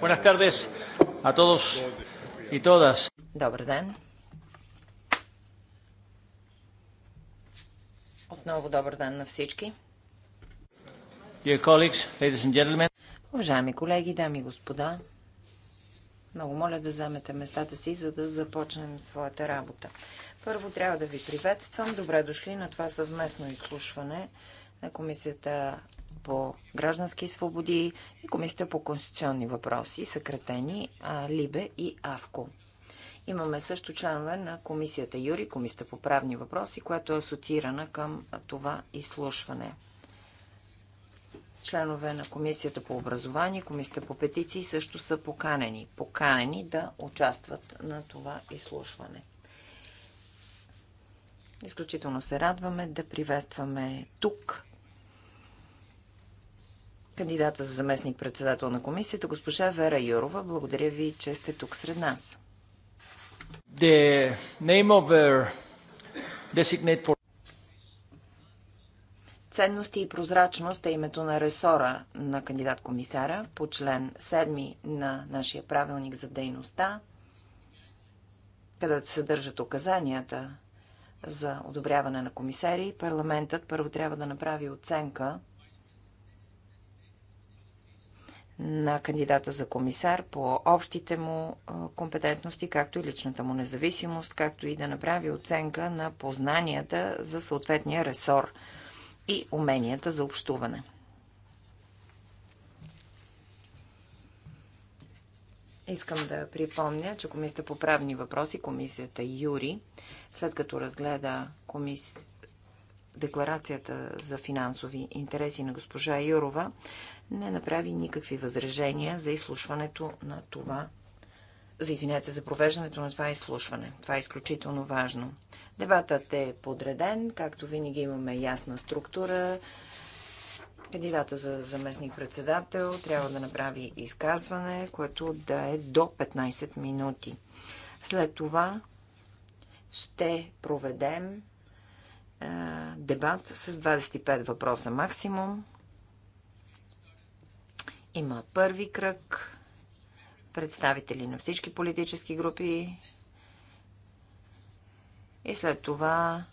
Buenas tardes a todos и todas. Добър ден. Отново добър ден на всички. Dear colleagues, ladies and gentlemen. Уважаеми колеги, дами и господа, много моля да вземете местата си, за да започнем своята работа. Първо трябва да ви приветствам. Добре дошли на това съвместно изслушване на Комисията по граждански свободи и Комисията по конституционни въпроси, съкратени Либе и Авко. Имаме също членове на Комисията Юри, Комисията по правни въпроси, която е асоциирана към това изслушване. Членове на Комисията по образование, Комисията по петиции също са поканени. Поканени да участват на това изслушване. Изключително се радваме да приветстваме тук кандидата за заместник-председател на комисията, госпожа Вера Юрова. Благодаря ви, че сте тук сред нас. The name of designate for... Ценности и прозрачност е името на ресора на кандидат-комисара по член 7 на нашия правилник за дейността, където се държат указанията за одобряване на комисари. Парламентът първо трябва да направи оценка на кандидата за комисар по общите му компетентности, както и личната му независимост, както и да направи оценка на познанията за съответния ресор и уменията за общуване. Искам да припомня, че Комисията по правни въпроси, Комисията Юри, след като разгледа комис... декларацията за финансови интереси на госпожа Юрова, не направи никакви възражения за изслушването на това, за извинете, за провеждането на това изслушване. Това е изключително важно. Дебатът е подреден, както винаги имаме ясна структура. Кандидата за заместник-председател трябва да направи изказване, което да е до 15 минути. След това ще проведем дебат с 25 въпроса максимум, има първи кръг, представители на всички политически групи и след това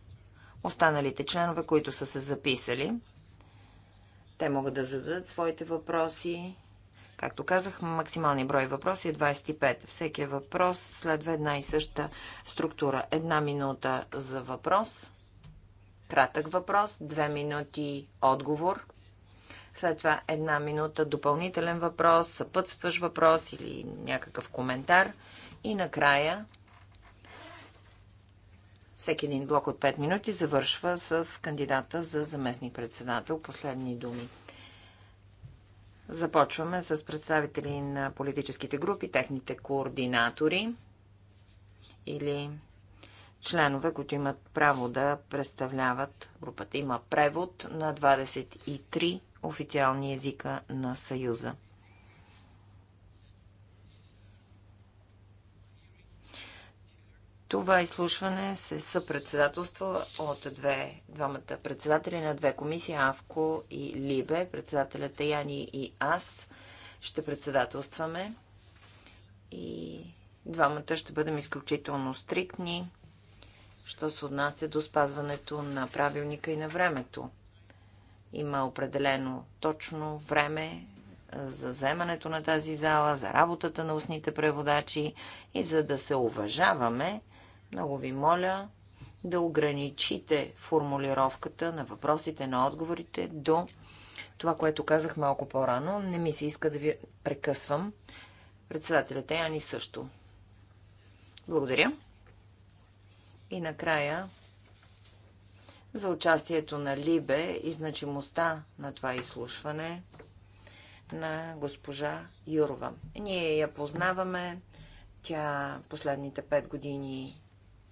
останалите членове, които са се записали. Те могат да зададат своите въпроси. Както казах, максималният брой въпроси е 25. Всеки е въпрос следва една и съща структура. Една минута за въпрос, кратък въпрос, две минути отговор – след това една минута допълнителен въпрос, съпътстваш въпрос или някакъв коментар. И накрая всеки един блок от 5 минути завършва с кандидата за заместник-председател. Последни думи. Започваме с представители на политическите групи, техните координатори или членове, които имат право да представляват групата. Има превод на 23 официални езика на Съюза. Това изслушване се съпредседателства от две, двамата председатели на две комисии, АВКО и ЛИБЕ. Председателят Яни и аз ще председателстваме и двамата ще бъдем изключително стриктни, що се отнася до спазването на правилника и на времето. Има определено точно време за вземането на тази зала, за работата на устните преводачи и за да се уважаваме, много ви моля да ограничите формулировката на въпросите, на отговорите до това, което казах малко по-рано. Не ми се иска да ви прекъсвам. Председателят Яни също. Благодаря. И накрая за участието на Либе и значимостта на това изслушване на госпожа Юрова. Ние я познаваме. Тя последните пет години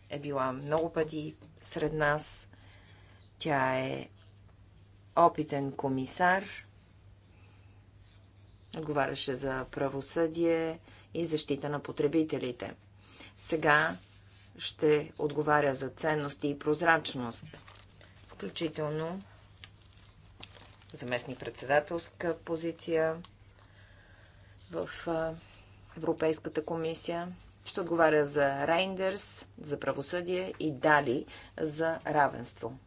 е била много пъти сред нас. Тя е опитен комисар. Отговаряше за правосъдие и защита на потребителите. Сега ще отговаря за ценности и прозрачност – включително заместни председателска позиция в Европейската комисия. Ще отговаря за Рейндерс, за правосъдие и Дали за равенство.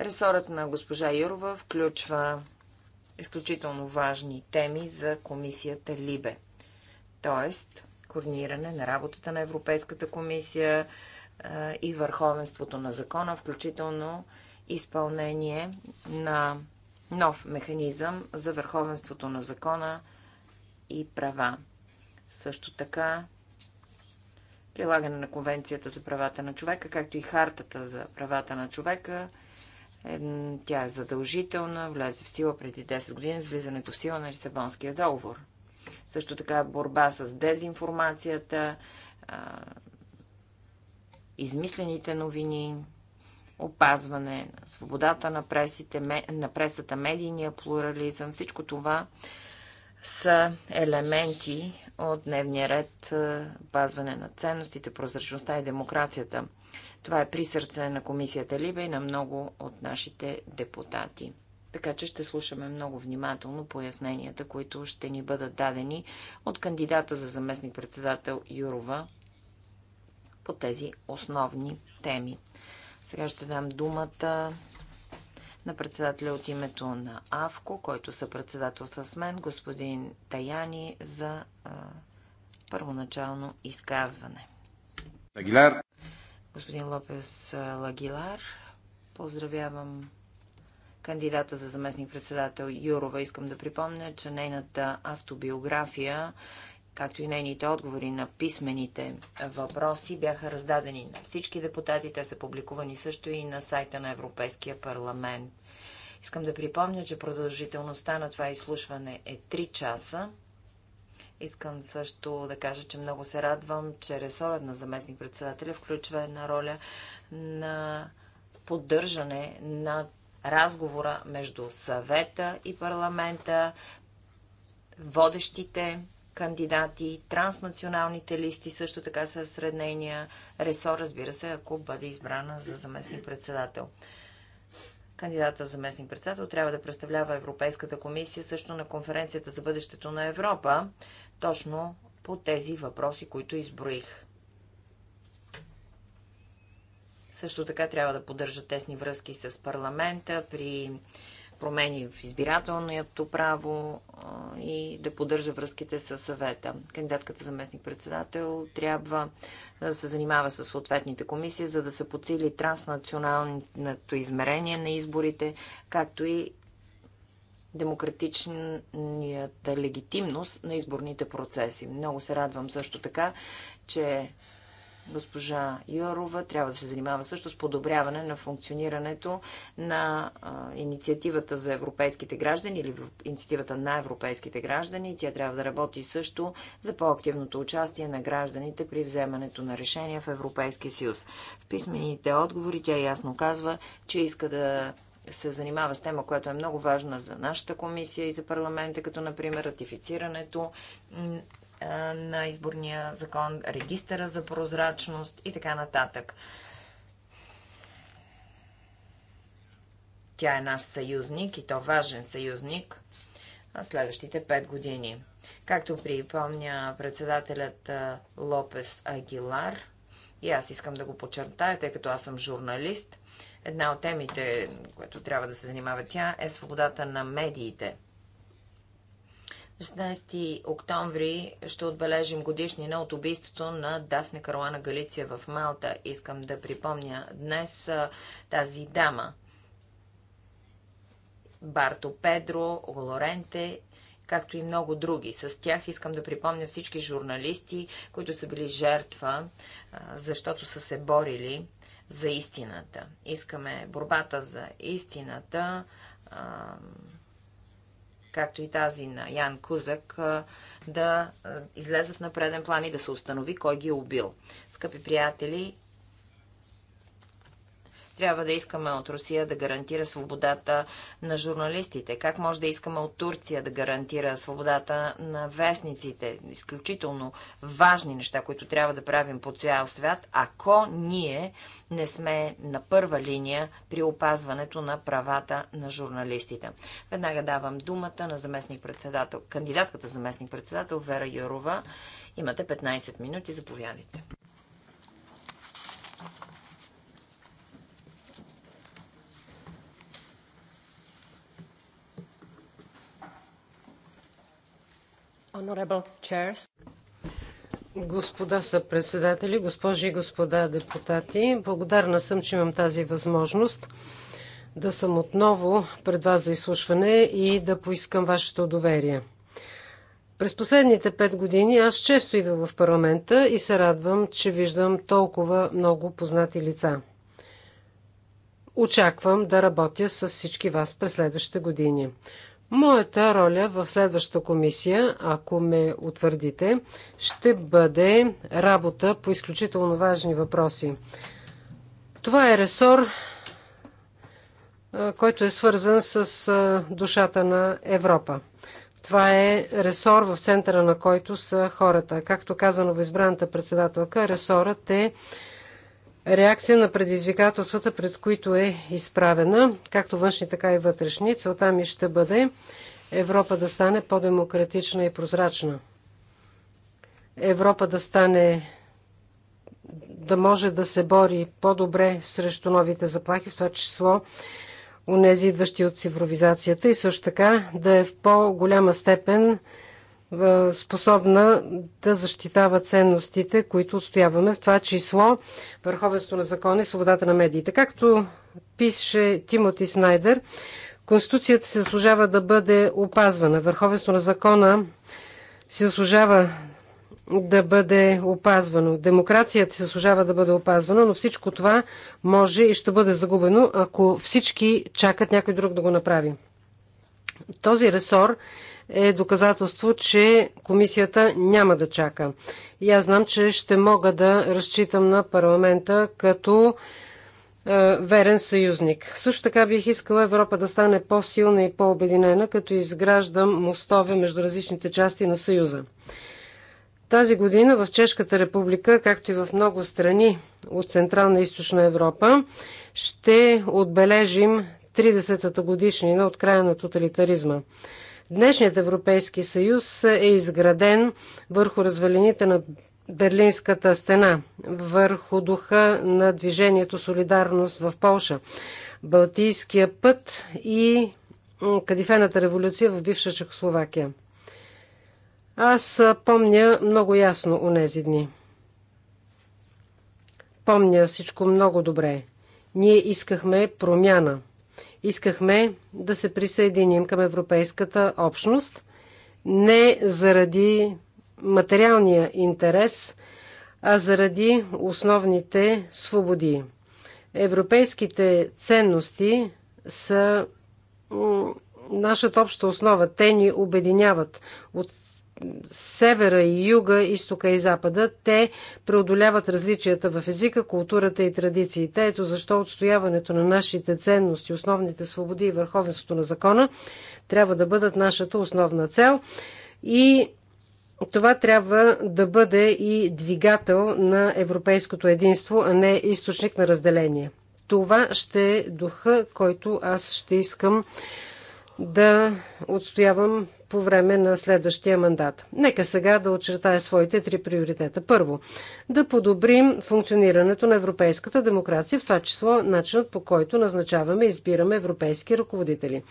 Ресорът на госпожа Юрова включва изключително важни теми за комисията Либе, т.е. координиране на работата на Европейската комисия, и върховенството на закона, включително изпълнение на нов механизъм за върховенството на закона и права. Също така прилагане на Конвенцията за правата на човека, както и Хартата за правата на човека. Тя е задължителна, влезе в сила преди 10 години с влизането в сила на Лисабонския договор. Също така борба с дезинформацията, измислените новини, опазване на свободата на, пресите, на пресата, медийния плурализъм. Всичко това са елементи от дневния ред, опазване е, на ценностите, прозрачността и демокрацията. Това е при сърце на комисията Либе и на много от нашите депутати. Така че ще слушаме много внимателно поясненията, които ще ни бъдат дадени от кандидата за заместник-председател Юрова по тези основни теми. Сега ще дам думата на председателя от името на АВКО, който председател с мен, господин Таяни, за а, първоначално изказване. Лагилар. Господин Лопес Лагилар, поздравявам кандидата за заместник-председател Юрова. Искам да припомня, че нейната автобиография както и нейните отговори на писмените въпроси бяха раздадени на всички депутати. Те са публикувани също и на сайта на Европейския парламент. Искам да припомня, че продължителността на това изслушване е 3 часа. Искам също да кажа, че много се радвам, че ресорът на заместник-председателя включва една роля на поддържане на разговора между съвета и парламента, водещите кандидати, транснационалните листи също така са сред нейния ресор, разбира се, ако бъде избрана за заместник председател. Кандидата за местни председател трябва да представлява Европейската комисия също на конференцията за бъдещето на Европа, точно по тези въпроси, които изброих. Също така трябва да поддържа тесни връзки с парламента при промени в избирателното право и да поддържа връзките с съвета. Кандидатката за местник председател трябва да се занимава с съответните комисии, за да се подсили транснационалното измерение на изборите, както и демократичната легитимност на изборните процеси. Много се радвам също така, че Госпожа Йорова трябва да се занимава също с подобряване на функционирането на инициативата за европейските граждани или инициативата на европейските граждани. Тя трябва да работи също за по-активното участие на гражданите при вземането на решения в Европейския съюз. В писмените отговори тя ясно казва, че иска да се занимава с тема, която е много важна за нашата комисия и за парламента, като например ратифицирането на изборния закон, регистъра за прозрачност и така нататък. Тя е наш съюзник и то важен съюзник на следващите 5 години. Както припомня председателят Лопес Агилар, и аз искам да го подчертая, тъй като аз съм журналист, една от темите, което трябва да се занимава тя, е свободата на медиите – 16 октомври ще отбележим годишнина от убийството на Дафне Каруана Галиция в Малта. Искам да припомня днес тази дама. Барто Педро, Лоренте както и много други. С тях искам да припомня всички журналисти, които са били жертва, защото са се борили за истината. Искаме борбата за истината както и тази на Ян Кузък, да излезат на преден план и да се установи кой ги е убил. Скъпи приятели, трябва да искаме от Русия да гарантира свободата на журналистите. Как може да искаме от Турция да гарантира свободата на вестниците? Изключително важни неща, които трябва да правим по цял свят, ако ние не сме на първа линия при опазването на правата на журналистите. Веднага давам думата на заместник-председател, кандидатката заместник-председател Вера Юрова. Имате 15 минути, заповядайте. Господа са председатели, госпожи и господа депутати, благодарна съм, че имам тази възможност да съм отново пред вас за изслушване и да поискам вашето доверие. През последните пет години аз често идвам в парламента и се радвам, че виждам толкова много познати лица. Очаквам да работя с всички вас през следващите години. Моята роля в следващата комисия, ако ме утвърдите, ще бъде работа по изключително важни въпроси. Това е ресор, който е свързан с душата на Европа. Това е ресор, в центъра на който са хората. Както казано в избраната председателка, ресорът е реакция на предизвикателствата, пред които е изправена, както външни, така и вътрешни. Целта ми ще бъде Европа да стане по-демократична и прозрачна. Европа да стане да може да се бори по-добре срещу новите заплахи, в това число унези идващи от цифровизацията и също така да е в по-голяма степен е, способна да защитава ценностите, които отстояваме, в това число върховенство на закона и свободата на медиите. Както пише Тимоти Снайдер, Конституцията се заслужава да бъде опазвана. Върховенство на закона се заслужава да бъде опазвано. Демокрацията се заслужава да бъде опазвана, но всичко това може и ще бъде загубено, ако всички чакат някой друг да го направи. Този ресор е доказателство, че комисията няма да чака. И аз знам, че ще мога да разчитам на парламента като е, верен съюзник. Също така бих искала Европа да стане по-силна и по-обединена, като изграждам мостове между различните части на Съюза. Тази година в Чешката република, както и в много страни от Централна и Източна Европа, ще отбележим 30-та годишнина от края на тоталитаризма. Днешният Европейски съюз е изграден върху развалините на Берлинската стена, върху духа на движението Солидарност в Полша, Балтийския път и Кадифената революция в бивша Чехословакия. Аз помня много ясно у нези дни. Помня всичко много добре. Ние искахме промяна – Искахме да се присъединим към Европейската общност не заради материалния интерес, а заради основните свободи. Европейските ценности са нашата обща основа. Те ни обединяват. От севера и юга, изтока и запада, те преодоляват различията в езика, културата и традициите. Ето защо отстояването на нашите ценности, основните свободи и върховенството на закона трябва да бъдат нашата основна цел. И това трябва да бъде и двигател на европейското единство, а не източник на разделение. Това ще е духа, който аз ще искам да отстоявам по време на следващия мандат. Нека сега да очертая своите три приоритета. Първо, да подобрим функционирането на европейската демокрация, в това число начинът по който назначаваме и избираме европейски ръководители.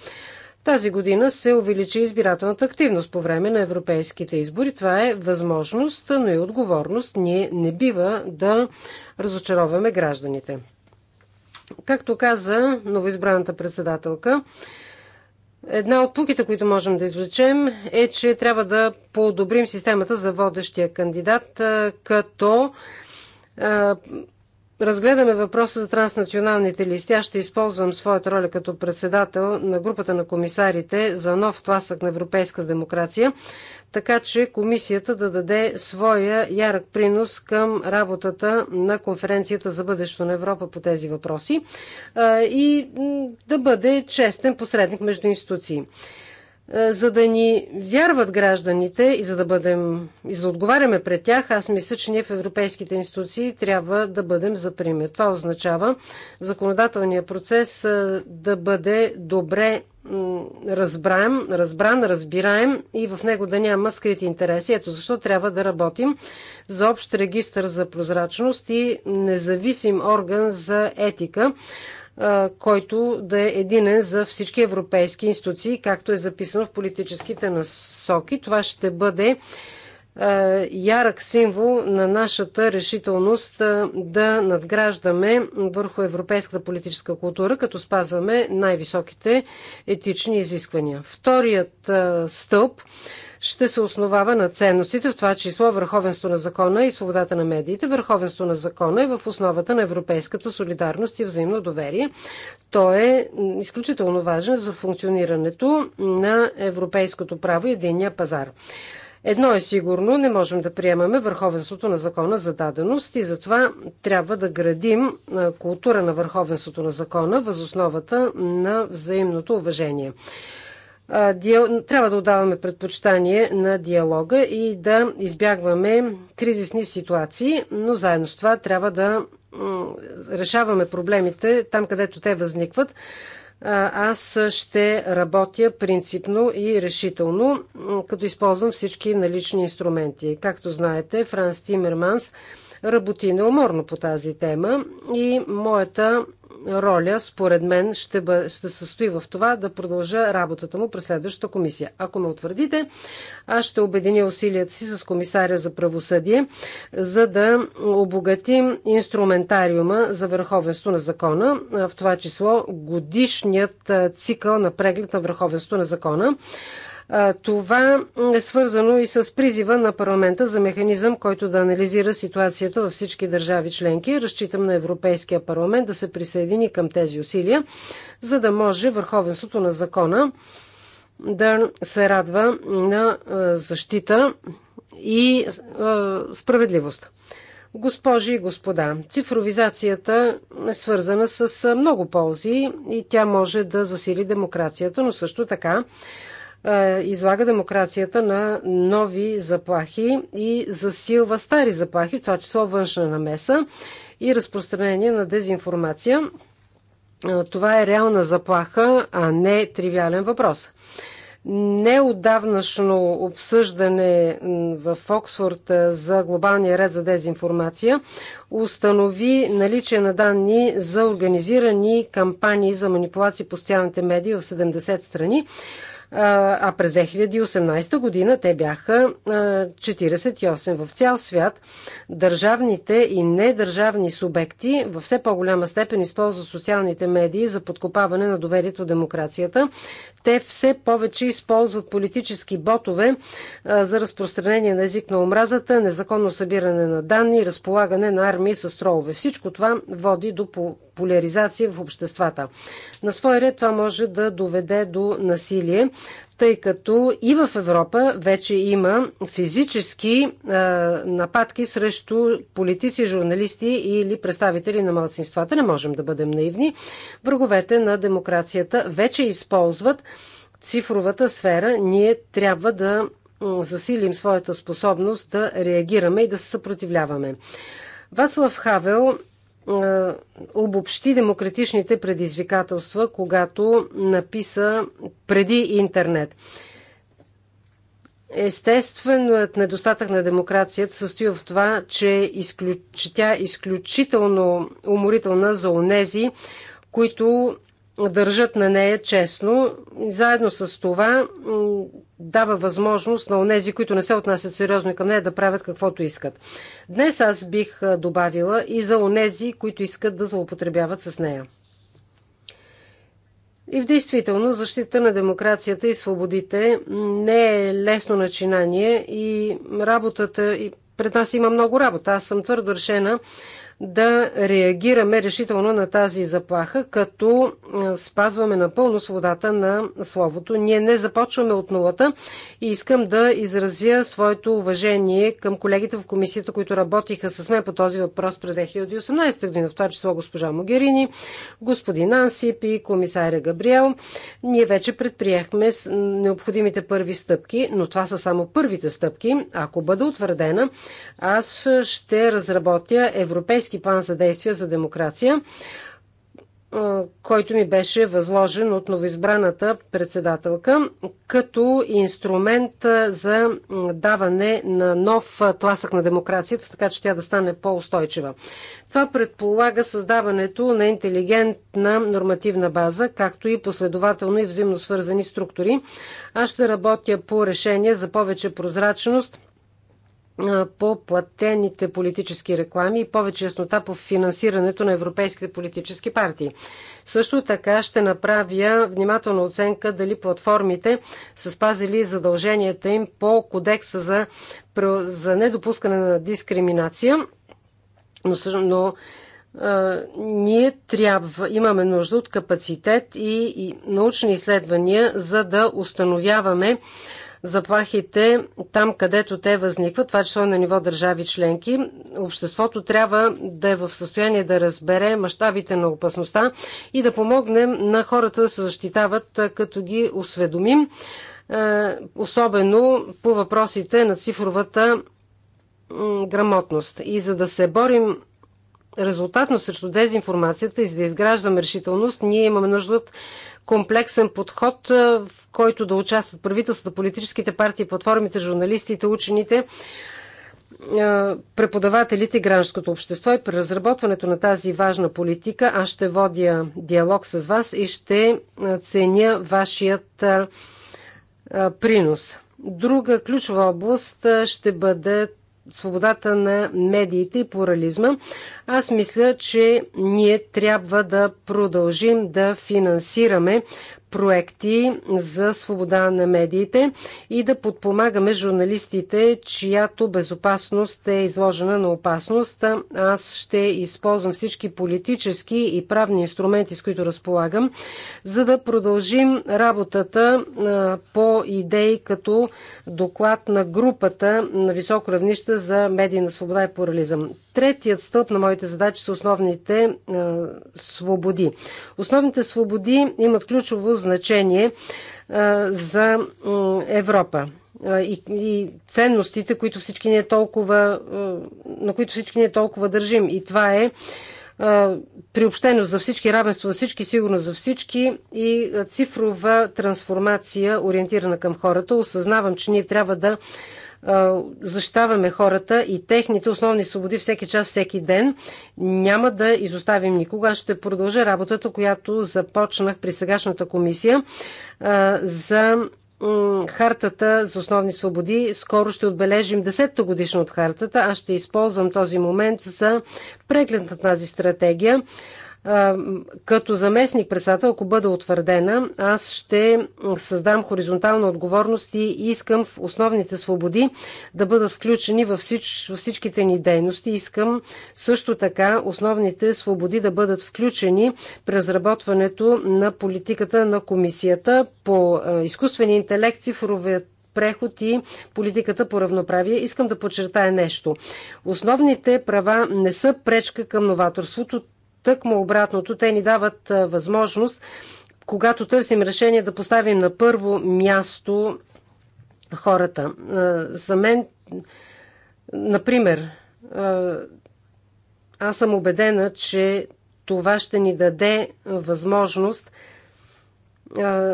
Тази година се увеличи избирателната активност по време на европейските избори. Това е възможност, но и отговорност. Ние не бива да разочароваме гражданите. Както каза новоизбраната председателка, Една от пуките, които можем да извлечем, е, че трябва да подобрим системата за водещия кандидат, като разгледаме въпроса за транснационалните листи, аз ще използвам своята роля като председател на групата на комисарите за нов тласък на европейска демокрация, така че комисията да даде своя ярък принос към работата на конференцията за бъдещето на Европа по тези въпроси и да бъде честен посредник между институции. Е, за да ни вярват гражданите и за да бъдем и за да отговаряме пред тях, аз мисля, че ние в европейските институции трябва да бъдем за пример. Това означава законодателния процес е, да бъде добре разбран, разбран, разбираем и в него да няма скрити интереси. Ето защо трябва да работим за общ регистр за прозрачност и независим орган за етика, който да е единен за всички европейски институции, както е записано в политическите насоки. Това ще бъде ярък символ на нашата решителност да надграждаме върху европейската политическа култура, като спазваме най-високите етични изисквания. Вторият стълб ще се основава на ценностите, в това число върховенство на закона и свободата на медиите. Върховенство на закона е в основата на европейската солидарност и взаимно доверие. То е изключително важен за функционирането на европейското право и единния пазар. Едно е сигурно, не можем да приемаме върховенството на закона за даденост и затова трябва да градим култура на върховенството на закона възосновата на взаимното уважение трябва да отдаваме предпочитание на диалога и да избягваме кризисни ситуации, но заедно с това трябва да решаваме проблемите там, където те възникват. Аз ще работя принципно и решително, като използвам всички налични инструменти. Както знаете, Франс Тимерманс работи неуморно по тази тема и моята роля, според мен, ще, бъ... ще състои в това да продължа работата му през следващата комисия. Ако ме утвърдите, аз ще обединя усилията си с комисаря за правосъдие, за да обогатим инструментариума за върховенство на закона, в това число годишният цикъл на преглед на върховенство на закона. Това е свързано и с призива на парламента за механизъм, който да анализира ситуацията във всички държави членки. Разчитам на Европейския парламент да се присъедини към тези усилия, за да може върховенството на закона да се радва на защита и справедливост. Госпожи и господа, цифровизацията е свързана с много ползи и тя може да засили демокрацията, но също така е, излага демокрацията на нови заплахи и засилва стари заплахи, в това число външна намеса и разпространение на дезинформация. Е, това е реална заплаха, а не тривиален въпрос. Неодавнашно обсъждане в Оксфорд е, за глобалния ред за дезинформация установи наличие на данни за организирани кампании за манипулации по социалните медии в 70 страни а през 2018 година те бяха 48 в цял свят. Държавните и недържавни субекти в все по-голяма степен използват социалните медии за подкопаване на доверието в демокрацията. Те все повече използват политически ботове за разпространение на език на омразата, незаконно събиране на данни, разполагане на армии с тролове. Всичко това води до поляризация в обществата. На свой ред това може да доведе до насилие, тъй като и в Европа вече има физически а, нападки срещу политици, журналисти или представители на малцинствата. Не можем да бъдем наивни. Враговете на демокрацията вече използват цифровата сфера. Ние трябва да засилим своята способност да реагираме и да се съпротивляваме. Вацлав Хавел обобщи демократичните предизвикателства, когато написа преди интернет. Естественият е, недостатък на демокрацията състои в това, че, изключ... че тя е изключително уморителна за онези, които държат на нея честно. Заедно с това дава възможност на онези, които не се отнасят сериозно към нея, да правят каквото искат. Днес аз бих добавила и за онези, които искат да злоупотребяват с нея. И в действително защита на демокрацията и свободите не е лесно начинание и работата и пред нас има много работа. Аз съм твърдо решена да реагираме решително на тази заплаха, като спазваме напълно свободата на словото. Ние не започваме от нулата и искам да изразя своето уважение към колегите в комисията, които работиха с мен по този въпрос през 2018 година, в това число госпожа Могерини, господин Ансип и комисаря Габриел. Ние вече предприехме необходимите първи стъпки, но това са само първите стъпки. Ако бъда утвърдена, аз ще разработя европейски Европейски план за действие за демокрация, който ми беше възложен от новоизбраната председателка като инструмент за даване на нов тласък на демокрацията, така че тя да стане по-устойчива. Това предполага създаването на интелигентна нормативна база, както и последователно и взаимно свързани структури. Аз ще работя по решение за повече прозрачност – по платените политически реклами и повече яснота по финансирането на европейските политически партии. Също така ще направя внимателна оценка дали платформите са спазили задълженията им по кодекса за, за недопускане на дискриминация, но, но а, ние трябва, имаме нужда от капацитет и, и научни изследвания, за да установяваме заплахите там, където те възникват, това число на ниво държави членки. Обществото трябва да е в състояние да разбере мащабите на опасността и да помогне на хората да се защитават, като ги осведомим, особено по въпросите на цифровата грамотност. И за да се борим резултатно срещу дезинформацията и за да изграждаме решителност, ние имаме нужда от комплексен подход, в който да участват правителствата, политическите партии, платформите, журналистите, учените, преподавателите гражданското общество. И при разработването на тази важна политика аз ще водя диалог с вас и ще ценя вашият принос. Друга ключова област ще бъдат свободата на медиите и плурализма. Аз мисля, че ние трябва да продължим да финансираме проекти за свобода на медиите и да подпомагаме журналистите, чиято безопасност е изложена на опасност. Аз ще използвам всички политически и правни инструменти, с които разполагам, за да продължим работата по идеи като доклад на групата на високо равнище за медийна свобода и плурализъм. Третият стълб на моите задачи са основните а, е, свободи. Основните свободи имат ключово значение а, е, за Европа е, и, и ценностите, които всички ние толкова, на които всички ние толкова държим. И това е приобщеност за всички, равенство за всички, сигурност за всички и цифрова трансформация, ориентирана към хората. Осъзнавам, че ние трябва да защитаваме хората и техните основни свободи всеки час, всеки ден. Няма да изоставим никога. Ще продължа работата, която започнах при сегашната комисия за Хартата за основни свободи. Скоро ще отбележим 10-та годишна от хартата. Аз ще използвам този момент за преглед на тази стратегия като заместник председател, ако бъда утвърдена, аз ще създам хоризонтална отговорност и искам в основните свободи да бъдат включени във, всич, всичките ни дейности. Искам също така основните свободи да бъдат включени при разработването на политиката на комисията по изкуствения интелект, цифровият преход и политиката по равноправие. Искам да подчертая нещо. Основните права не са пречка към новаторството тъкмо обратното. Те ни дават възможност, когато търсим решение, да поставим на първо място хората. За мен, например, аз съм убедена, че това ще ни даде възможност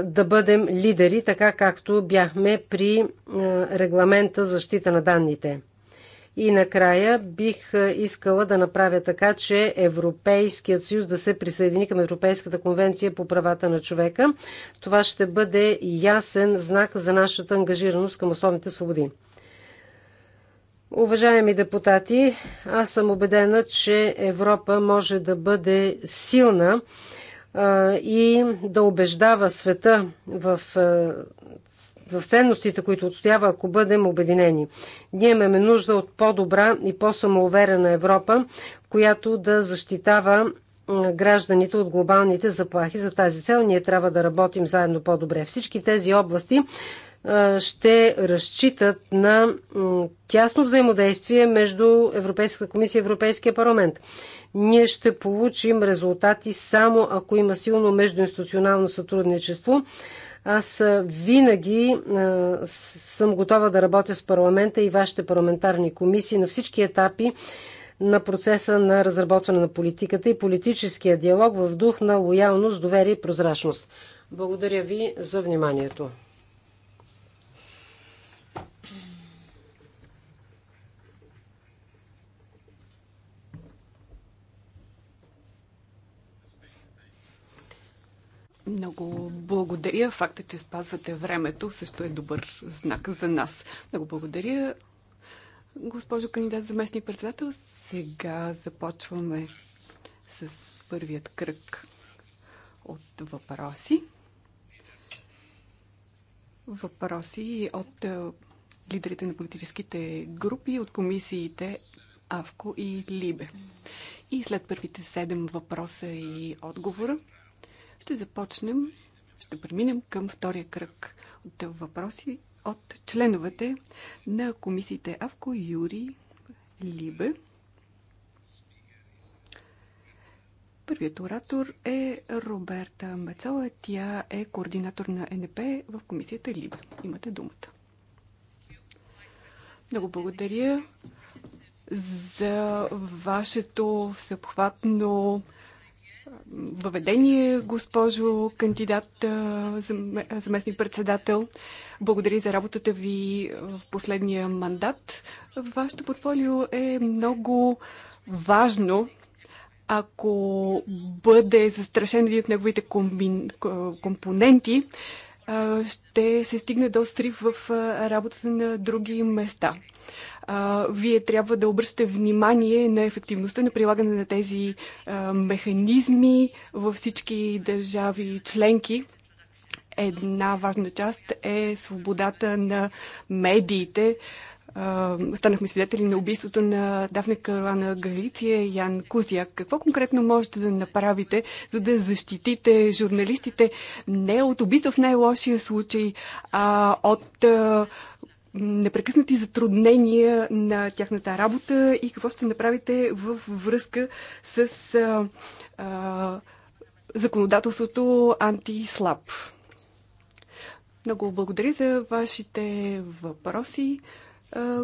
да бъдем лидери, така както бяхме при регламента защита на данните. И накрая бих искала да направя така, че Европейският съюз да се присъедини към Европейската конвенция по правата на човека. Това ще бъде ясен знак за нашата ангажираност към основните свободи. Уважаеми депутати, аз съм убедена, че Европа може да бъде силна и да убеждава света в в ценностите, които отстоява, ако бъдем обединени. Ние имаме нужда от по-добра и по-самоуверена Европа, която да защитава гражданите от глобалните заплахи. За тази цел ние трябва да работим заедно по-добре. Всички тези области ще разчитат на тясно взаимодействие между Европейската комисия и Европейския парламент. Ние ще получим резултати само ако има силно междуинституционално сътрудничество, аз винаги съм готова да работя с парламента и вашите парламентарни комисии на всички етапи на процеса на разработване на политиката и политическия диалог в дух на лоялност, доверие и прозрачност. Благодаря ви за вниманието. Много благодаря. Факта, че спазвате времето, също е добър знак за нас. Много благодаря, госпожо кандидат за местни председател. Сега започваме с първият кръг от въпроси. Въпроси от е, лидерите на политическите групи, от комисиите АВКО и ЛИБЕ. И след първите седем въпроса и отговора ще започнем, ще преминем към втория кръг от въпроси от членовете на комисиите Авко, Юри, Либе. Първият оратор е Роберта Мецала. Тя е координатор на НП в комисията Либе. Имате думата. Много благодаря за вашето всеобхватно въведение, госпожо кандидат заместник председател. Благодаря за работата ви в последния мандат. Вашето портфолио е много важно. Ако бъде застрашен един от неговите комбин... компоненти, ще се стигне до срив в работата на други места а, вие трябва да обръщате внимание на ефективността на прилагане на тези а, механизми във всички държави членки. Една важна част е свободата на медиите. станахме свидетели на убийството на Дафне Каруана Галиция и Ян Кузяк. Какво конкретно можете да направите, за да защитите журналистите не от убийство в най-лошия случай, а от а, непрекъснати затруднения на тяхната работа и какво ще направите в връзка с а, а, законодателството антислаб. Много благодаря за вашите въпроси.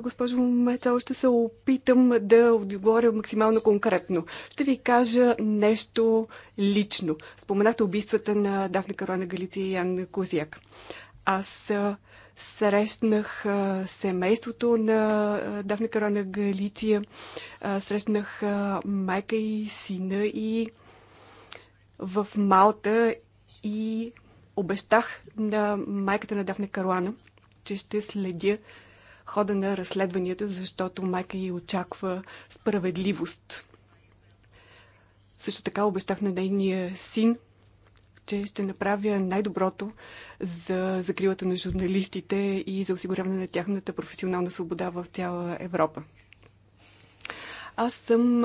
Госпожо Мецал, ще се опитам да отговоря максимално конкретно. Ще ви кажа нещо лично. Споменате убийствата на Дафна Каруана Галиция и Ян Козяк. Аз Срещнах семейството на Дафна Карона Галиция, срещнах майка и сина и в Малта и обещах на майката на Дафна Каруана, че ще следя хода на разследванията, защото майка й очаква справедливост. Също така обещах на нейния син, че ще направя най-доброто за закрилата на журналистите и за осигуряване на тяхната професионална свобода в цяла Европа. Аз съм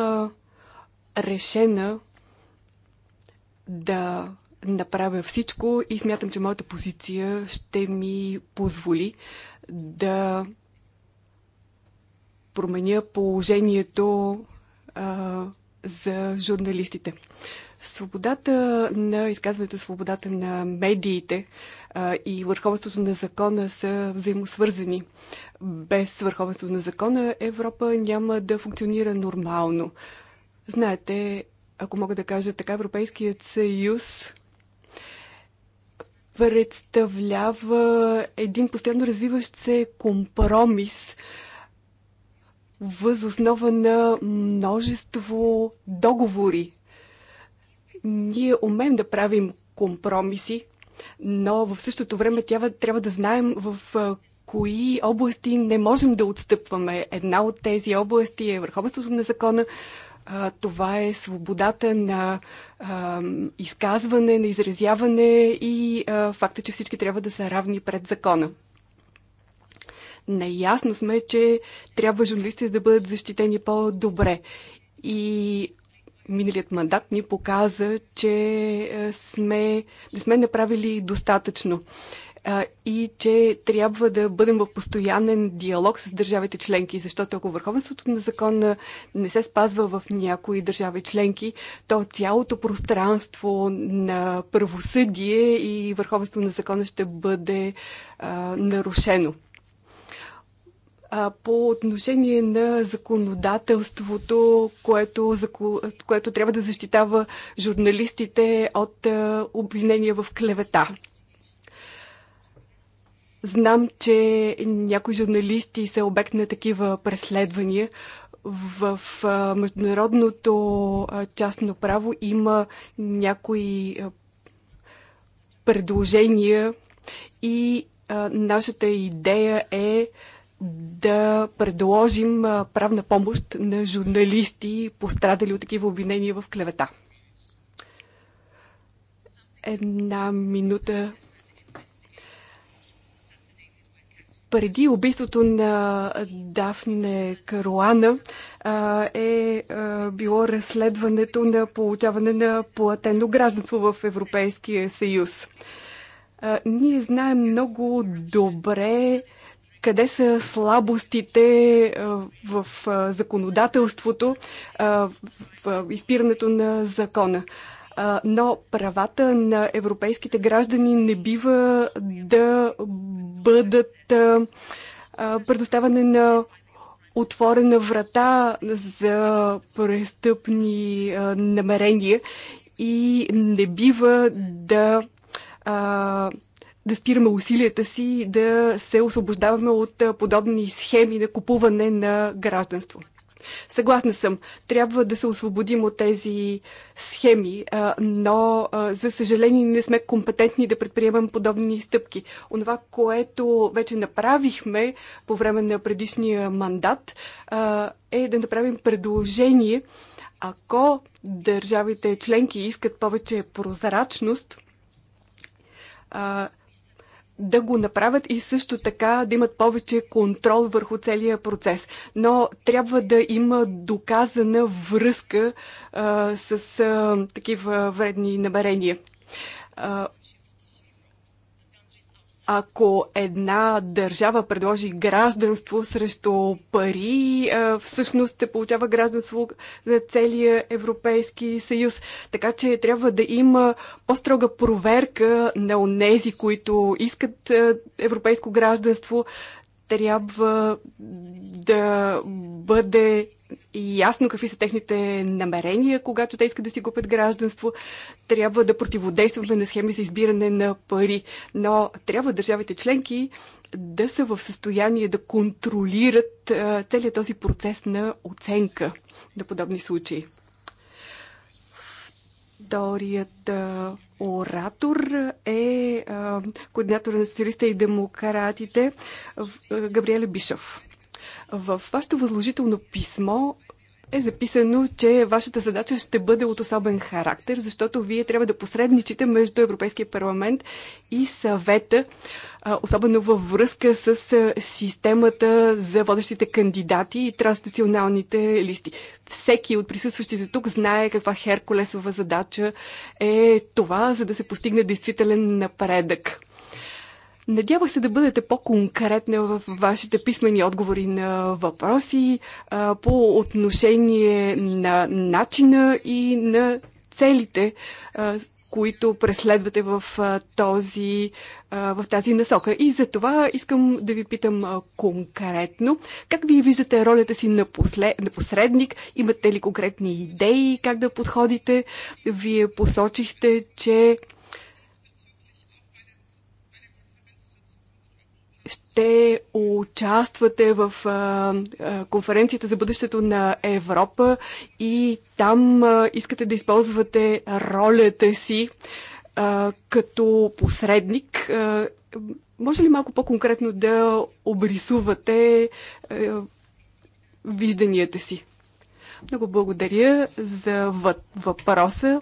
решена да направя всичко и смятам, че моята позиция ще ми позволи да променя положението а, за журналистите. Свободата на изказването, свободата на медиите а, и върховенството на закона са взаимосвързани. Без върховенството на закона Европа няма да функционира нормално. Знаете, ако мога да кажа така, Европейският съюз представлява един постоянно развиващ се компромис възоснова основа на множество договори, ние умеем да правим компромиси, но в същото време трябва, трябва да знаем в кои области не можем да отстъпваме. Една от тези области е върховенството на закона. Това е свободата на изказване, на изразяване и факта, че всички трябва да са равни пред закона. Наясно сме, че трябва журналистите да бъдат защитени по-добре. И миналият мандат ни показа, че е, сме, не сме направили достатъчно е, и че трябва да бъдем в постоянен диалог с държавите членки, защото ако върховенството на закона не се спазва в някои държави членки, то цялото пространство на правосъдие и върховенство на закона ще бъде а, е, нарушено а, по отношение на законодателството, което, което трябва да защитава журналистите от а, обвинения в клевета. Знам, че някои журналисти са обект на такива преследвания. В а, международното а, частно право има някои а, предложения и а, нашата идея е да предложим правна помощ на журналисти, пострадали от такива обвинения в клевета. Една минута. Преди убийството на Дафне Каруана е било разследването на получаване на платено гражданство в Европейския съюз. Ние знаем много добре къде са слабостите в законодателството, в изпирането на закона. Но правата на европейските граждани не бива да бъдат предоставяне на отворена врата за престъпни намерения и не бива да да спираме усилията си да се освобождаваме от подобни схеми на купуване на гражданство. Съгласна съм, трябва да се освободим от тези схеми, но за съжаление не сме компетентни да предприемам подобни стъпки. Онова, което вече направихме по време на предишния мандат, е да направим предложение, ако държавите членки искат повече прозрачност, да го направят и също така да имат повече контрол върху целия процес. Но трябва да има доказана връзка а, с а, такива вредни намерения. А, ако една държава предложи гражданство срещу пари, всъщност се получава гражданство за целия Европейски съюз. Така че трябва да има по-строга проверка на онези, които искат европейско гражданство. Трябва да бъде и ясно какви са техните намерения, когато те искат да си купят гражданство. Трябва да противодействаме на схеми за избиране на пари. Но трябва държавите членки да са в състояние да контролират целият този процес на оценка на подобни случаи. Вторият оратор е координатора на социалиста и демократите Габриеля Бишов. В вашето възложително писмо е записано, че вашата задача ще бъде от особен характер, защото вие трябва да посредничите между Европейския парламент и съвета, особено във връзка с системата за водещите кандидати и транснационалните листи. Всеки от присъстващите тук знае каква Херкулесова задача е това, за да се постигне действителен напредък. Надявах се да бъдете по-конкретна в вашите писмени отговори на въпроси по отношение на начина и на целите, които преследвате в, този, в тази насока. И за това искам да ви питам конкретно, как вие виждате ролята си на, после, на посредник? Имате ли конкретни идеи как да подходите? Вие посочихте, че ще участвате в а, а, конференцията за бъдещето на Европа и там а, искате да използвате ролята си а, като посредник. А, може ли малко по-конкретно да обрисувате а, вижданията си? Много благодаря за въпроса.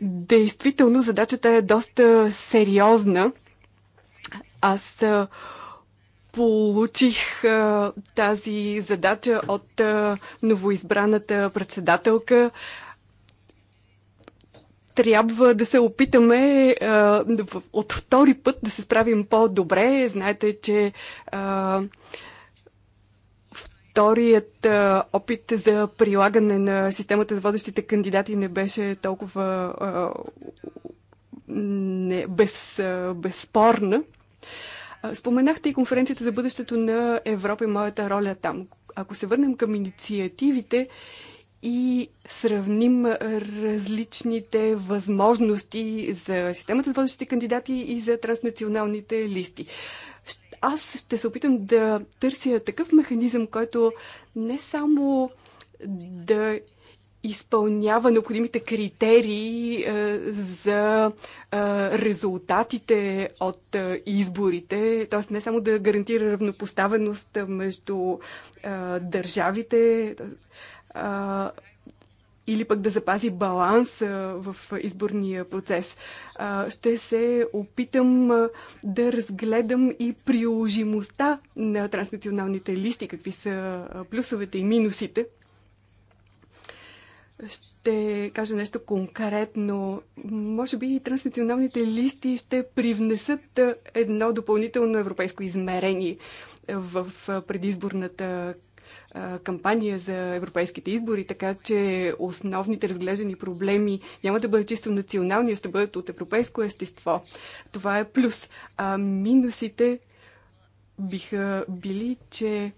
Действително, задачата е доста сериозна. Аз получих а, тази задача от а, новоизбраната председателка. Трябва да се опитаме а, от втори път да се справим по-добре. Знаете, че а, вторият а, опит за прилагане на системата за водещите кандидати не беше толкова а, не, без, а, безспорна. Споменахте и конференцията за бъдещето на Европа и моята роля там. Ако се върнем към инициативите и сравним различните възможности за системата с водещите кандидати и за транснационалните листи. Аз ще се опитам да търся такъв механизъм, който не само да изпълнява необходимите критерии е, за е, резултатите от е, изборите, т.е. не само да гарантира равнопоставеност между държавите или пък да запази баланс в изборния процес. Ще се опитам да разгледам и приложимостта на транснационалните листи, какви са плюсовете и минусите – ще кажа нещо конкретно. Може би и транснационалните листи ще привнесат едно допълнително европейско измерение в предизборната кампания за европейските избори, така че основните разглеждани проблеми няма да бъдат чисто национални, а ще бъдат от европейско естество. Това е плюс. А минусите биха били, че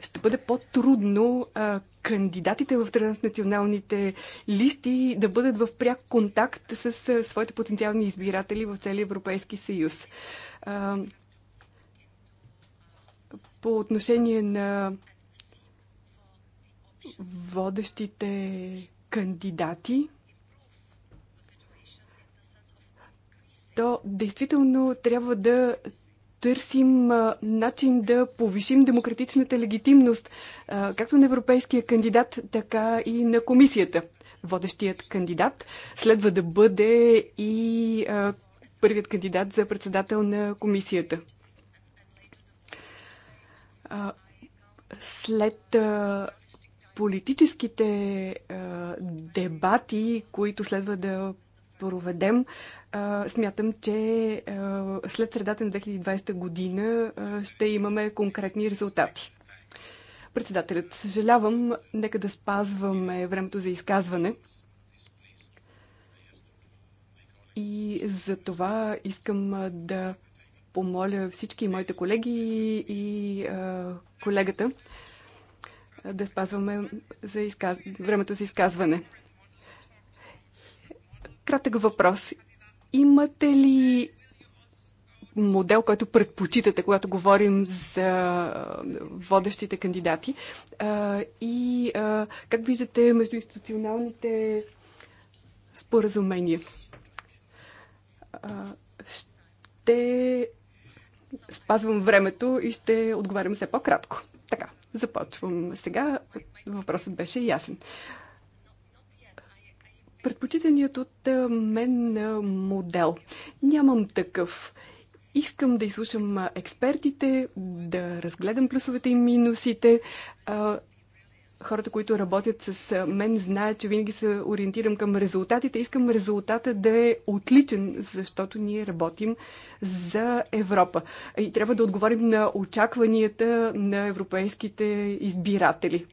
ще бъде по-трудно кандидатите в транснационалните листи да бъдат в пряк контакт с своите потенциални избиратели в целия Европейски съюз. По отношение на водещите кандидати, то действително трябва да търсим начин да повишим демократичната легитимност, както на европейския кандидат, така и на комисията. Водещият кандидат следва да бъде и първият кандидат за председател на комисията. след политическите дебати, които следва да проведем, а, смятам, че а, след средата на 2020 година а, ще имаме конкретни резултати. Председателят, съжалявам, нека да спазваме времето за изказване. И за това искам да помоля всички моите колеги и а, колегата да спазваме за изказ... времето за изказване. Кратък въпрос. Имате ли модел, който предпочитате, когато говорим за водещите кандидати? И как виждате между институционалните споразумения? Ще спазвам времето и ще отговарям все по-кратко. Така, започвам сега. Въпросът беше ясен предпочитаният от е, мен е, модел. Нямам такъв. Искам да изслушам е, експертите, да разгледам плюсовете и минусите. Хората, които работят с мен, знаят, че винаги се ориентирам към резултатите. Искам резултата да е отличен, защото ние работим за Европа. И трябва да отговорим на очакванията на европейските избиратели.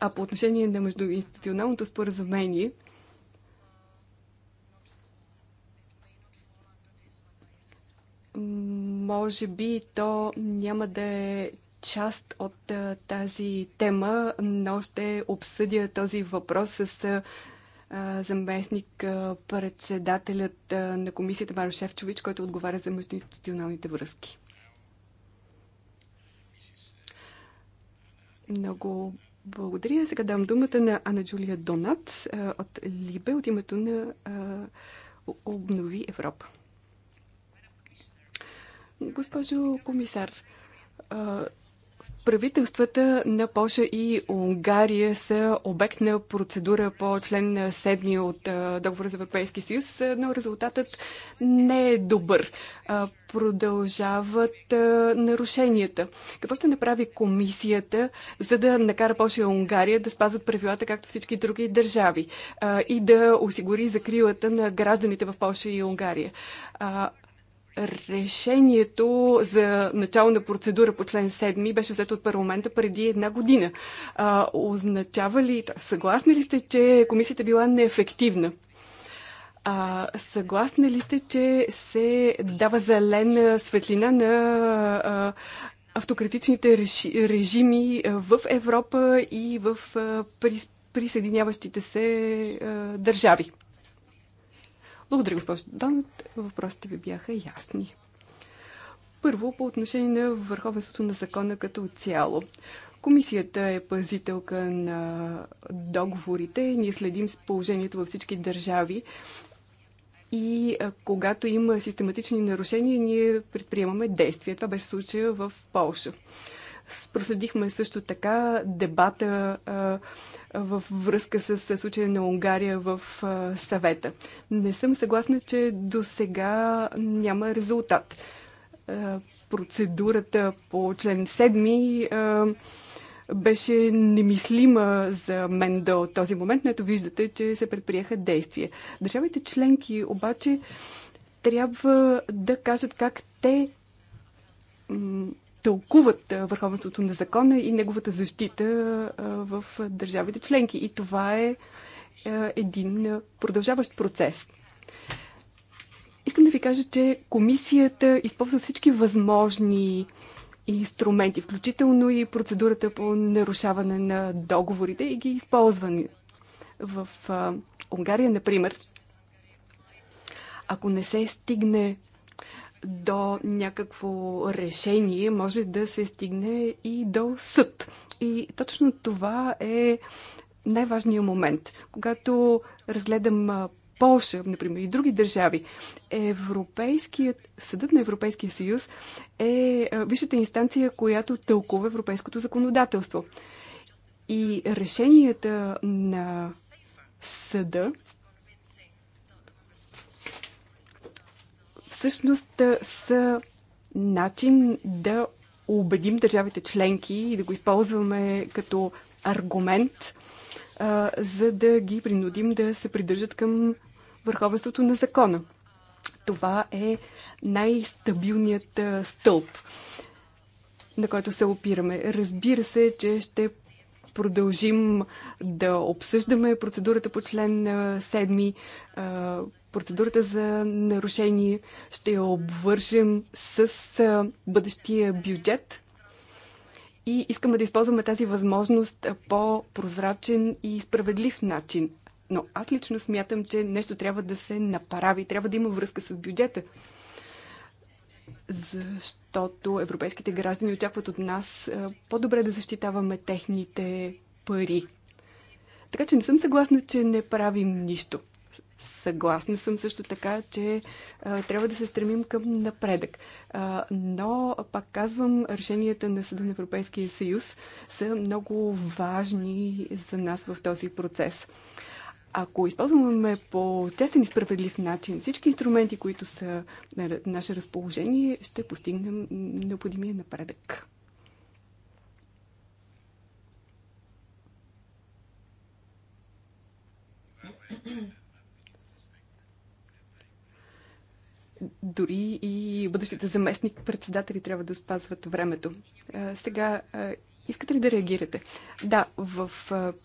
А по отношение на междуинституционалното споразумение, може би то няма да е част от тази тема, но ще обсъдя този въпрос с заместник председателят на комисията Маро Шевчович, който отговаря за междуинституционалните връзки. Много благодаря. Сега дам думата на Ана Джулия Донат от Либе от името на Обнови Европа. Госпожо комисар, Правителствата на Польша и Унгария са обект на процедура по член 7 от Договора за Европейски съюз, но резултатът не е добър. Продължават нарушенията. Какво ще направи комисията, за да накара Польша и Унгария да спазват правилата, както всички други държави и да осигури закрилата на гражданите в Польша и Унгария? Решението за начало на процедура по член 7 беше взето от парламента преди една година. А, означава ли, съгласни ли сте, че комисията била неефективна? А, съгласни ли сте, че се дава зелена светлина на а, автократичните режими в Европа и в присъединяващите се държави? Благодаря, госпожо Донат. Въпросите ви бяха ясни. Първо, по отношение на върховенството на закона като цяло. Комисията е пазителка на договорите. Ние следим с положението във всички държави. И а, когато има систематични нарушения, ние предприемаме действия. Това беше случая в Полша. Проследихме също така дебата в връзка с случая на Унгария в съвета. Не съм съгласна, че до сега няма резултат. Процедурата по член 7 беше немислима за мен до този момент, но ето виждате, че се предприеха действия. Държавите членки обаче трябва да кажат как те тълкуват върховенството на закона и неговата защита в държавите членки. И това е един продължаващ процес. Искам да ви кажа, че комисията използва всички възможни инструменти, включително и процедурата по нарушаване на договорите и ги използва. В Унгария, например, ако не се стигне до някакво решение, може да се стигне и до съд. И точно това е най-важният момент. Когато разгледам Полша, например, и други държави, Европейският, съдът на Европейския съюз е висшата инстанция, която тълкува европейското законодателство. И решенията на съда всъщност са начин да убедим държавите членки и да го използваме като аргумент, а, за да ги принудим да се придържат към върховенството на закона. Това е най-стабилният стълб, на който се опираме. Разбира се, че ще продължим да обсъждаме процедурата по член 7 процедурата за нарушение ще я обвържем с бъдещия бюджет и искаме да използваме тази възможност по прозрачен и справедлив начин. Но аз лично смятам, че нещо трябва да се направи, трябва да има връзка с бюджета. Защото европейските граждани очакват от нас по-добре да защитаваме техните пари. Така че не съм съгласна, че не правим нищо. Съгласна съм също така, че а, трябва да се стремим към напредък. А, но, пак казвам, решенията на Съда на Европейския съюз са много важни за нас в този процес. Ако използваме по честен и справедлив начин всички инструменти, които са на наше разположение, ще постигнем необходимия напредък. Mm-hmm. Дори и бъдещите заместник председатели трябва да спазват времето. Сега Искате ли да реагирате? Да, в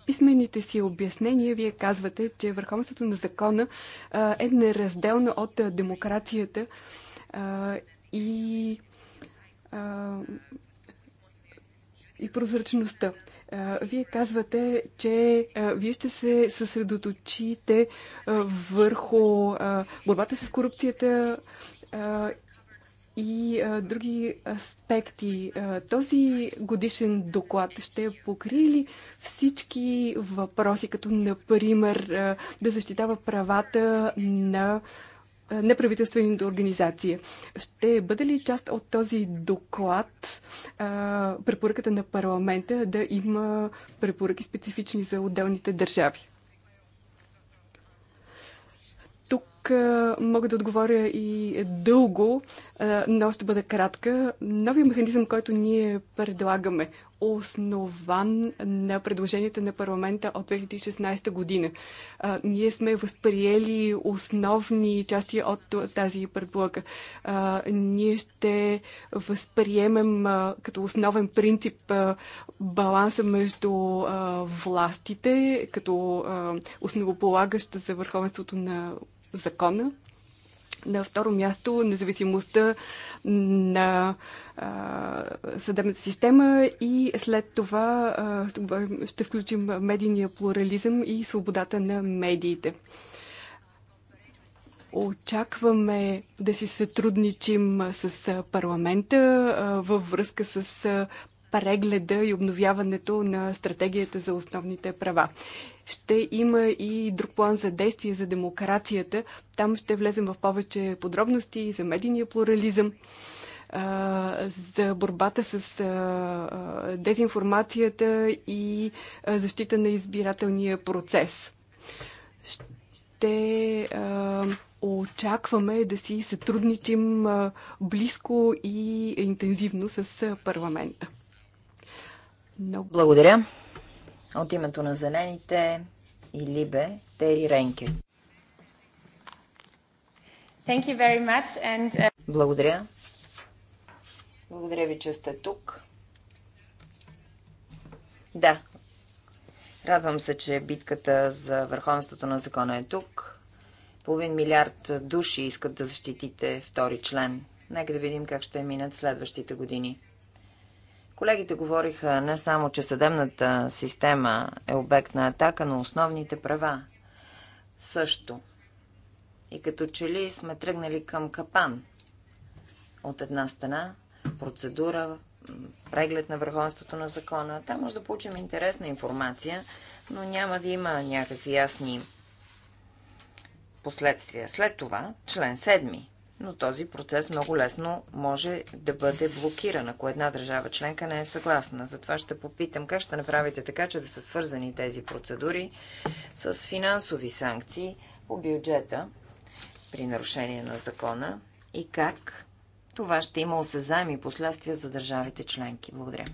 писмените си обяснения вие казвате, че върховенството на закона е неразделно от демокрацията и и прозрачността. Вие казвате, че вие ще се съсредоточите върху борбата с корупцията и други аспекти. този годишен доклад ще покрие ли всички въпроси, като например да защитава правата на неправителствените организации. Ще бъде ли част от този доклад а, препоръката на парламента да има препоръки специфични за отделните държави? Тук мога да отговоря и дълго, но ще бъда кратка. Новия механизъм, който ние предлагаме, основан на предложенията на парламента от 2016 година. Ние сме възприели основни части от тази предполага. Ние ще възприемем като основен принцип баланса между властите, като основополагащ за върховенството на закона. На второ място, независимостта на а, съдебната система и след това а, ще включим медийния плурализъм и свободата на медиите. Очакваме да си сътрудничим с парламента във връзка с прегледа и обновяването на стратегията за основните права. Ще има и друг план за действие за демокрацията. Там ще влезем в повече подробности за медийния плурализъм за борбата с дезинформацията и защита на избирателния процес. Ще очакваме да си сътрудничим близко и интензивно с парламента. Много благодаря. От името на Зелените и Либе, Тери Ренке. Thank you very much and... Uh, благодаря. Благодаря ви, че сте тук. Да. Радвам се, че битката за върховенството на закона е тук. Половин милиард души искат да защитите втори член. Нека да видим как ще минат следващите години. Колегите говориха не само, че съдебната система е обект на атака, но основните права също. И като че ли сме тръгнали към капан. От една стена, процедура, преглед на върховенството на закона. Там може да получим интересна информация, но няма да има някакви ясни последствия. След това, член 7 но този процес много лесно може да бъде блокиран, ако една държава членка не е съгласна. Затова ще попитам как ще направите така, че да са свързани тези процедури с финансови санкции по бюджета при нарушение на закона и как това ще има осезаеми последствия за държавите членки. Благодаря.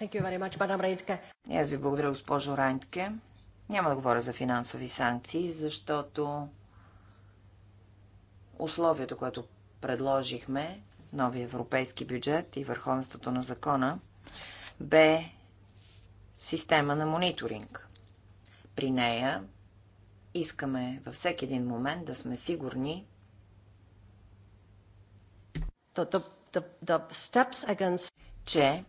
Much, аз ви благодаря, госпожо Райнтке. Няма да говоря за финансови санкции, защото условието, което предложихме, новия европейски бюджет и върховенството на закона, бе система на мониторинг. При нея искаме във всеки един момент да сме сигурни, the, the, the steps against... че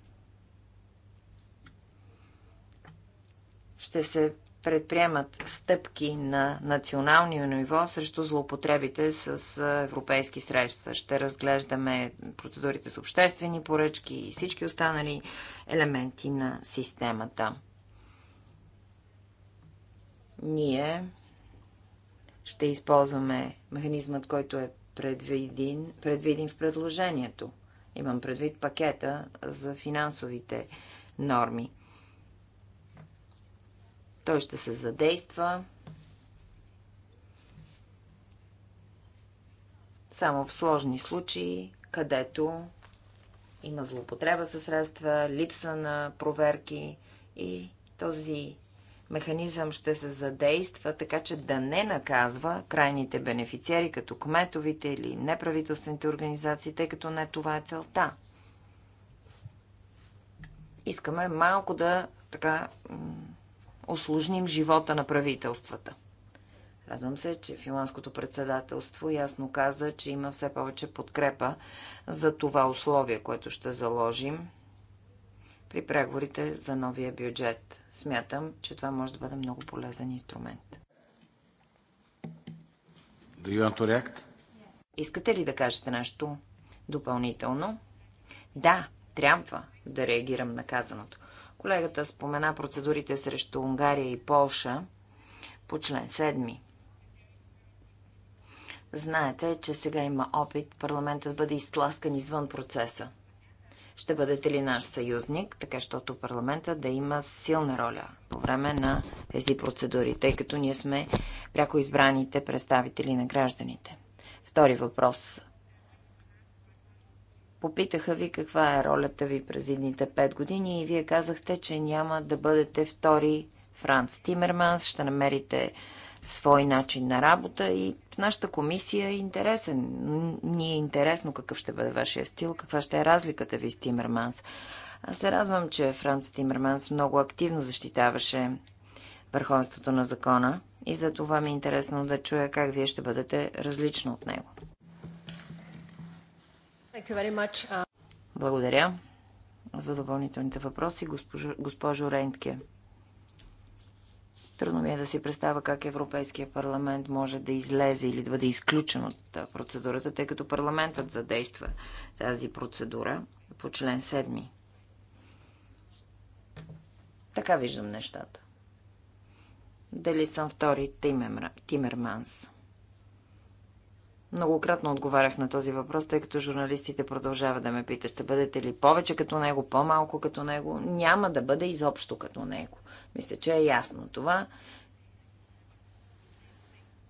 ще се предприемат стъпки на националния ниво срещу злоупотребите с европейски средства. Ще разглеждаме процедурите с обществени поръчки и всички останали елементи на системата. Ние ще използваме механизмът, който е предвиден, предвиден в предложението. Имам предвид пакета за финансовите норми. Той ще се задейства само в сложни случаи, където има злоупотреба със средства, липса на проверки и този механизъм ще се задейства така, че да не наказва крайните бенефициери, като кметовите или неправителствените организации, тъй като не това е целта. Искаме малко да така осложним живота на правителствата. Радвам се, че финландското председателство ясно каза, че има все повече подкрепа за това условие, което ще заложим при преговорите за новия бюджет. Смятам, че това може да бъде много полезен инструмент. Do you want to react? Искате ли да кажете нещо допълнително? Да, трябва да реагирам на казаното. Колегата спомена процедурите срещу Унгария и Полша по член 7. Знаете, че сега има опит парламентът бъде изтласкан извън процеса. Ще бъдете ли наш съюзник, така щото парламента да има силна роля по време на тези процедури, тъй като ние сме пряко избраните представители на гражданите? Втори въпрос Попитаха ви каква е ролята ви през едните пет години и вие казахте, че няма да бъдете втори Франц Тимерманс, ще намерите свой начин на работа и в нашата комисия е интересен. Ни е интересно какъв ще бъде вашия стил, каква ще е разликата ви с Тимерманс. Аз се радвам, че Франц Тимерманс много активно защитаваше върховенството на закона и за това ми е интересно да чуя как вие ще бъдете различно от него. Uh, Благодаря за допълнителните въпроси, госпожо, госпожо Рентке. Трудно ми е да си представя как Европейския парламент може да излезе или да бъде изключен от процедурата, тъй като парламентът задейства тази процедура по член 7. Така виждам нещата. Дали съм втори Тимер, Тимерманс? Многократно отговарях на този въпрос, тъй като журналистите продължават да ме питат, ще бъдете ли повече като него, по-малко като него. Няма да бъде изобщо като него. Мисля, че е ясно това.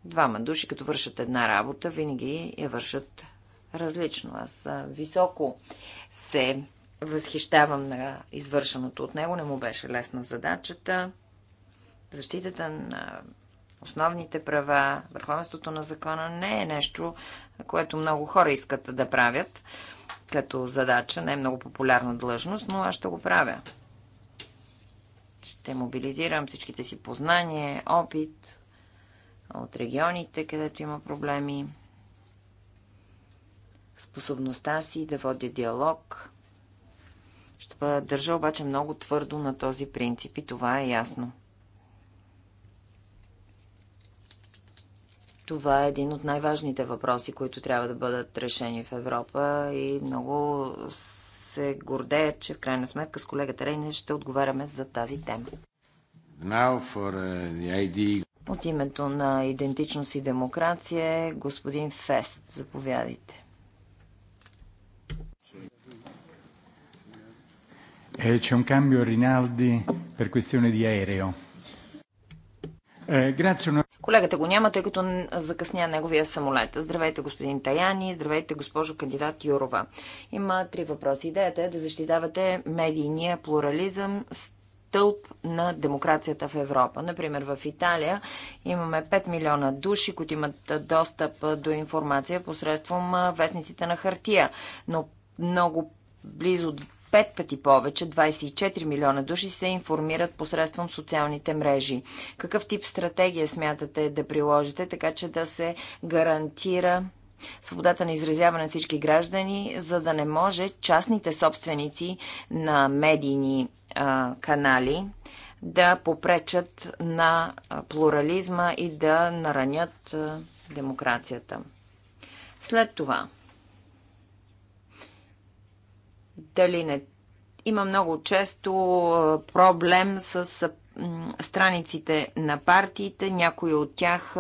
Двама души, като вършат една работа, винаги я вършат различно. Аз високо се възхищавам на извършеното от него. Не му беше лесна задачата. Защитата на основните права, върховенството на закона не е нещо, което много хора искат да правят като задача. Не е много популярна длъжност, но аз ще го правя. Ще мобилизирам всичките си познания, опит от регионите, където има проблеми, способността си да водя диалог. Ще държа обаче много твърдо на този принцип и това е ясно. Това е един от най-важните въпроси, които трябва да бъдат решени в Европа и много се гордея, че в крайна сметка с колегата Рейне ще отговаряме за тази тема. Uh, от името на идентичност и демокрация, господин Фест, заповядайте. C'è е, un cambio Rinaldi per questione di aereo. Grazie. Е, Колегата го няма, тъй като закъсня неговия самолет. Здравейте, господин Таяни, здравейте, госпожо кандидат Юрова. Има три въпроса. Идеята е да защитавате медийния плурализъм, стълб на демокрацията в Европа. Например, в Италия имаме 5 милиона души, които имат достъп до информация посредством вестниците на хартия, но много близо пет пъти повече, 24 милиона души се информират посредством социалните мрежи. Какъв тип стратегия смятате да приложите, така че да се гарантира свободата на изразяване на всички граждани, за да не може частните собственици на медийни а, канали да попречат на плурализма и да наранят демокрацията. След това дали не. Има много често проблем с страниците на партиите. Някои от тях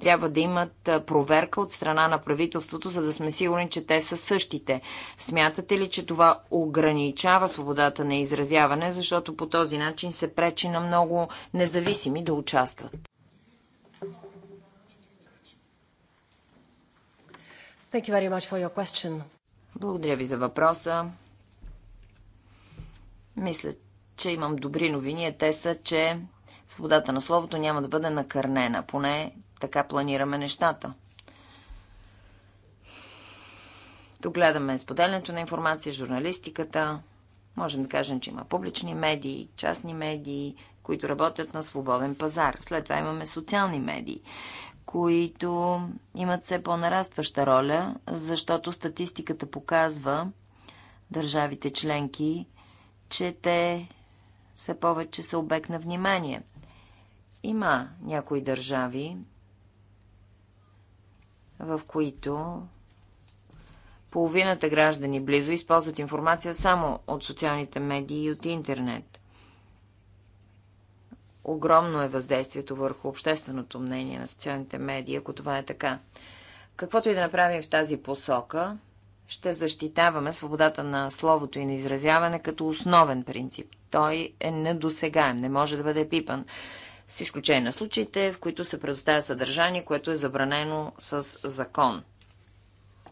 трябва да имат проверка от страна на правителството, за да сме сигурни, че те са същите. Смятате ли, че това ограничава свободата на изразяване, защото по този начин се пречи на много независими да участват? Thank you very much for your question. Благодаря ви за въпроса. Мисля, че имам добри новини. Те са, че свободата на словото няма да бъде накърнена. Поне така планираме нещата. Тук гледаме споделянето на информация, журналистиката. Можем да кажем, че има публични медии, частни медии, които работят на свободен пазар. След това имаме социални медии, които имат все по-нарастваща роля, защото статистиката показва държавите членки че те все повече са обект на внимание. Има някои държави, в които половината граждани близо използват информация само от социалните медии и от интернет. Огромно е въздействието върху общественото мнение на социалните медии, ако това е така. Каквото и да направим в тази посока, ще защитаваме свободата на словото и на изразяване като основен принцип. Той е недосегаем, не може да бъде пипан, с изключение на случаите, в които се предоставя съдържание, което е забранено с закон.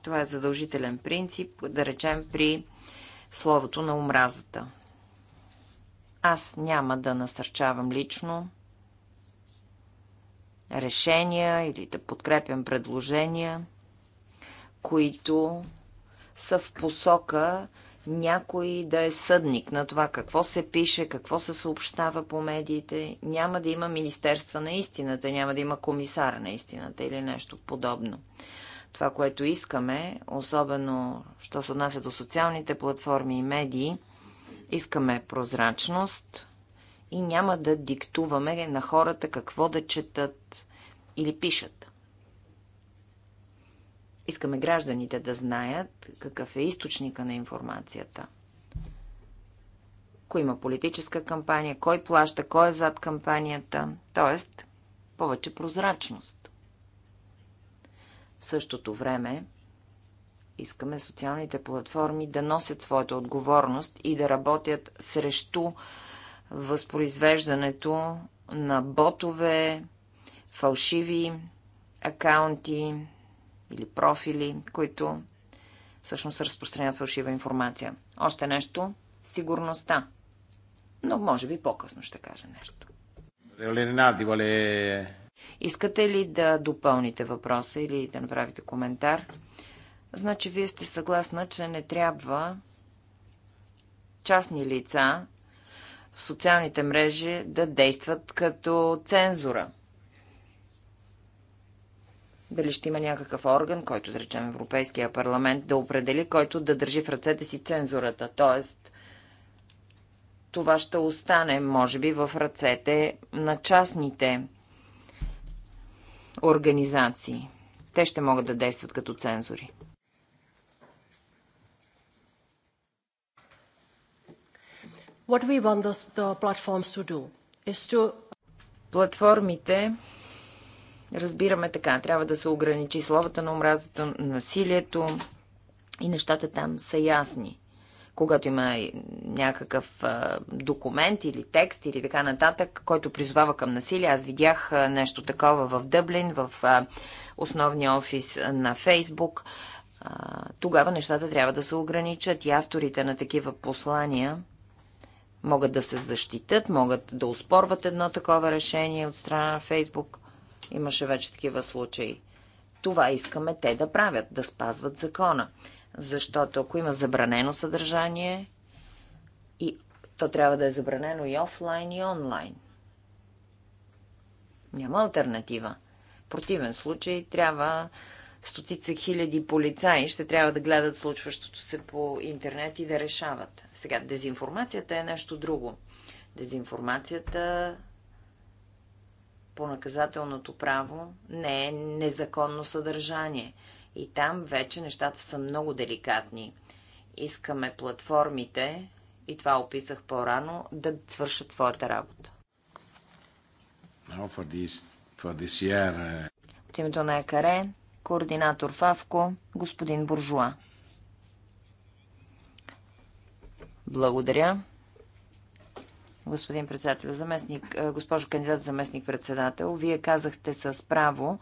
Това е задължителен принцип, да речем, при словото на омразата. Аз няма да насърчавам лично решения или да подкрепям предложения, които са в посока някой да е съдник на това какво се пише, какво се съобщава по медиите. Няма да има министерство на истината, няма да има комисар на истината или нещо подобно. Това, което искаме, особено що се отнася до социалните платформи и медии, искаме прозрачност и няма да диктуваме на хората какво да четат или пишат. Искаме гражданите да знаят какъв е източника на информацията. Кой има политическа кампания, кой плаща, кой е зад кампанията, т.е. повече прозрачност. В същото време искаме социалните платформи да носят своята отговорност и да работят срещу възпроизвеждането на ботове, фалшиви акаунти, или профили, които всъщност разпространяват фалшива информация. Още нещо – сигурността. Но може би по-късно ще кажа нещо. Искате ли да допълните въпроса или да направите коментар? Значи вие сте съгласна, че не трябва частни лица в социалните мрежи да действат като цензура – дали ще има някакъв орган, който да речем Европейския парламент, да определи, който да държи в ръцете си цензурата. Тоест, това ще остане, може би, в ръцете на частните организации. Те ще могат да действат като цензури. What we want the platforms to do is to... Платформите разбираме така. Трябва да се ограничи словата на омразата, насилието и нещата там са ясни. Когато има някакъв документ или текст или така нататък, който призвава към насилие, аз видях нещо такова в Дъблин, в основния офис на Фейсбук. Тогава нещата трябва да се ограничат и авторите на такива послания могат да се защитат, могат да успорват едно такова решение от страна на Фейсбук. Имаше вече такива случаи. Това искаме те да правят, да спазват закона. Защото ако има забранено съдържание, и то трябва да е забранено и офлайн, и онлайн. Няма альтернатива. В противен случай трябва стотица хиляди полицаи ще трябва да гледат случващото се по интернет и да решават. Сега, дезинформацията е нещо друго. Дезинформацията по наказателното право не е незаконно съдържание. И там вече нещата са много деликатни. Искаме платформите, и това описах по-рано, да свършат своята работа. For this, for this year... Uh, От името на ЕКАРЕ, координатор ФАВКО, господин Буржуа. Благодаря господин председател, заместник, госпожо кандидат заместник председател. Вие казахте с право,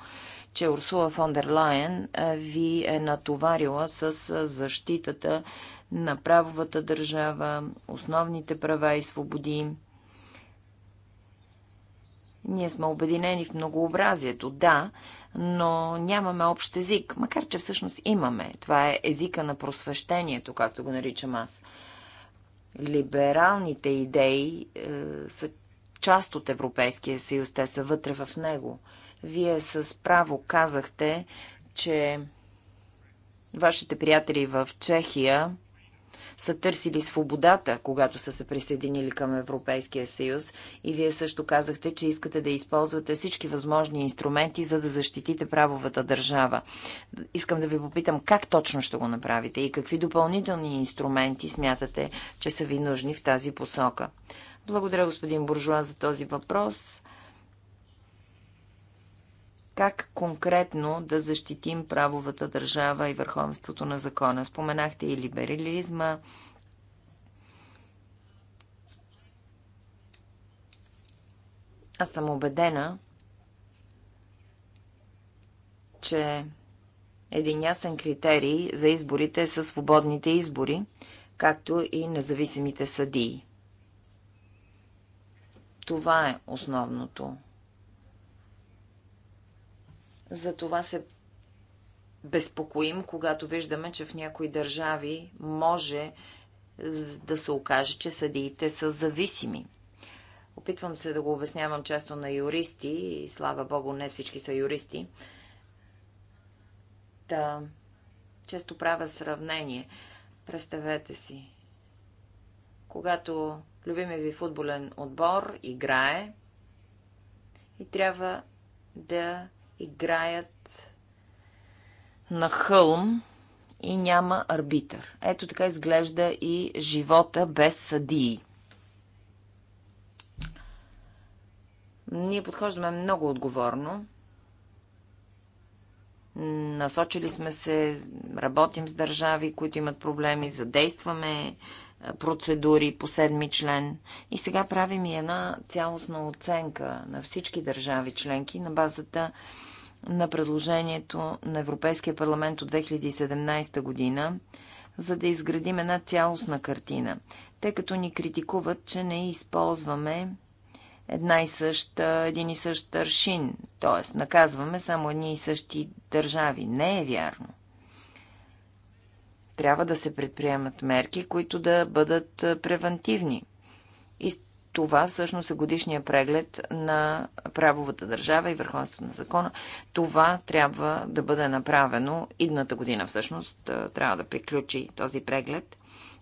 че Урсула фон дер Лайен ви е натоварила с защитата на правовата държава, основните права и свободи. Ние сме обединени в многообразието, да, но нямаме общ език, макар че всъщност имаме. Това е езика на просвещението, както го наричам аз либералните идеи е, са част от Европейския съюз, те са вътре в него. Вие с право казахте, че вашите приятели в Чехия са търсили свободата, когато са се присъединили към Европейския съюз. И вие също казахте, че искате да използвате всички възможни инструменти, за да защитите правовата държава. Искам да ви попитам как точно ще го направите и какви допълнителни инструменти смятате, че са ви нужни в тази посока. Благодаря, господин Буржуа, за този въпрос как конкретно да защитим правовата държава и върховенството на закона. Споменахте и либерализма. Аз съм убедена, че един ясен критерий за изборите са свободните избори, както и независимите съдии. Това е основното за това се безпокоим, когато виждаме, че в някои държави може да се окаже, че съдиите са зависими. Опитвам се да го обяснявам често на юристи и слава богу, не всички са юристи. Та, често правя сравнение. Представете си, когато любимия ви футболен отбор играе и трябва да играят на хълм и няма арбитър. Ето така изглежда и живота без съдии. Ние подхождаме много отговорно. Насочили сме се, работим с държави, които имат проблеми, задействаме процедури по седми член. И сега правим и една цялостна оценка на всички държави членки на базата на предложението на Европейския парламент от 2017 година, за да изградим една цялостна картина, тъй като ни критикуват, че не използваме една и съща, един и същ аршин, т.е. наказваме само едни и същи държави. Не е вярно. Трябва да се предприемат мерки, които да бъдат превентивни. И това всъщност е годишния преглед на правовата държава и върховенството на закона. Това трябва да бъде направено идната година всъщност. Трябва да приключи този преглед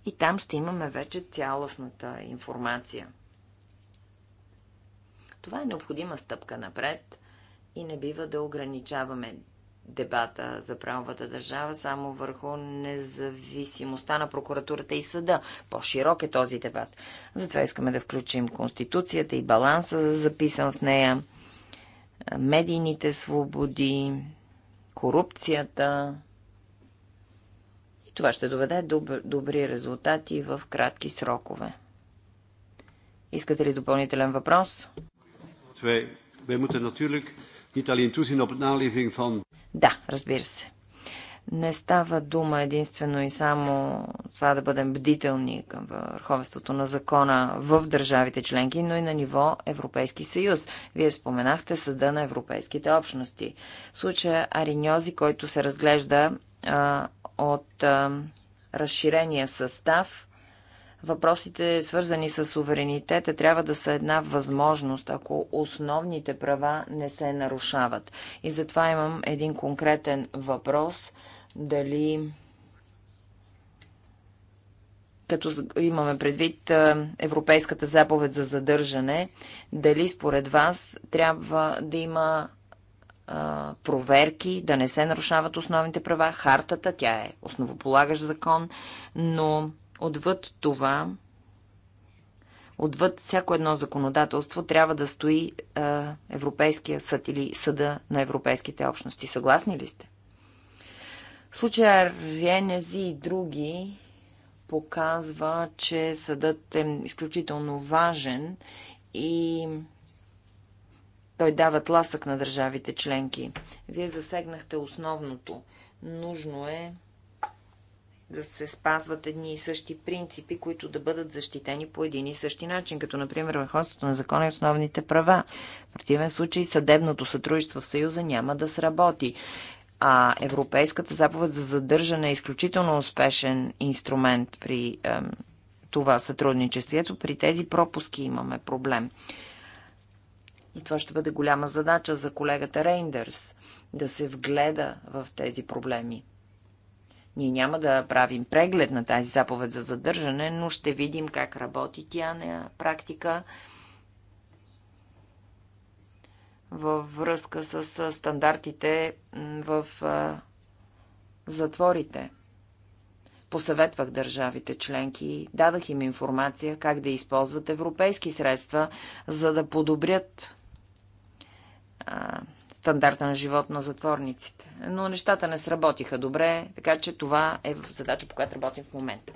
и там ще имаме вече цялостната информация. Това е необходима стъпка напред и не бива да ограничаваме дебата за правовата държава само върху независимостта на прокуратурата и съда. По-широк е този дебат. Затова искаме да включим Конституцията и баланса, записан в нея, медийните свободи, корупцията. И това ще доведе до добри резултати в кратки срокове. Искате ли допълнителен въпрос? Wij, wij moeten natuurlijk niet alleen toezien op het naleving van да, разбира се. Не става дума единствено и само това да бъдем бдителни към върховенството на закона в държавите членки, но и на ниво Европейски съюз. Вие споменахте съда на европейските общности. Случая Ариньози, който се разглежда а, от а, разширения състав Въпросите, свързани с суверенитета, трябва да са една възможност, ако основните права не се нарушават. И затова имам един конкретен въпрос. Дали като имаме предвид Европейската заповед за задържане, дали според вас трябва да има проверки, да не се нарушават основните права, хартата, тя е основополагащ закон, но Отвъд това, отвъд всяко едно законодателство трябва да стои е, Европейския съд или съда на европейските общности. Съгласни ли сте? Случая Ренези и други показва, че съдът е изключително важен и той дава тласък на държавите членки. Вие засегнахте основното. Нужно е да се спазват едни и същи принципи, които да бъдат защитени по един и същи начин, като например върховството на закона и основните права. В противен случай съдебното сътрудничество в Съюза няма да сработи. А Европейската заповед за задържане е изключително успешен инструмент при ем, това сътрудничество. Ето при тези пропуски имаме проблем. И това ще бъде голяма задача за колегата Рейндърс да се вгледа в тези проблеми. Ние няма да правим преглед на тази заповед за задържане, но ще видим как работи тя на практика във връзка с стандартите в затворите. Посъветвах държавите членки, дадах им информация как да използват европейски средства, за да подобрят стандарта на живот на затворниците. Но нещата не сработиха добре, така че това е задача, по която работим в момента.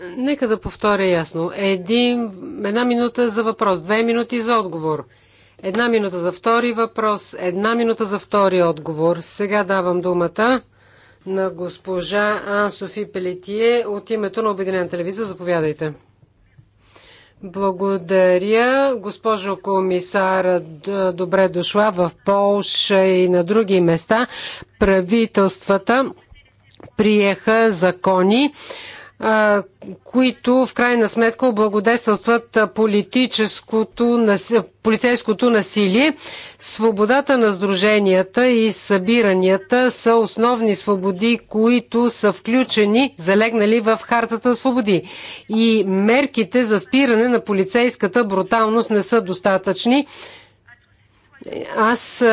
Нека да повторя ясно. Един, една минута за въпрос, две минути за отговор. Една минута за втори въпрос, една минута за втори отговор. Сега давам думата на госпожа Ансофи Пелетие от името на Обединена телевизия. Заповядайте. Благодаря, госпожо комисар. Добре дошла в Полша и на други места. Правителствата приеха закони които в крайна сметка облагодетелстват политическото, полицейското насилие. Свободата на сдруженията и събиранията са основни свободи, които са включени, залегнали в Хартата на свободи. И мерките за спиране на полицейската бруталност не са достатъчни. Аз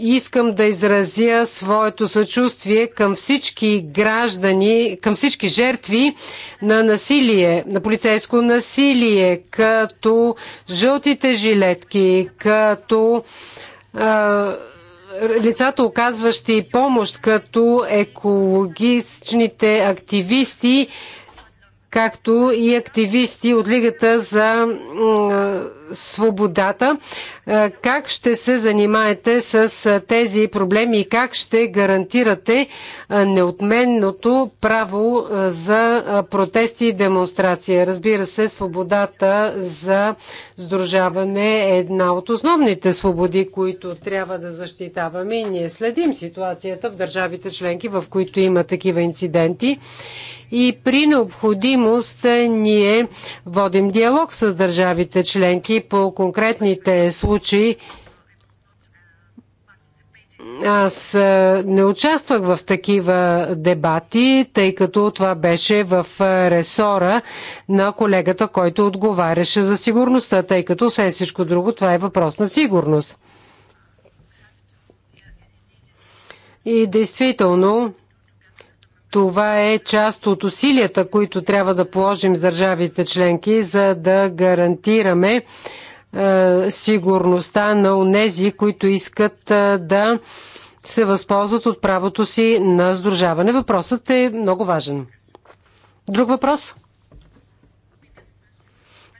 искам да изразя своето съчувствие към всички граждани, към всички жертви на насилие, на полицейско насилие, като жълтите жилетки, като а, лицата, оказващи помощ, като екологичните активисти, както и активисти от Лигата за свободата. Е, как ще се занимаете с е, тези проблеми и как ще гарантирате е, неотменното право за протести и демонстрация? Разбира се, свободата за сдружаване е една от основните свободи, които трябва да защитаваме и ние следим ситуацията в държавите членки, в които има такива инциденти и при необходимост ние водим диалог с държавите членки по конкретните случаи. Аз е, не участвах в такива дебати, тъй като това беше в е, ресора на колегата, който отговаряше за сигурността, тъй като освен всичко друго това е въпрос на сигурност. И действително, това е част от усилията, които трябва да положим с държавите членки, за да гарантираме е, сигурността на онези, които искат е, да се възползват от правото си на сдружаване. Въпросът е много важен. Друг въпрос?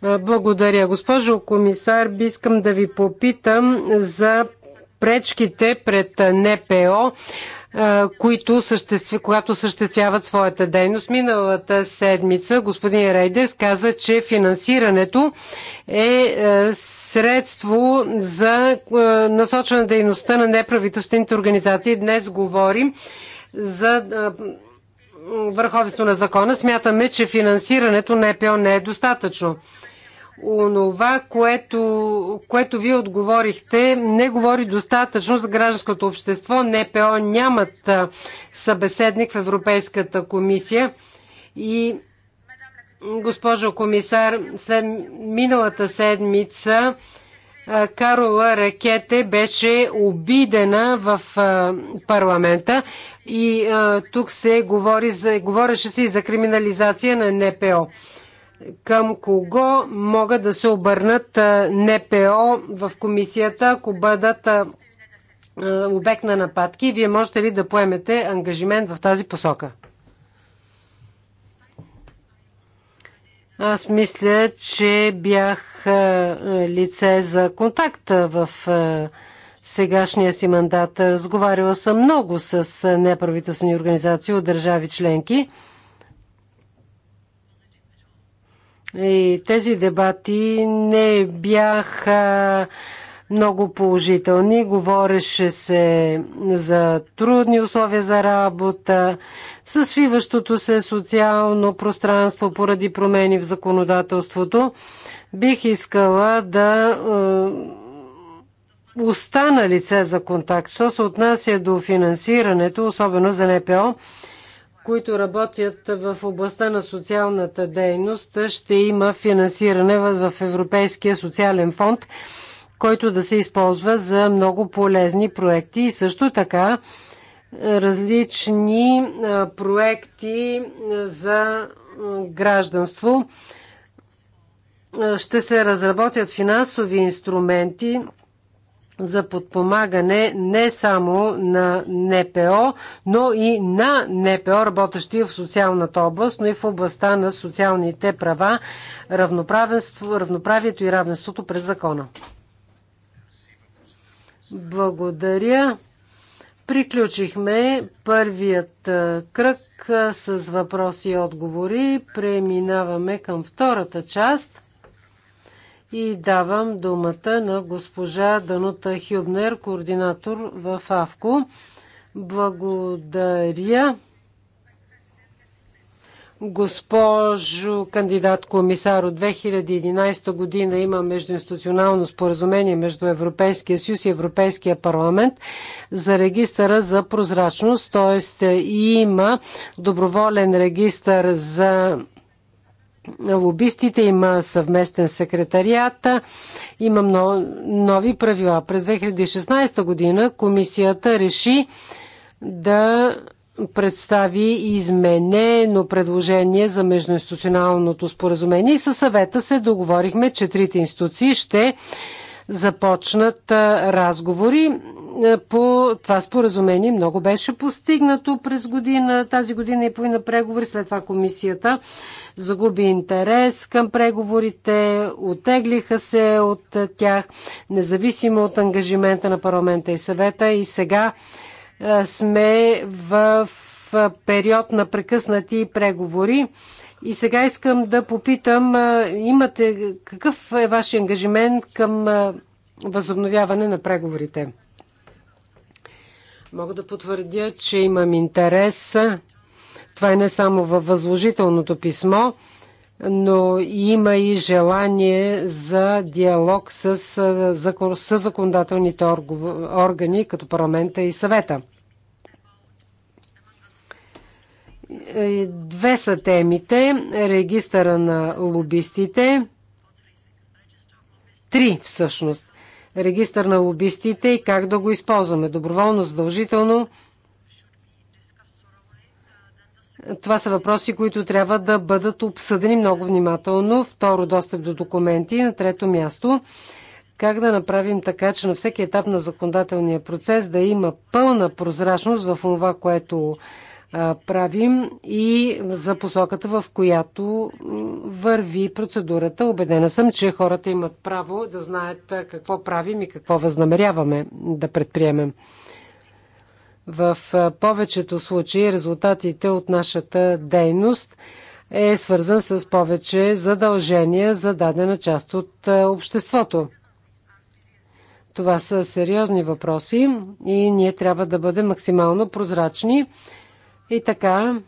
Е, благодаря. Госпожо комисар, искам да ви попитам за пречките пред НПО които съществ... когато съществяват своята дейност. Миналата седмица господин Рейдерс каза, че финансирането е средство за насочване на дейността на неправителствените организации. Днес говорим за върховенство на закона. Смятаме, че финансирането на ЕПО не е достатъчно онова, което, което вие отговорихте, не говори достатъчно за гражданското общество. НПО нямат събеседник в Европейската комисия. И, госпожо комисар, след миналата седмица Карола Ракете беше обидена в парламента и тук се говори за, говореше се и за криминализация на НПО към кого могат да се обърнат НПО в комисията, ако бъдат обект на нападки. Вие можете ли да поемете ангажимент в тази посока? Аз мисля, че бях лице за контакт в сегашния си мандат. Разговаряла съм много с неправителствени организации от държави членки. И тези дебати не бяха много положителни. Говореше се за трудни условия за работа, със свиващото се социално пространство поради промени в законодателството. Бих искала да е, остана лице за контакт. Що се отнася до финансирането, особено за НПО, които работят в областта на социалната дейност, ще има финансиране в Европейския социален фонд, който да се използва за много полезни проекти и също така различни проекти за гражданство. Ще се разработят финансови инструменти, за подпомагане не само на НПО, но и на НПО, работещи в социалната област, но и в областта на социалните права, равноправието и равенството през закона. Благодаря. Приключихме първият кръг с въпроси и отговори. Преминаваме към втората част. И давам думата на госпожа Данута Хюбнер, координатор в АВКО. Благодаря. Госпожо кандидат комисар от 2011 година има междуинституционално споразумение между Европейския съюз и Европейския парламент за регистъра за прозрачност, т.е. има доброволен регистър за лобистите, има съвместен секретариат, има много нови правила. През 2016 година комисията реши да представи изменено предложение за междуинституционалното споразумение и със съвета се договорихме, че трите институции ще започнат разговори. Е, по това споразумение много беше постигнато през година, тази година и половина преговори. След това комисията загуби интерес към преговорите, отеглиха се от тях, независимо от ангажимента на парламента и съвета. И сега е, сме в период на прекъснати преговори. И сега искам да попитам, е, имате, какъв е вашия ангажимент към възобновяване на преговорите? Мога да потвърдя, че имам интерес. Това е не само във възложителното писмо, но има и желание за диалог с, с законодателните органи, като парламента и съвета. Е, две са темите. Регистъра на лобистите. Три всъщност регистър на лобистите и как да го използваме. Доброволно, задължително. Това са въпроси, които трябва да бъдат обсъдени много внимателно. Второ, достъп до документи. На трето място, как да направим така, че на всеки етап на законодателния процес да има пълна прозрачност в това, което правим и за посоката, в която върви процедурата. Обедена съм, че хората имат право да знаят какво правим и какво възнамеряваме да предприемем. В повечето случаи резултатите от нашата дейност е свързан с повече задължения за дадена част от обществото. Това са сериозни въпроси и ние трябва да бъдем максимално прозрачни и така,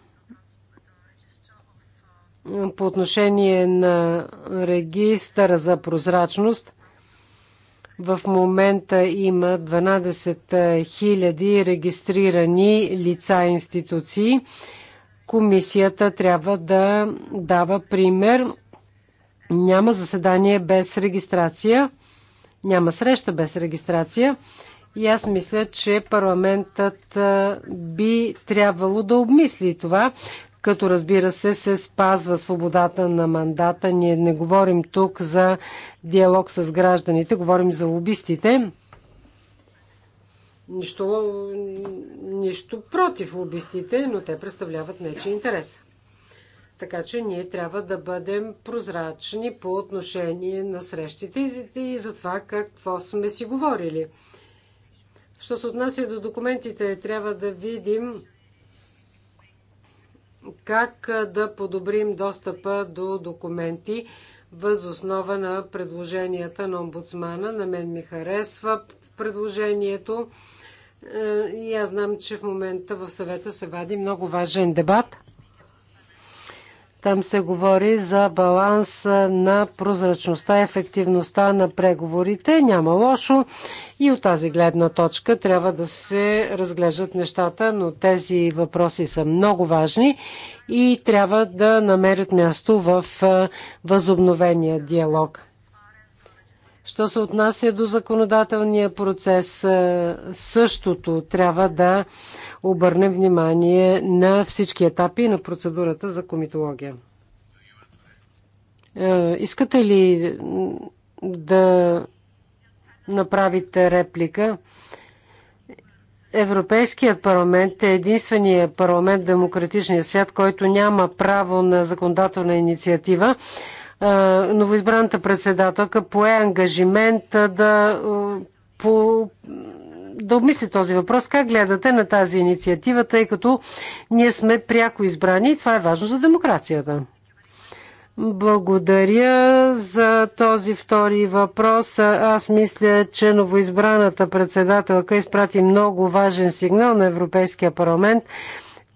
по отношение на регистъра за прозрачност, в момента има 12 000 регистрирани лица и институции. Комисията трябва да дава пример. Няма заседание без регистрация. Няма среща без регистрация. И аз мисля, че парламентът би трябвало да обмисли това, като разбира се се спазва свободата на мандата. Ние не говорим тук за диалог с гражданите, говорим за лобистите. Нищо, нищо против лобистите, но те представляват нечи интерес. Така че ние трябва да бъдем прозрачни по отношение на срещите и за това какво сме си говорили. Що се отнася до документите, трябва да видим как да подобрим достъпа до документи въз основа на предложенията на омбудсмана. На мен ми харесва предложението е, и аз знам, че в момента в съвета се вади много важен дебат. Там се говори за баланс на прозрачността и ефективността на преговорите. Няма лошо. И от тази гледна точка трябва да се разглеждат нещата, но тези въпроси са много важни и трябва да намерят място в възобновения диалог. Що се отнася до законодателния процес, същото трябва да обърнем внимание на всички етапи на процедурата за комитология. Е, искате ли да направите реплика? Европейският парламент е единствения парламент в демократичния свят, който няма право на законодателна инициатива. Е, новоизбраната председателка пое ангажимент да е, по да обмисли този въпрос. Как гледате на тази инициатива, тъй като ние сме пряко избрани и това е важно за демокрацията? Благодаря за този втори въпрос. Аз мисля, че новоизбраната председателка изпрати много важен сигнал на Европейския парламент.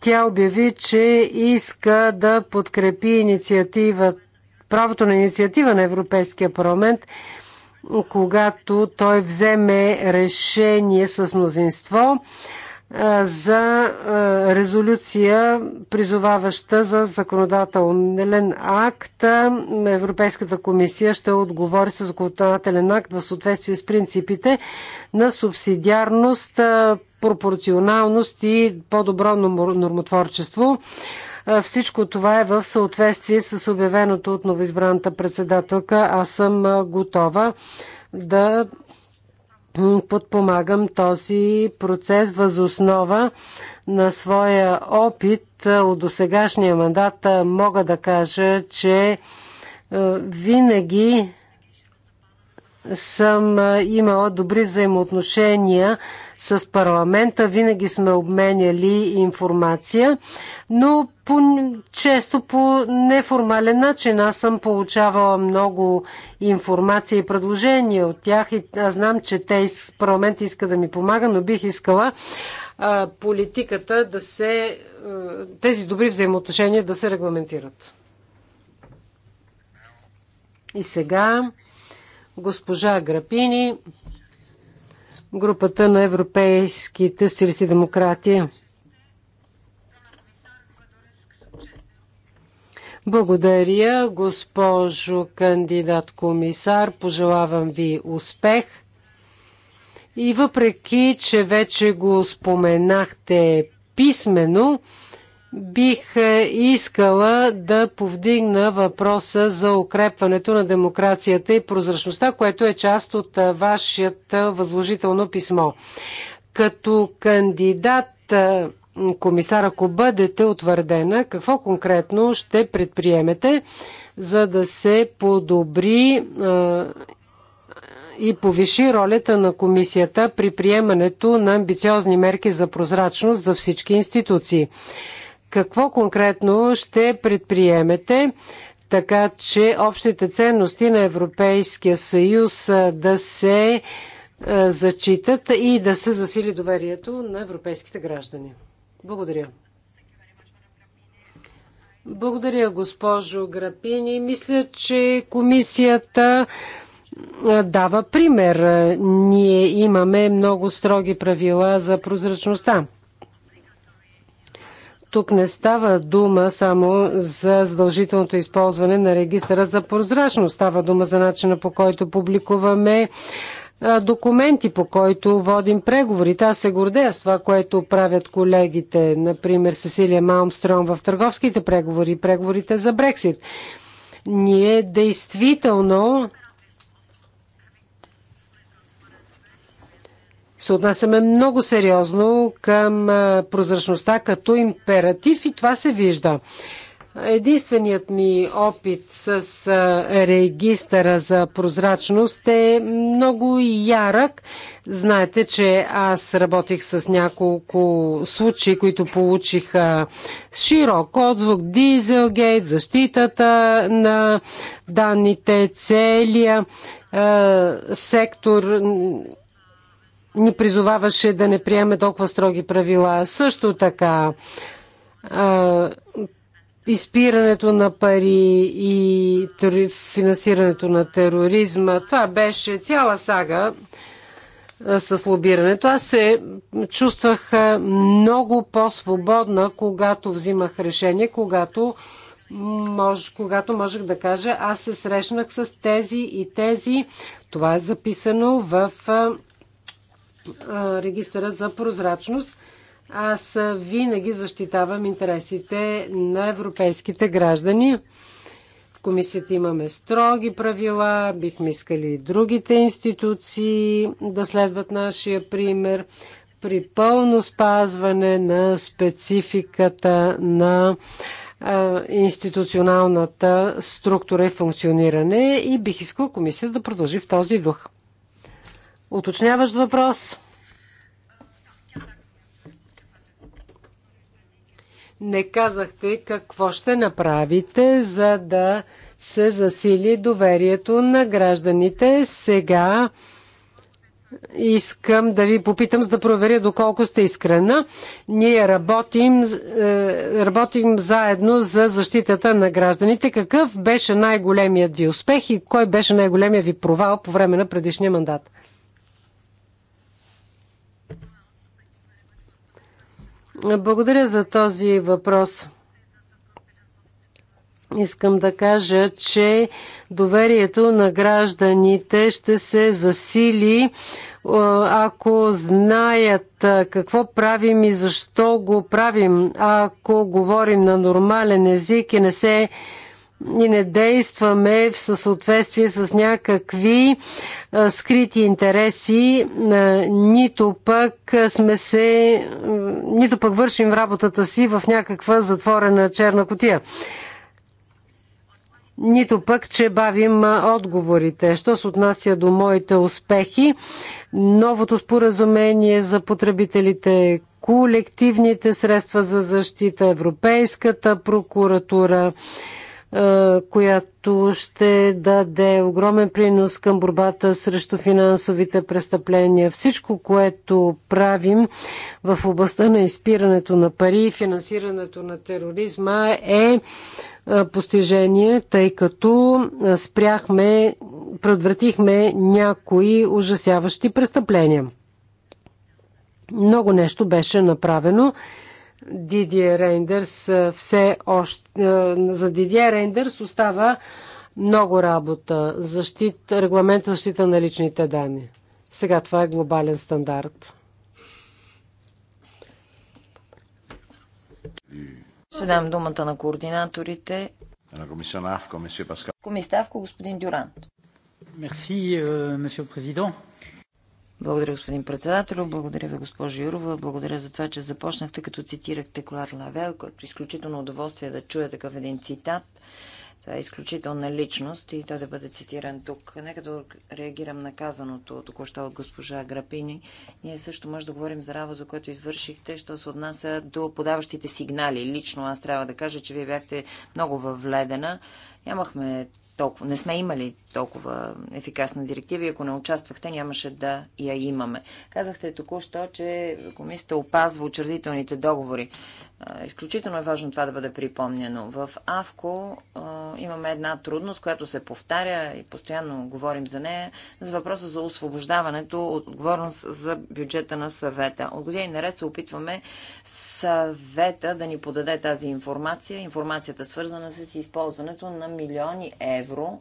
Тя обяви, че иска да подкрепи инициатива, правото на инициатива на Европейския парламент – когато той вземе решение с мнозинство за резолюция, призоваваща за законодателен акт. Европейската комисия ще отговори с законодателен акт в съответствие с принципите на субсидиарност, пропорционалност и по-добро нормотворчество. Всичко това е в съответствие с обявеното от новоизбраната председателка. Аз съм готова да подпомагам този процес възоснова на своя опит от досегашния мандат. Мога да кажа, че винаги съм имала добри взаимоотношения с парламента. Винаги сме обменяли информация, но по, често по неформален начин. Аз съм получавала много информация и предложения от тях и аз знам, че те из иска да ми помага, но бих искала а, политиката да се. А, тези добри взаимоотношения да се регламентират. И сега госпожа Грапини групата на европейските социалисти демократи. Благодаря, госпожо кандидат комисар. Пожелавам ви успех. И въпреки, че вече го споменахте писменно, Бих е, искала да повдигна въпроса за укрепването на демокрацията и прозрачността, което е част от е, вашият е, възложително писмо. Като кандидат комисар, ако бъдете утвърдена, какво конкретно ще предприемете, за да се подобри и повиши ролята на комисията при приемането на амбициозни мерки за прозрачност за всички институции? Какво конкретно ще предприемете, така че общите ценности на Европейския съюз да се зачитат и да се засили доверието на европейските граждани? Благодаря. Благодаря, госпожо Грапини. Мисля, че комисията дава пример. Ние имаме много строги правила за прозрачността тук не става дума само за задължителното използване на регистъра за прозрачност. Става дума за начина по който публикуваме документи, по който водим преговори. Аз се гордея с това, което правят колегите, например Сесилия Малмстрон в търговските преговори, преговорите за Брексит. Ние действително се отнасяме много сериозно към прозрачността като императив и това се вижда. Единственият ми опит с регистъра за прозрачност е много ярък. Знаете, че аз работих с няколко случаи, които получиха широк отзвук, Дизелгейт, защитата на данните, целия сектор ни призоваваше да не приеме толкова строги правила. Също така, а, изпирането на пари и финансирането на тероризма, това беше цяла сага а, с лобирането. Аз се чувствах много по-свободна, когато взимах решение, когато мож, когато можех да кажа, аз се срещнах с тези и тези. Това е записано в регистъра за прозрачност. Аз винаги защитавам интересите на европейските граждани. В комисията имаме строги правила, бихме искали и другите институции да следват нашия пример при пълно спазване на спецификата на институционалната структура и функциониране и бих искал комисията да продължи в този дух. Уточняваш въпрос? Не казахте какво ще направите, за да се засили доверието на гражданите. Сега искам да ви попитам, за да проверя доколко сте искрена. Ние работим, е, работим заедно за защитата на гражданите. Какъв беше най-големият ви успех и кой беше най-големият ви провал по време на предишния мандат? Благодаря за този въпрос. Искам да кажа, че доверието на гражданите ще се засили, ако знаят какво правим и защо го правим, ако говорим на нормален език и не се и не действаме в съответствие с някакви скрити интереси, нито пък сме се, нито пък вършим работата си в някаква затворена черна котия. Нито пък, че бавим отговорите. Що се отнася до моите успехи, новото споразумение за потребителите, колективните средства за защита, Европейската прокуратура, е, която ще даде огромен принос към борбата срещу финансовите престъпления. Всичко, което правим в областта на изпирането на пари и финансирането на тероризма е, е постижение, тъй като е, спряхме, предвратихме някои ужасяващи престъпления. Много нещо беше направено. Дидие Рейндърс все още... За Дидие Рейндърс остава много работа. Защит, регламент за защита на личните данни. Сега това е глобален стандарт. Ще дам думата на координаторите. Комисия Авко, господин Дюрант. Мерси, месье президент. Благодаря, господин председател. Благодаря ви, госпожо Юрова. Благодаря за това, че започнахте, като цитирахте Клар Лавел, което е изключително удоволствие да чуя такъв един цитат. Това е изключителна личност и той да бъде цитиран тук. Нека да реагирам на казаното току-що от госпожа Грапини. Ние също може да говорим за работа, която извършихте, що се отнася до подаващите сигнали. Лично аз трябва да кажа, че вие бяхте много въвледена. Нямахме толкова, не сме имали толкова ефикасна директива и ако не участвахте, нямаше да я имаме. Казахте току-що, че комисията опазва учредителните договори. Изключително е важно това да бъде припомнено. В АВКО имаме една трудност, която се повтаря и постоянно говорим за нея, за въпроса за освобождаването от отговорност за бюджета на съвета. От години наред се опитваме съвета да ни подаде тази информация, информацията свързана с използването на милиони евро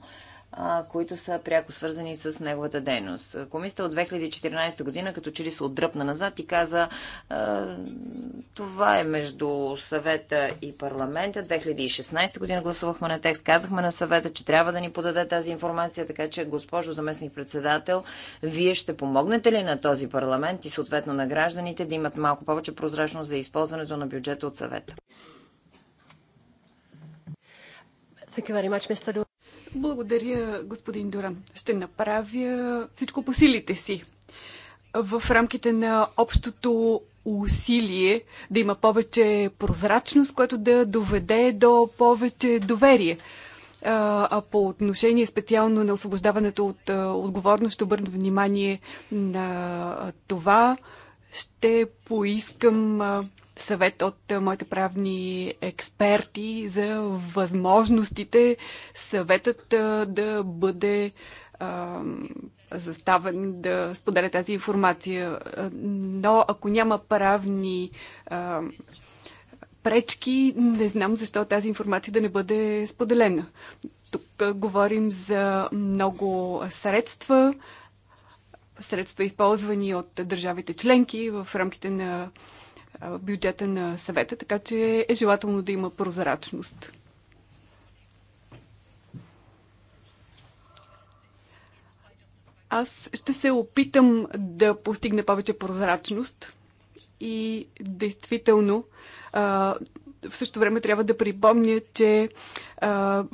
които са пряко свързани с неговата дейност. Комисията от 2014 година като че ли се отдръпна назад и каза това е между съвета и парламента. 2016 година гласувахме на текст, казахме на съвета, че трябва да ни подаде тази информация, така че госпожо заместник председател, вие ще помогнете ли на този парламент и съответно на гражданите да имат малко повече прозрачност за използването на бюджета от съвета? Thank you very much, Mr. Благодаря, господин Дуран. Ще направя всичко по силите си. В рамките на общото усилие да има повече прозрачност, което да доведе до повече доверие. А по отношение специално на освобождаването от отговорност, ще обърна внимание на това. Ще поискам съвет от е, моите правни експерти за възможностите съветът е, да бъде заставен да споделя тази информация. Е, но ако няма правни пречки, не знам защо тази информация да не бъде споделена. Тук говорим за много средства, средства използвани от държавите членки в рамките на бюджета на съвета, така че е желателно да има прозрачност. Аз ще се опитам да постигна повече прозрачност и действително в същото време трябва да припомня, че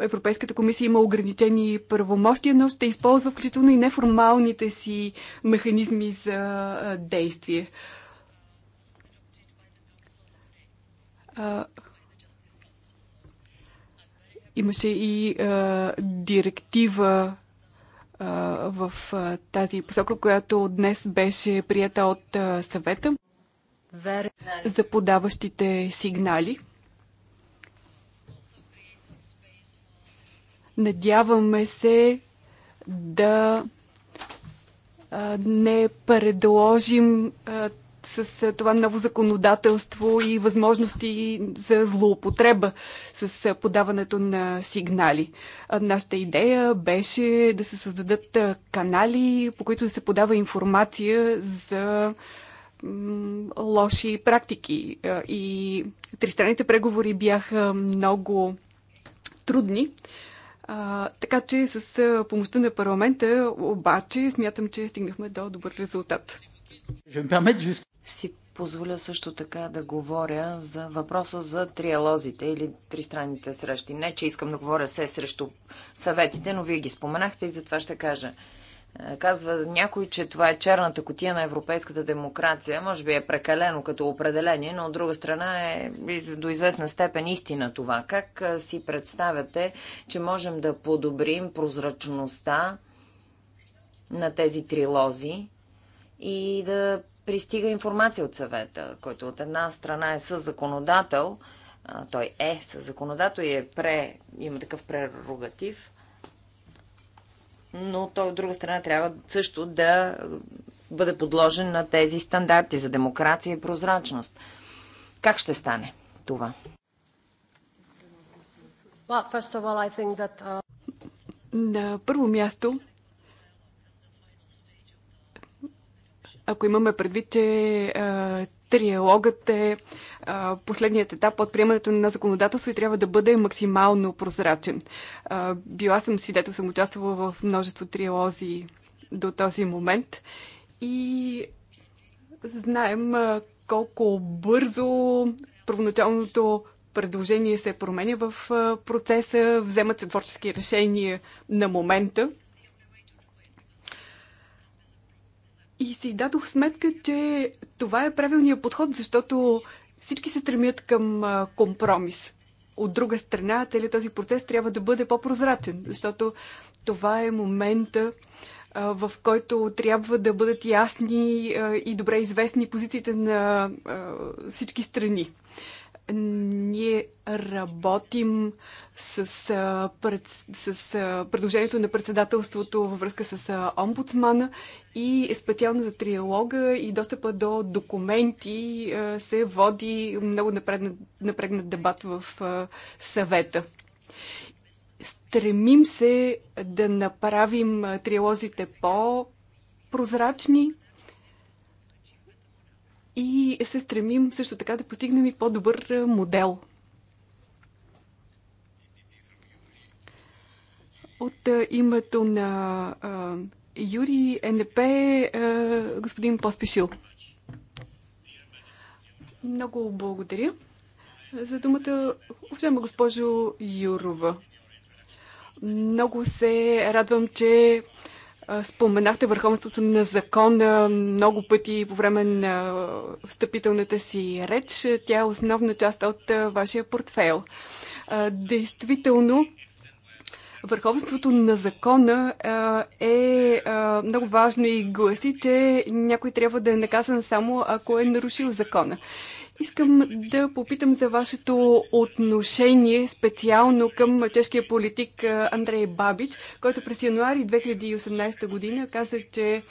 Европейската комисия има ограничени правомощия, но ще използва включително и неформалните си механизми за действие. А, имаше и а, директива а, в а, тази посока, която днес беше прията от а, съвета за подаващите сигнали. Надяваме се да не предложим с това ново законодателство и възможности за злоупотреба с подаването на сигнали. Нашата идея беше да се създадат канали, по които да се подава информация за лоши практики. И тристранните преговори бяха много трудни. А, така че с помощта на парламента обаче смятам, че стигнахме до добър резултат си позволя също така да говоря за въпроса за триалозите или тристранните срещи. Не, че искам да говоря се срещу съветите, но вие ги споменахте и затова ще кажа. Е, казва някой, че това е черната котия на европейската демокрация. Може би е прекалено като определение, но от друга страна е до известна степен истина това. Как е, си представяте, че можем да подобрим прозрачността на тези трилози и да пристига информация от съвета, който от една страна е със законодател, той е със законодател и е пре, има такъв прерогатив, но той от друга страна трябва също да бъде подложен на тези стандарти за демокрация и прозрачност. Как ще стане това? Uh, на първо място, Ако имаме предвид, че триалогът е а, последният етап от приемането на законодателство и трябва да бъде максимално прозрачен. А, била съм свидетел, съм участвала в множество триалози до този момент и знаем а, колко бързо първоначалното предложение се променя в процеса, вземат се творчески решения на момента. И си дадох сметка, че това е правилният подход, защото всички се стремят към компромис. От друга страна, целият този процес трябва да бъде по-прозрачен, защото това е момента, в който трябва да бъдат ясни и добре известни позициите на всички страни. Ние работим с, пред, с предложението на председателството във връзка с а, омбудсмана и специално за триалога и достъпа до документи а, се води много напрегнат, напрегнат дебат в а, съвета. Стремим се да направим триалозите по-прозрачни, и се стремим също така да постигнем и по-добър е, модел. От е, името на Юрий НП, е, господин Поспешил. Много благодаря за думата, уважаема госпожо Юрова. Много се радвам, че Споменахте върховенството на закона много пъти по време на встъпителната си реч. Тя е основна част от вашия портфейл. Действително, върховенството на закона е много важно и гласи, че някой трябва да е наказан само ако е нарушил закона. Искам да попитам за вашето отношение специално към чешкия политик Андрей Бабич, който през януари 2018 година каза, че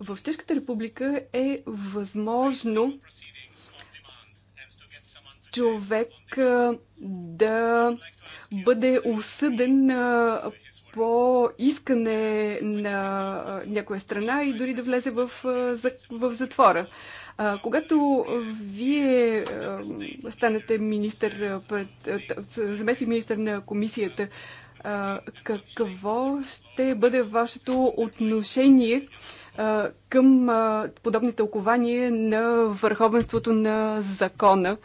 в Чешката република е възможно човек да бъде осъден по искане на някоя страна и дори да влезе в, в затвора. А, когато вие а, станете министър, заместник министър на комисията, а, какво ще бъде вашето отношение а, към а, подобни тълкования на върховенството на закона?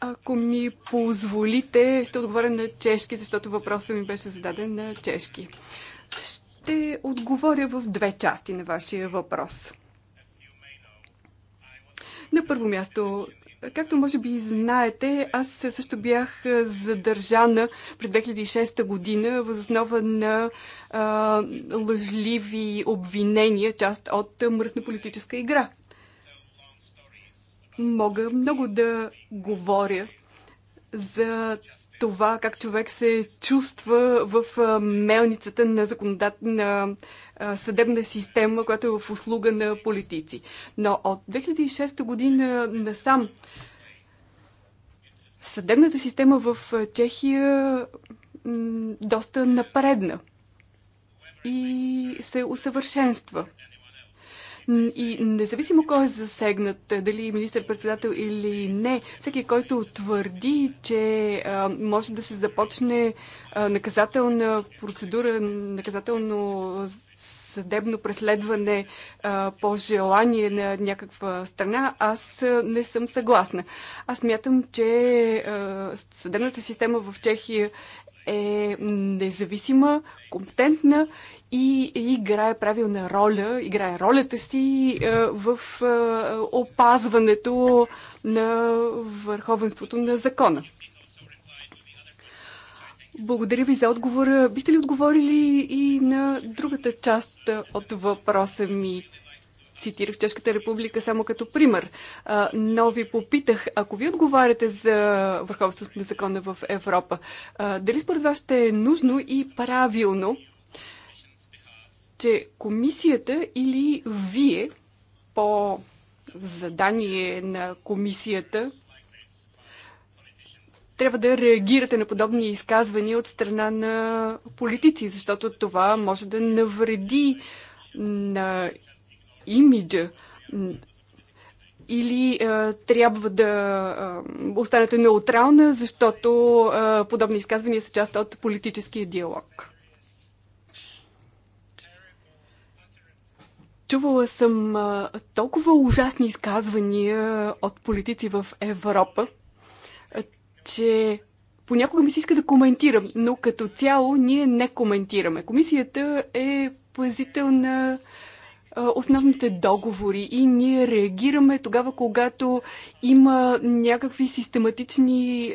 Ако ми позволите, ще отговоря на чешки, защото въпросът ми беше зададен на чешки. Ще ще отговоря в две части на вашия въпрос. На първо място, Както може би знаете, аз също бях задържана през 2006 година въз основа на а, лъжливи обвинения, част от мръсна политическа игра. Мога много да говоря за това как човек се чувства в мелницата на, законодат... на съдебна система, която е в услуга на политици. Но от 2006 година насам съдебната система в Чехия доста напредна и се усъвършенства. И независимо кой е засегнат, дали министър-председател или не, всеки, който твърди, че а, може да се започне а, наказателна процедура, наказателно съдебно преследване а, по желание на някаква страна, аз не съм съгласна. Аз мятам, че а, съдебната система в Чехия е независима, компетентна и играе правилна роля, играе ролята си е, в е, опазването на върховенството на закона. Благодаря ви за отговора. Бихте ли отговорили и на другата част от въпроса ми? цитирах Чешката република само като пример, но ви попитах, ако ви отговаряте за върховството на закона в Европа, дали според вас ще е нужно и правилно, че комисията или вие по задание на комисията трябва да реагирате на подобни изказвания от страна на политици, защото това може да навреди на имиджа или а, е, трябва да а, е, останете неутрална, защото а, е, подобни изказвания са част от политическия диалог. Чувала съм а, толкова ужасни изказвания от политици в Европа, а, че понякога ми се иска да коментирам, но като цяло ние не коментираме. Комисията е пазител на основните договори и ние реагираме тогава, когато има някакви систематични,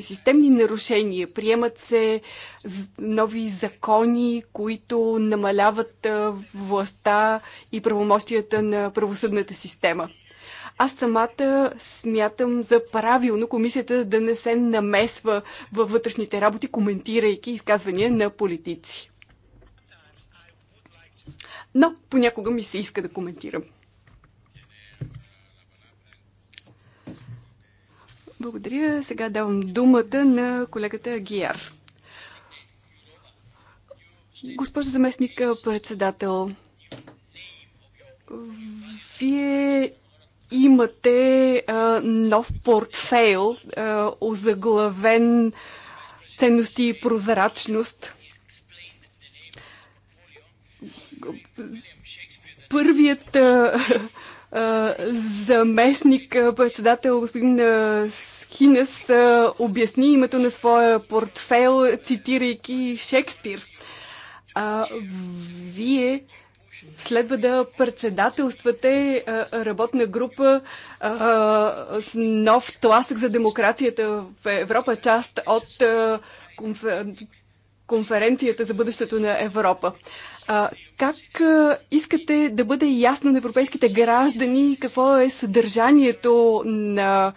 системни нарушения. Приемат се нови закони, които намаляват властта и правомощията на правосъдната система. Аз самата смятам за правилно комисията да не се намесва във вътрешните работи, коментирайки изказвания на политици но понякога ми се иска да коментирам. Благодаря. Сега давам думата на колегата Гияр. Госпожо заместник председател, вие имате а, нов портфейл, а, озаглавен ценности и прозрачност. първият а, а, заместник председател господин Хинес а, обясни името на своя портфел, цитирайки Шекспир. А, вие следва да председателствате а, работна група а, с нов тласък за демокрацията в Европа, част от а, конфер... конференцията за бъдещето на Европа. А, как искате да бъде ясно на европейските граждани какво е съдържанието на,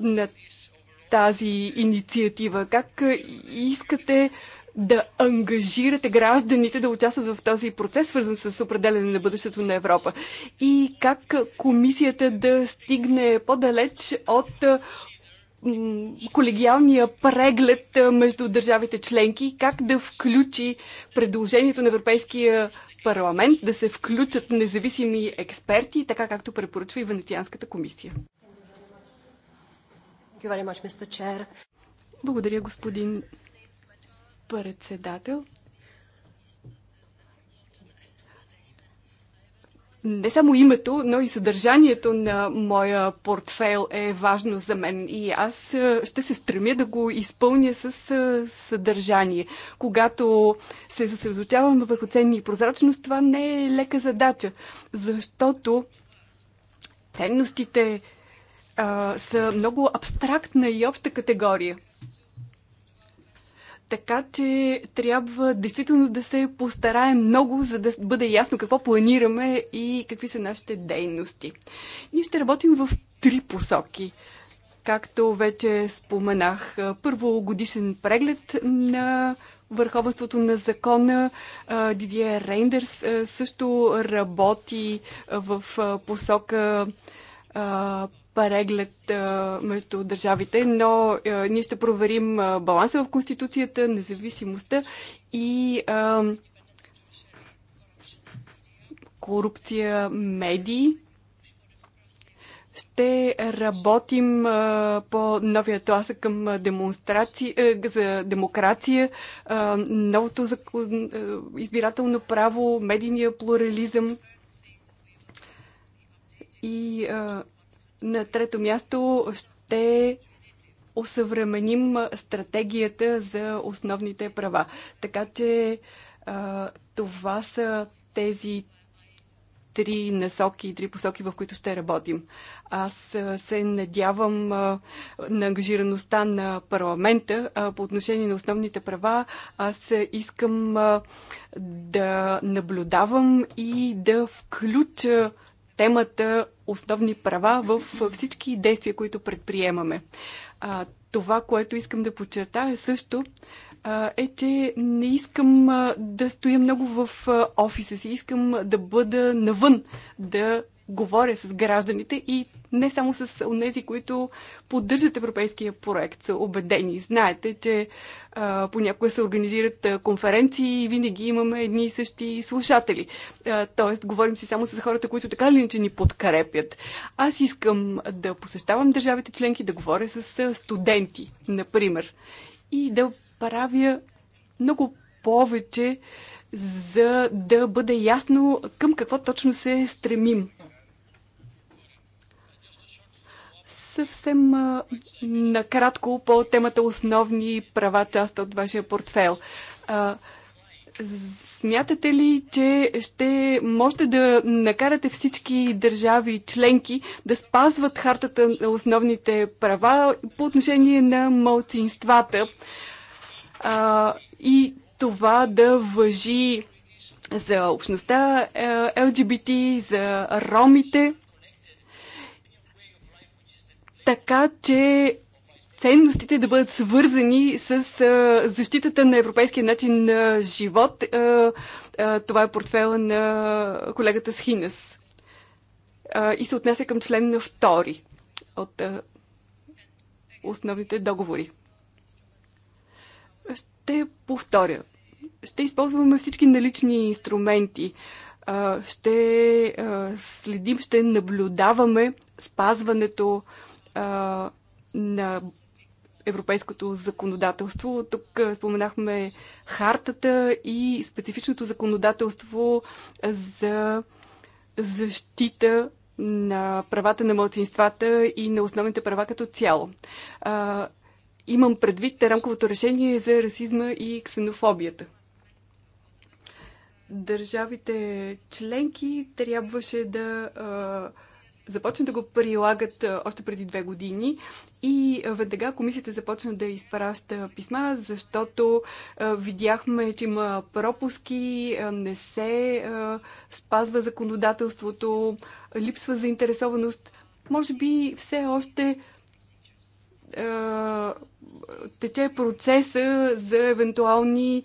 на тази инициатива? Как искате да ангажирате гражданите да участват в този процес, свързан с определене на бъдещето на Европа? И как комисията да стигне по-далеч от колегиалния преглед между държавите членки, как да включи предложението на Европейския парламент да се включат независими експерти, така както препоръчва и Венецианската комисия. Благодаря, господин председател. не само името, но и съдържанието на моя портфейл е важно за мен и аз е, ще се стремя да го изпълня с е, съдържание. Когато се съсредоточавам върху ценни и прозрачност, това не е лека задача, защото ценностите а, е, са много абстрактна и обща категория. Така че трябва действително да се постараем много, за да бъде ясно какво планираме и какви са нашите дейности. Ние ще работим в три посоки. Както вече споменах, първо годишен преглед на върховенството на закона. Дидия Рейндърс също работи в посока преглед между държавите, но ние ще проверим баланса в Конституцията, независимостта и а, корупция, медии. Ще работим а, по новия тласък към демонстрация а, е, за демокрация, а, новото закон, а, е, избирателно право, медийния плурализъм и а, на трето място ще осъвременим стратегията за основните права. Така че а, това са тези три насоки и три посоки, в които ще работим. Аз се надявам на ангажираността на парламента по отношение на основните права. Аз искам да наблюдавам и да включа темата основни права в всички действия, които предприемаме. А, това, което искам да подчертая също, а, е, че не искам а, да стоя много в а, офиса си. Искам да бъда навън, да говоря с гражданите и не само с тези, които поддържат европейския проект, са убедени. Знаете, че понякога се организират конференции и винаги имаме едни и същи слушатели. тоест, говорим си само с хората, които така ли че ни подкрепят. Аз искам да посещавам държавите членки, да говоря с студенти, например, и да правя много повече, за да бъде ясно към какво точно се стремим Съвсем накратко по темата основни права, част от вашия портфел. Смятате ли, че ще можете да накарате всички държави членки да спазват хартата на основните права по отношение на малцинствата а, и това да въжи за общността LGBT, за ромите? така че ценностите да бъдат свързани с защитата на европейския начин на живот. това е портфела на колегата Схинес. и се отнася към член на втори от основните договори. Ще повторя. Ще използваме всички налични инструменти. Ще следим, ще наблюдаваме спазването а, на европейското законодателство. Тук споменахме хартата и специфичното законодателство за защита на правата на младсинствата и на основните права като цяло. А, имам предвид рамковото решение за расизма и ксенофобията. Държавите членки трябваше да а, започна да го прилагат още преди две години и веднага комисията започна да изпраща писма, защото видяхме, че има пропуски, не се спазва законодателството, липсва заинтересованост. Може би все още тече процеса за евентуални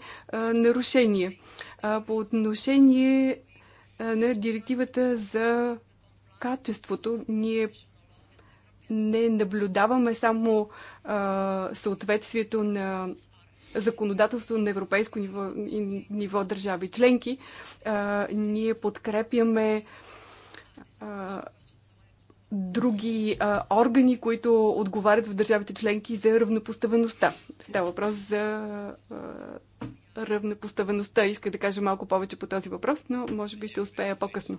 нарушения. По отношение на директивата за качеството ние не наблюдаваме само а, съответствието на законодателство на европейско ниво, ниво държави членки, а, ние подкрепяме а, други а, органи, които отговарят в държавите членки за равнопоставеността. Става въпрос за а, равнопоставеността. Иска да кажа малко повече по този въпрос, но може би ще успея по-късно.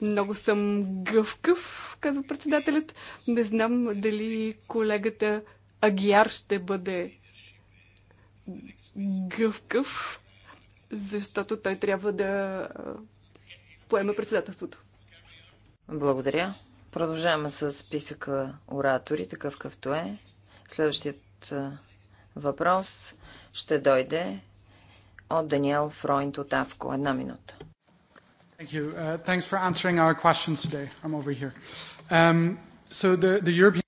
Много съм гъвкав, казва председателят. Не знам дали колегата Агиар ще бъде гъвкав, защото той трябва да поеме председателството. Благодаря. Продължаваме с списъка оратори, такъв какъвто е. Следващият въпрос ще дойде от Даниел Фройнт от Авко. Една минута. Thank you. Uh, thanks for answering our questions today. I'm over here. Um, so the, the European...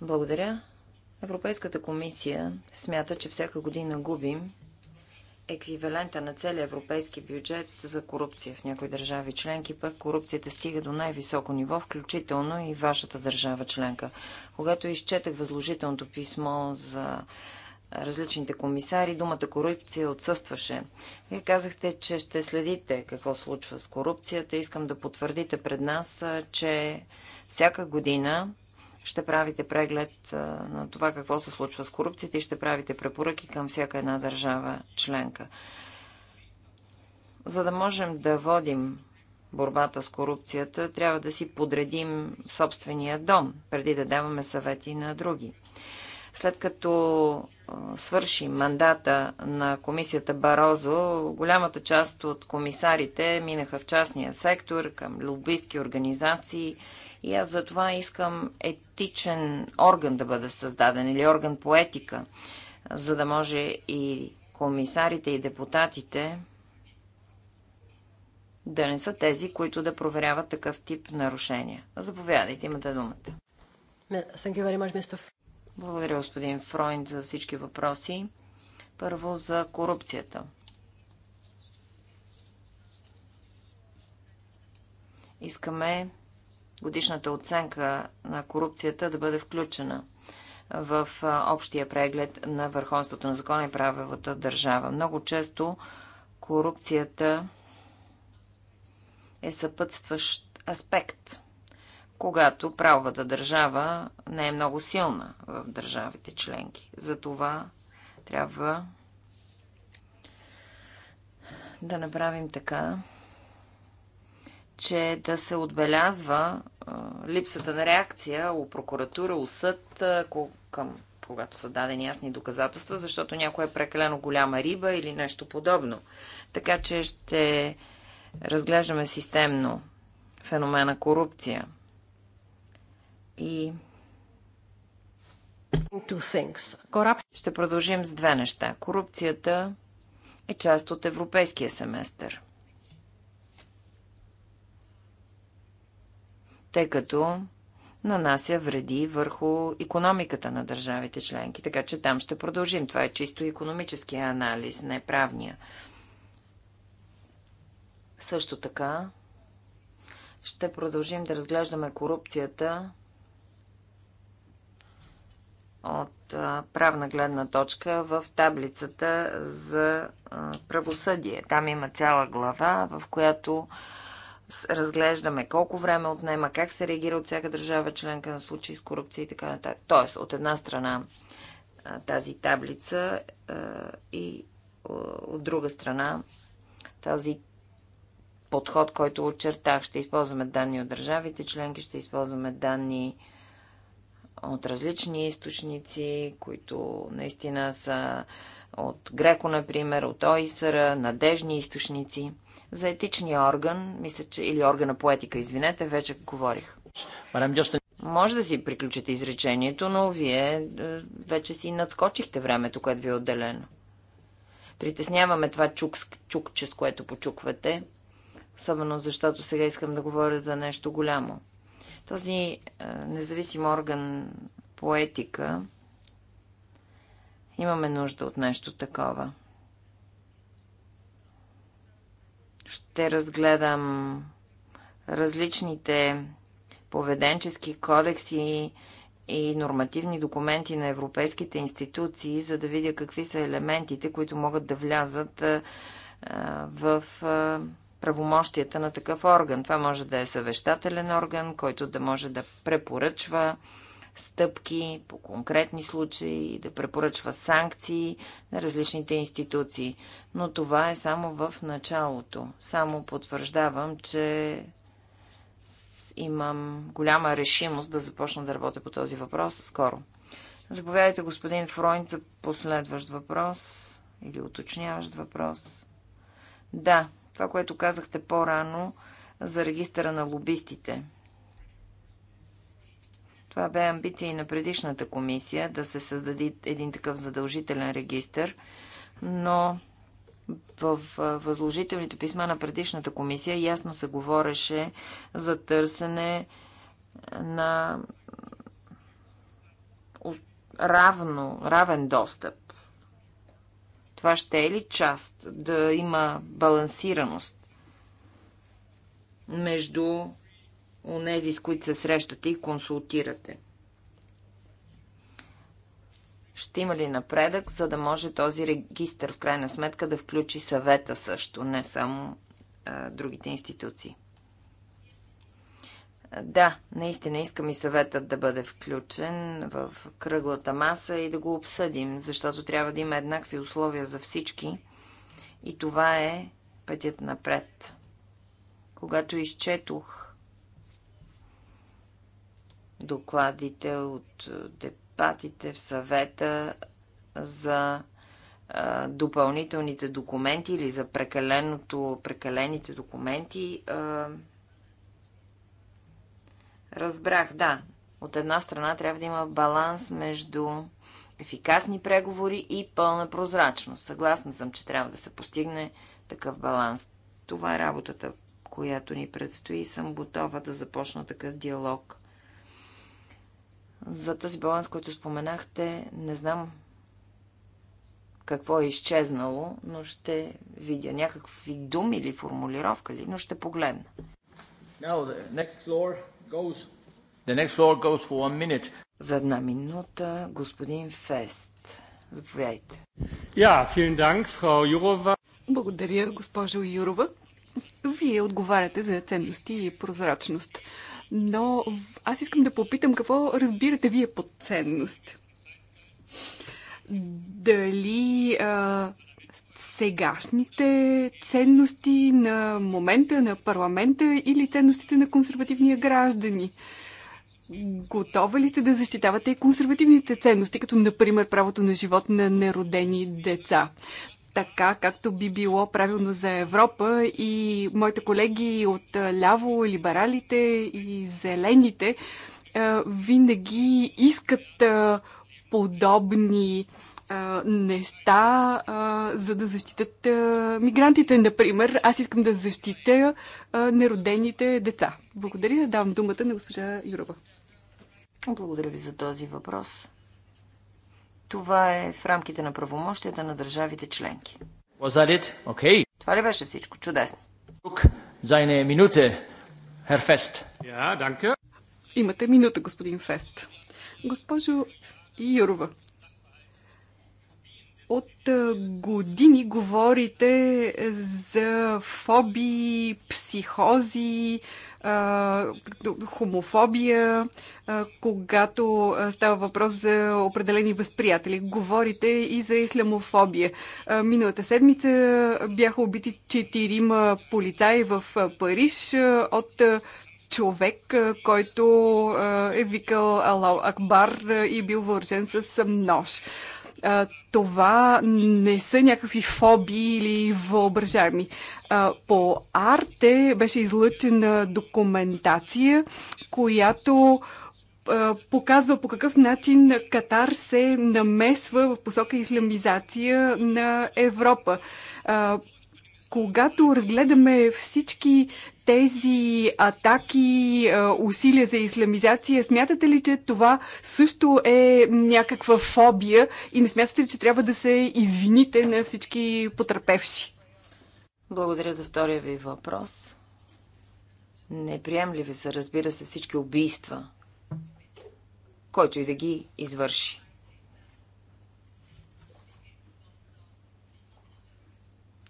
Благодаря. Европейската комисия смята, че всяка година губим еквивалента на целия европейски бюджет за корупция в някои държави членки, пък корупцията стига до най-високо ниво, включително и вашата държава членка. Когато изчетах възложителното писмо за различните комисари, думата корупция отсъстваше. Вие казахте, че ще следите какво случва с корупцията. Искам да потвърдите пред нас, че всяка година ще правите преглед на това какво се случва с корупцията и ще правите препоръки към всяка една държава членка. За да можем да водим борбата с корупцията, трябва да си подредим собствения дом, преди да даваме съвети на други. След като свърши мандата на комисията Барозо, голямата част от комисарите минаха в частния сектор, към лобистки организации и аз за това искам етичен орган да бъде създаден или орган по етика, за да може и комисарите и депутатите да не са тези, които да проверяват такъв тип нарушения. Заповядайте, имате думата. Благодаря, господин Фройнд, за всички въпроси. Първо за корупцията. Искаме годишната оценка на корупцията да бъде включена в общия преглед на върховенството на закона и правилата държава. Много често корупцията е съпътстващ аспект – когато правовата държава не е много силна в държавите членки. Затова трябва да направим така, че да се отбелязва липсата на реакция у прокуратура, у съд, към, когато са дадени ясни доказателства, защото някоя е прекалено голяма риба или нещо подобно. Така че ще разглеждаме системно феномена корупция – и ще продължим с две неща. Корупцията е част от европейския семестър. Тъй като нанася вреди върху економиката на държавите членки. Така че там ще продължим. Това е чисто економическия анализ, не правния. Също така ще продължим да разглеждаме корупцията от правна гледна точка в таблицата за правосъдие. Там има цяла глава, в която разглеждаме колко време отнема, как се реагира от всяка държава членка на случаи с корупция и така нататък. Тоест, от една страна тази таблица и от друга страна този подход, който очертах. Ще използваме данни от държавите членки, ще използваме данни от различни източници, които наистина са от Греко, например, от ОИСъра, надежни източници. За етичния орган, мисля, че, или органа по етика, извинете, вече говорих. Може да си приключите изречението, но вие е, вече си надскочихте времето, което ви е отделено. Притесняваме това чук, чукче, с което почуквате, особено защото сега искам да говоря за нещо голямо. Този е, независим орган по етика имаме нужда от нещо такова. Ще разгледам различните поведенчески кодекси и нормативни документи на европейските институции, за да видя какви са елементите, които могат да влязат е, в е, правомощията на такъв орган. Това може да е съвещателен орган, който да може да препоръчва стъпки по конкретни случаи, да препоръчва санкции на различните институции. Но това е само в началото. Само потвърждавам, че имам голяма решимост да започна да работя по този въпрос скоро. Заповядайте, господин Фройнт, за последващ въпрос или уточняващ въпрос. Да, това, което казахте по-рано за регистъра на лобистите. Това бе амбиция и на предишната комисия да се създаде един такъв задължителен регистр, но в възложителните писма на предишната комисия ясно се говореше за търсене на равно, равен достъп това ще е ли част да има балансираност между онези, с които се срещате и консултирате? Ще има ли напредък, за да може този регистр в крайна сметка да включи съвета също, не само а, другите институции? Да, наистина искам и съветът да бъде включен в кръглата маса и да го обсъдим, защото трябва да има еднакви условия за всички. И това е пътят напред. Когато изчетох докладите от депатите в съвета за допълнителните документи или за прекаленото, прекалените документи, Разбрах, да. От една страна трябва да има баланс между ефикасни преговори и пълна прозрачност. Съгласна съм, че трябва да се постигне такъв баланс. Това е работата, която ни предстои и съм готова да започна такъв диалог. За този баланс, който споменахте, не знам какво е изчезнало, но ще видя някакви думи или формулировка ли, но ще погледна. Now the next floor. За една минута господин Фест. Заповядайте. Благодаря, госпожо Юрова. Вие отговаряте за ценности и прозрачност. Но аз искам да попитам какво разбирате вие под ценност. Дали а, сегашните ценности на момента на парламента или ценностите на консервативния граждани? Готова ли сте да защитавате и консервативните ценности, като например правото на живот на неродени деца? така, както би било правилно за Европа и моите колеги от ляво, либералите и зелените винаги искат подобни а, неща, а, за да защитат а, мигрантите, например. Аз искам да защитя а, неродените деца. Благодаря. Давам думата на госпожа Юрова. Благодаря ви за този въпрос. Това е в рамките на правомощията на държавите членки. Okay. Това ли беше всичко? Чудесно. Тук, за Herr Fest. Ja, Имате минута, господин Фест. Госпожо Юрова, от е, години говорите за фобии, психози, е, хомофобия, е, когато става въпрос за определени възприятели. Говорите и за ислямофобия. Миналата седмица бяха убити четирима полицаи в Париж от човек, който е викал Алау Акбар и бил въоръжен с нож а, това не са някакви фобии или въображаеми. А, по Арте беше излъчена документация, която показва по какъв начин Катар се намесва в посока исламизация на Европа. когато разгледаме всички тези атаки, е, усилия за исламизация, смятате ли, че това също е някаква фобия и не смятате ли, че трябва да се извините на всички потерпевши? Благодаря за втория ви въпрос. Неприемливи са, разбира се, всички убийства, който и да ги извърши.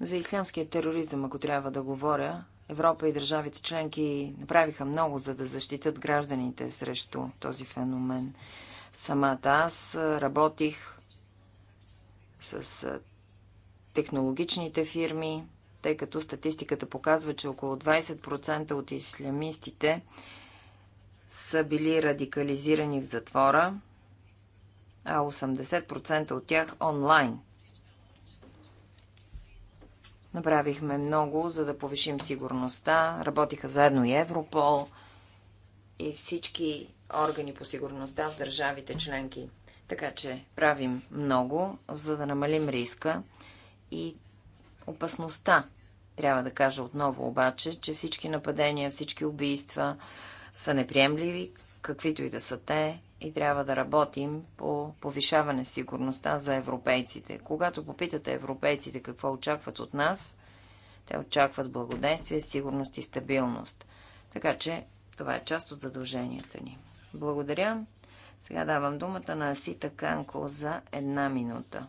За ислямския тероризъм, ако трябва да говоря, Европа и държавите членки направиха много, за да защитат гражданите срещу този феномен. Самата аз работих с технологичните фирми, тъй като статистиката показва, че около 20% от ислямистите са били радикализирани в затвора, а 80% от тях онлайн – Направихме много, за да повишим сигурността. Работиха заедно и Европол и всички органи по сигурността в държавите членки. Така че правим много, за да намалим риска и опасността. Трябва да кажа отново обаче, че всички нападения, всички убийства са неприемливи, каквито и да са те, и трябва да работим по повишаване сигурността за европейците. Когато попитате европейците какво очакват от нас, те очакват благоденствие, сигурност и стабилност. Така че това е част от задълженията ни. Благодаря. Сега давам думата на Асита Канко за една минута.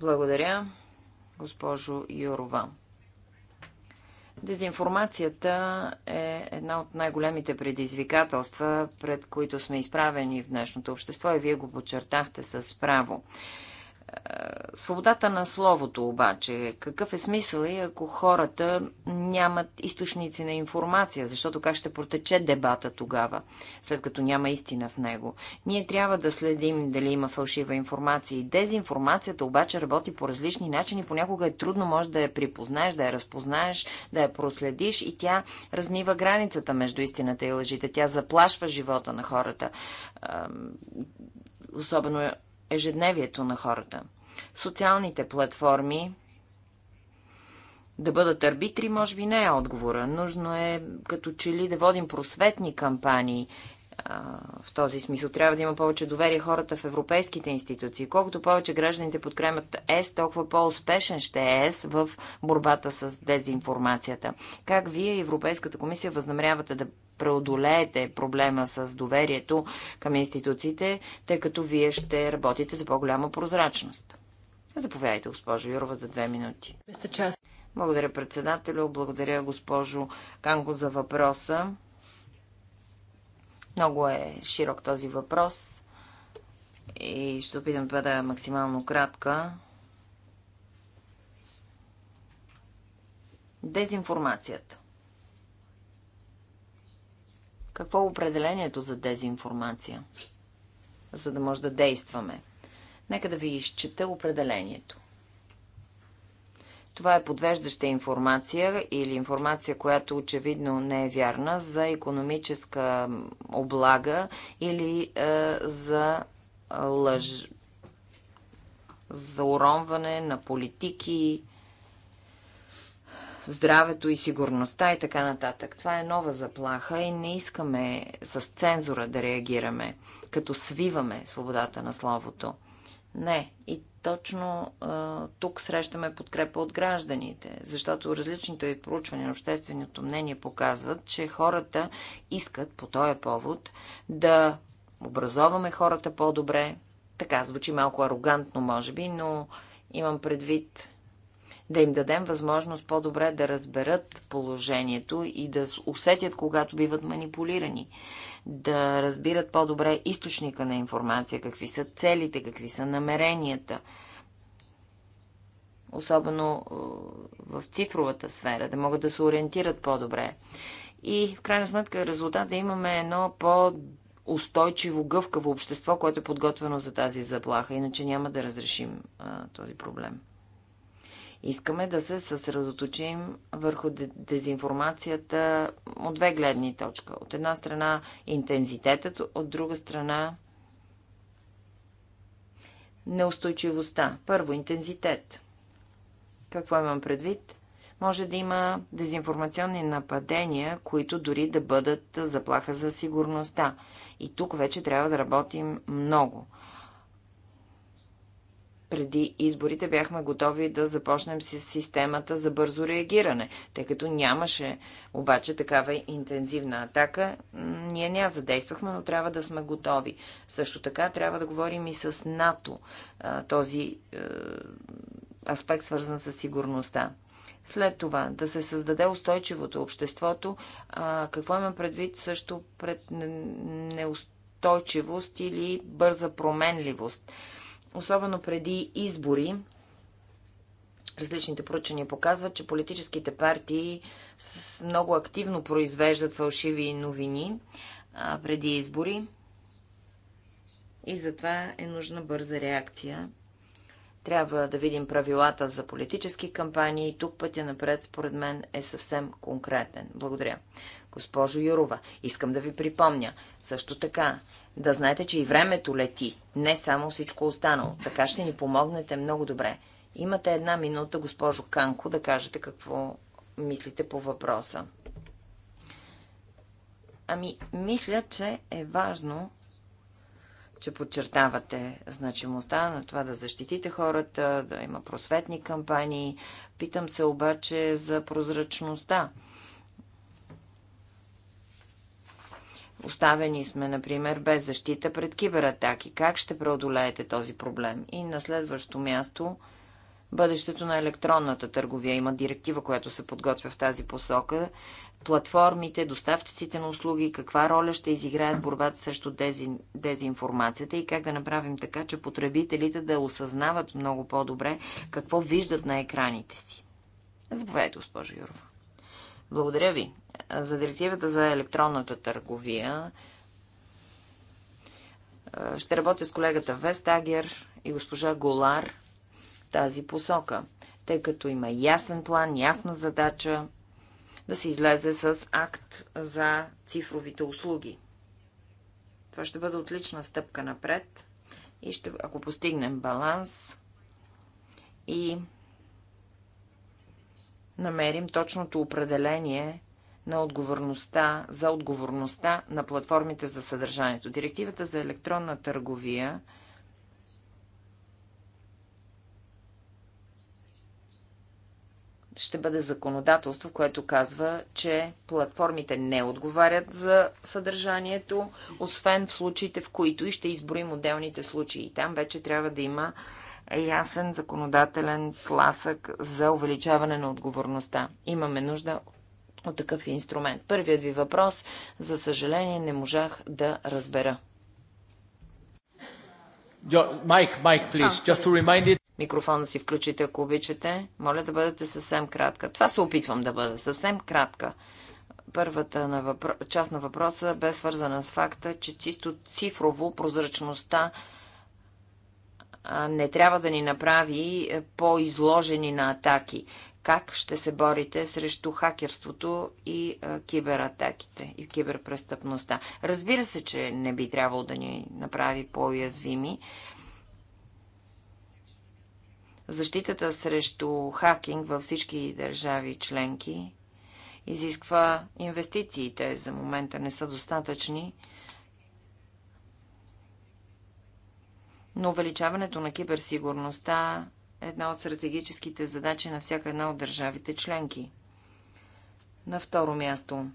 Благодаря, госпожо Юрова. Дезинформацията е една от най-големите предизвикателства, пред които сме изправени в днешното общество и вие го подчертахте с право. Свободата на словото обаче, какъв е смисъл и ако хората нямат източници на информация, защото как ще протече дебата тогава, след като няма истина в него? Ние трябва да следим дали има фалшива информация и дезинформацията обаче работи по различни начини, понякога е трудно, може да я припознаеш, да я разпознаеш, да я проследиш и тя размива границата между истината и лъжите, тя заплашва живота на хората особено ежедневието на хората. Социалните платформи да бъдат арбитри, може би не е отговора. Нужно е като че ли да водим просветни кампании. В този смисъл трябва да има повече доверие хората в европейските институции. Колкото повече гражданите подкрепят ЕС, толкова по-успешен ще е ЕС в борбата с дезинформацията. Как вие Европейската комисия възнамерявате да преодолеете проблема с доверието към институциите, тъй като вие ще работите за по-голяма прозрачност. Заповядайте, госпожо Юрова, за две минути. Благодаря, председателю. Благодаря, госпожо Канго, за въпроса. Много е широк този въпрос и ще опитам да бъда максимално кратка. Дезинформацията. Какво е определението за дезинформация? За да може да действаме. Нека да ви изчета определението. Това е подвеждаща информация или информация, която очевидно не е вярна за економическа облага или е, за е, лъж... за уронване на политики, здравето и сигурността и така нататък. Това е нова заплаха и не искаме с цензура да реагираме, като свиваме свободата на словото. Не. И точно а, тук срещаме подкрепа от гражданите, защото различните проучвания на общественото мнение показват, че хората искат по този повод да образоваме хората по-добре. Така звучи малко арогантно, може би, но имам предвид да им дадем възможност по-добре да разберат положението и да усетят, когато биват манипулирани, да разбират по-добре източника на информация, какви са целите, какви са намеренията, особено е, в цифровата сфера, да могат да се ориентират по-добре. И в крайна сметка резултата да имаме едно по- устойчиво, гъвкаво общество, което е подготвено за тази заплаха. Иначе няма да разрешим а, е, този проблем. Искаме да се съсредоточим върху дезинформацията от две гледни точка. От една страна интензитетът, от друга страна неустойчивостта. Първо, интензитет. Какво имам предвид? Може да има дезинформационни нападения, които дори да бъдат заплаха за сигурността. И тук вече трябва да работим много – преди изборите бяхме готови да започнем с системата за бързо реагиране. Тъй като нямаше обаче такава интензивна атака, ние няма задействахме, но трябва да сме готови. Също така трябва да говорим и с НАТО, този е, аспект свързан с сигурността. След това да се създаде устойчивото обществото, какво имам предвид също пред неустойчивост или бърза променливост особено преди избори, различните проучвания показват, че политическите партии много активно произвеждат фалшиви новини преди избори. И затова е нужна бърза реакция. Трябва да видим правилата за политически кампании. Тук пътя напред, според мен, е съвсем конкретен. Благодаря. Госпожо Юрова, искам да ви припомня също така да знаете, че и времето лети, не само всичко останало. Така ще ни помогнете много добре. Имате една минута, госпожо Канко, да кажете какво мислите по въпроса. Ами, мисля, че е важно, че подчертавате значимостта на това да защитите хората, да има просветни кампании. Питам се обаче за прозрачността. Оставени сме, например, без защита пред кибератаки. Как ще преодолеете този проблем? И на следващо място, бъдещето на електронната търговия. Има директива, която се подготвя в тази посока. Платформите, доставчиците на услуги, каква роля ще изиграят борбата срещу дезин, дезинформацията и как да направим така, че потребителите да осъзнават много по-добре какво виждат на екраните си. Заповядайте, госпожо Юрова. Благодаря ви. За директивата за електронната търговия ще работя с колегата Вестагер и госпожа Голар тази посока, тъй като има ясен план, ясна задача да се излезе с акт за цифровите услуги. Това ще бъде отлична стъпка напред и ще, ако постигнем баланс и намерим точното определение на отговорността, за отговорността на платформите за съдържанието. Директивата за електронна търговия ще бъде законодателство, което казва, че платформите не отговарят за съдържанието, освен в случаите, в които и ще изброим отделните случаи. Там вече трябва да има е ясен законодателен тласък за увеличаване на отговорността. Имаме нужда от такъв инструмент. Първият ви въпрос, за съжаление, не можах да разбера. Майк, Майк, please, Микрофона си включите, ако обичате. Моля да бъдете съвсем кратка. Това се опитвам да бъда. Съвсем кратка. Първата на въпро... част на въпроса бе свързана с факта, че чисто цифрово прозрачността не трябва да ни направи е, по-изложени на атаки. Как ще се борите срещу хакерството и е, кибератаките и киберпрестъпността? Разбира се, че не би трябвало да ни направи по-уязвими. Защитата срещу хакинг във всички държави членки изисква инвестициите за момента не са достатъчни Но увеличаването на киберсигурността е една от стратегическите задачи на всяка една от държавите членки. На второ място.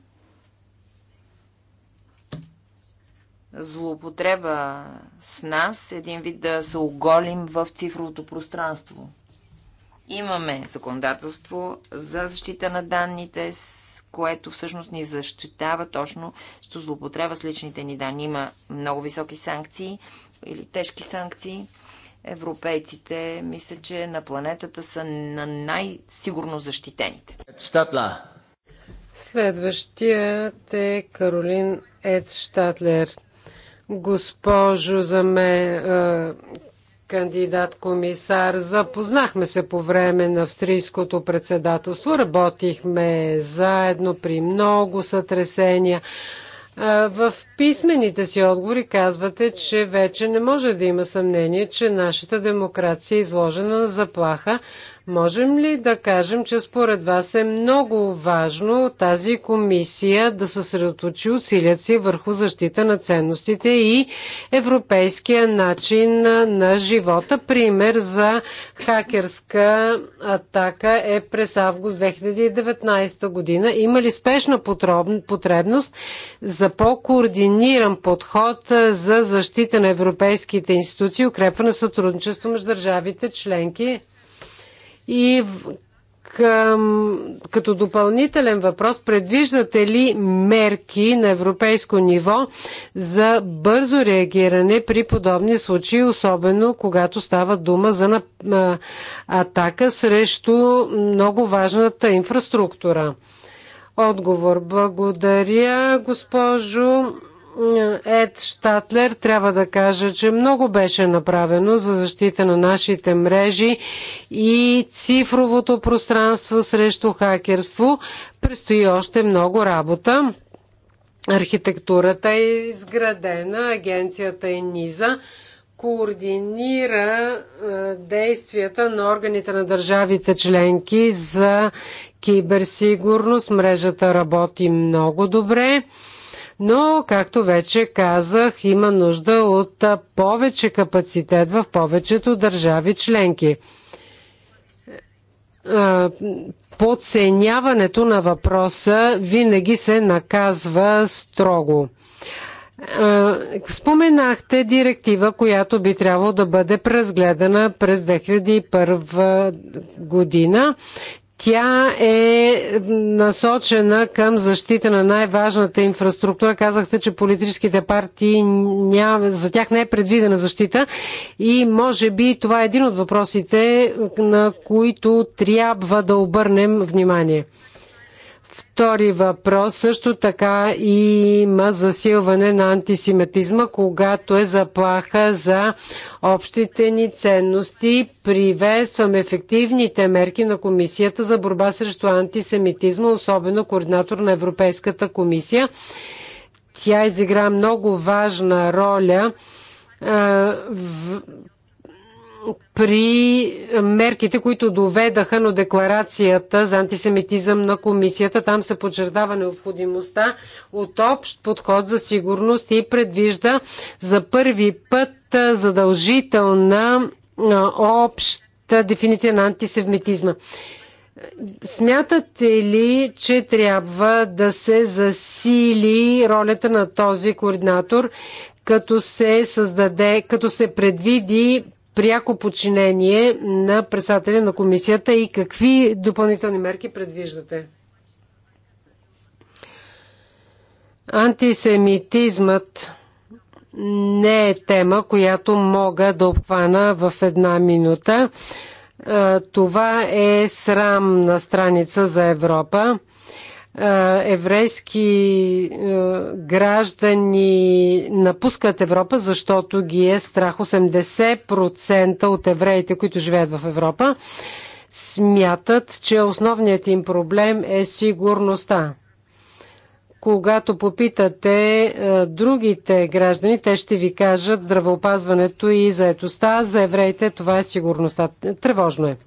Злоупотреба с нас, един вид да се оголим в цифровото пространство. Имаме законодателство за защита на данните, с което всъщност ни защитава точно, що злоупотреба с личните ни данни. Има много високи санкции или тежки санкции, европейците, мисля, че на планетата са на най-сигурно защитените. Штатла. Следващият е Каролин Ед Штатлер. Госпожо за мен, е, кандидат комисар, запознахме се по време на австрийското председателство, работихме заедно при много сътресения в писмените си отговори казвате, че вече не може да има съмнение, че нашата демокрация е изложена на заплаха Можем ли да кажем, че според вас е много важно тази комисия да съсредоточи усилията си върху защита на ценностите и европейския начин на живота? Пример за хакерска атака е през август 2019 година. Има ли спешна потребност за по-координиран подход за защита на европейските институции и укрепване на сътрудничество между държавите членки? И към, като допълнителен въпрос, предвиждате ли мерки на европейско ниво за бързо реагиране при подобни случаи, особено когато става дума за атака срещу много важната инфраструктура? Отговор. Благодаря, госпожо Ед Штатлер трябва да кажа, че много беше направено за защита на нашите мрежи и цифровото пространство срещу хакерство. Предстои още много работа. Архитектурата е изградена, агенцията е низа, координира действията на органите на държавите членки за киберсигурност. Мрежата работи много добре. Но, както вече казах, има нужда от повече капацитет в повечето държави членки. Подценяването на въпроса винаги се наказва строго. Споменахте директива, която би трябвало да бъде разгледана през 2001 година. Тя е насочена към защита на най-важната инфраструктура. Казахте, че политическите партии няма, за тях не е предвидена защита и може би това е един от въпросите, на които трябва да обърнем внимание. Втори въпрос. Също така има засилване на антисемитизма, когато е заплаха за общите ни ценности. Приветствам ефективните мерки на Комисията за борба срещу антисемитизма, особено координатор на Европейската комисия. Тя изигра много важна роля в при мерките, които доведаха до декларацията за антисемитизъм на комисията. Там се подчертава необходимостта от общ подход за сигурност и предвижда за първи път задължителна обща дефиниция на антисемитизма. Смятате ли, че трябва да се засили ролята на този координатор, като се създаде, като се предвиди пряко подчинение на председателя на комисията и какви допълнителни мерки предвиждате? Антисемитизмът не е тема, която мога да обхвана в една минута. Това е срамна страница за Европа. Е, еврейски е, граждани напускат Европа, защото ги е страх 80% от евреите, които живеят в Европа, смятат, че основният им проблем е сигурността. Когато попитате е, другите граждани, те ще ви кажат здравеопазването и заетостта. За евреите това е сигурността. Тревожно е.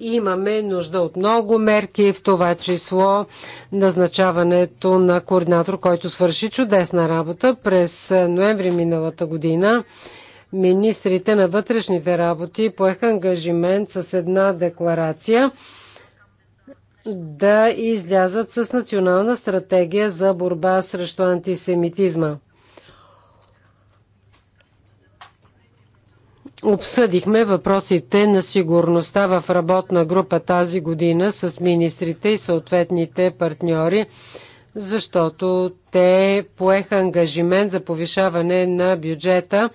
Имаме нужда от много мерки, в това число назначаването на координатор, който свърши чудесна работа през ноември миналата година. Министрите на вътрешните работи поеха ангажимент с една декларация да излязат с национална стратегия за борба срещу антисемитизма. Обсъдихме въпросите на сигурността в работна група тази година с министрите и съответните партньори, защото те поеха ангажимент за повишаване на бюджета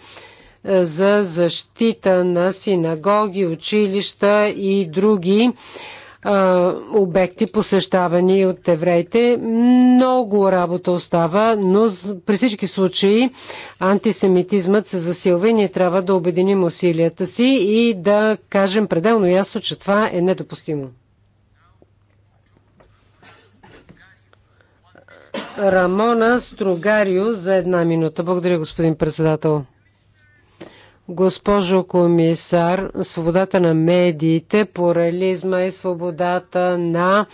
е, за защита на синагоги, училища и други а, обекти, посещавани от евреите. Много работа остава, но при всички случаи антисемитизмът се засилва и ние трябва да обединим усилията си и да кажем пределно ясно, че това е недопустимо. Рамона Строгарио за една минута. Благодаря, господин председател. Госпожо комисар, свободата на медиите, плурализма и свободата на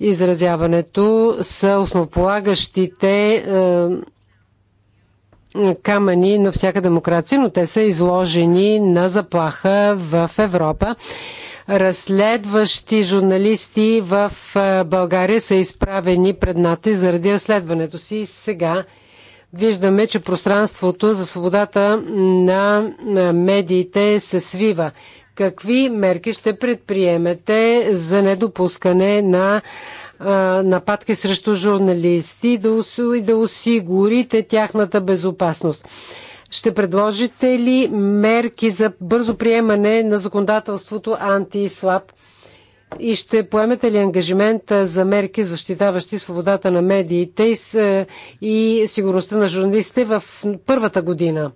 изразяването са основополагащите е, камъни на всяка демокрация, но те са изложени на заплаха в Европа. Разследващи журналисти в е, България са изправени пред натиск заради разследването си. Сега виждаме, че пространството за свободата на медиите се свива. Какви мерки ще предприемете за недопускане на нападки срещу журналисти и да осигурите тяхната безопасност? Ще предложите ли мерки за бързо приемане на законодателството антислаб? И ще поемете ли ангажимент за мерки, защитаващи свободата на медиите и сигурността на журналистите в първата година?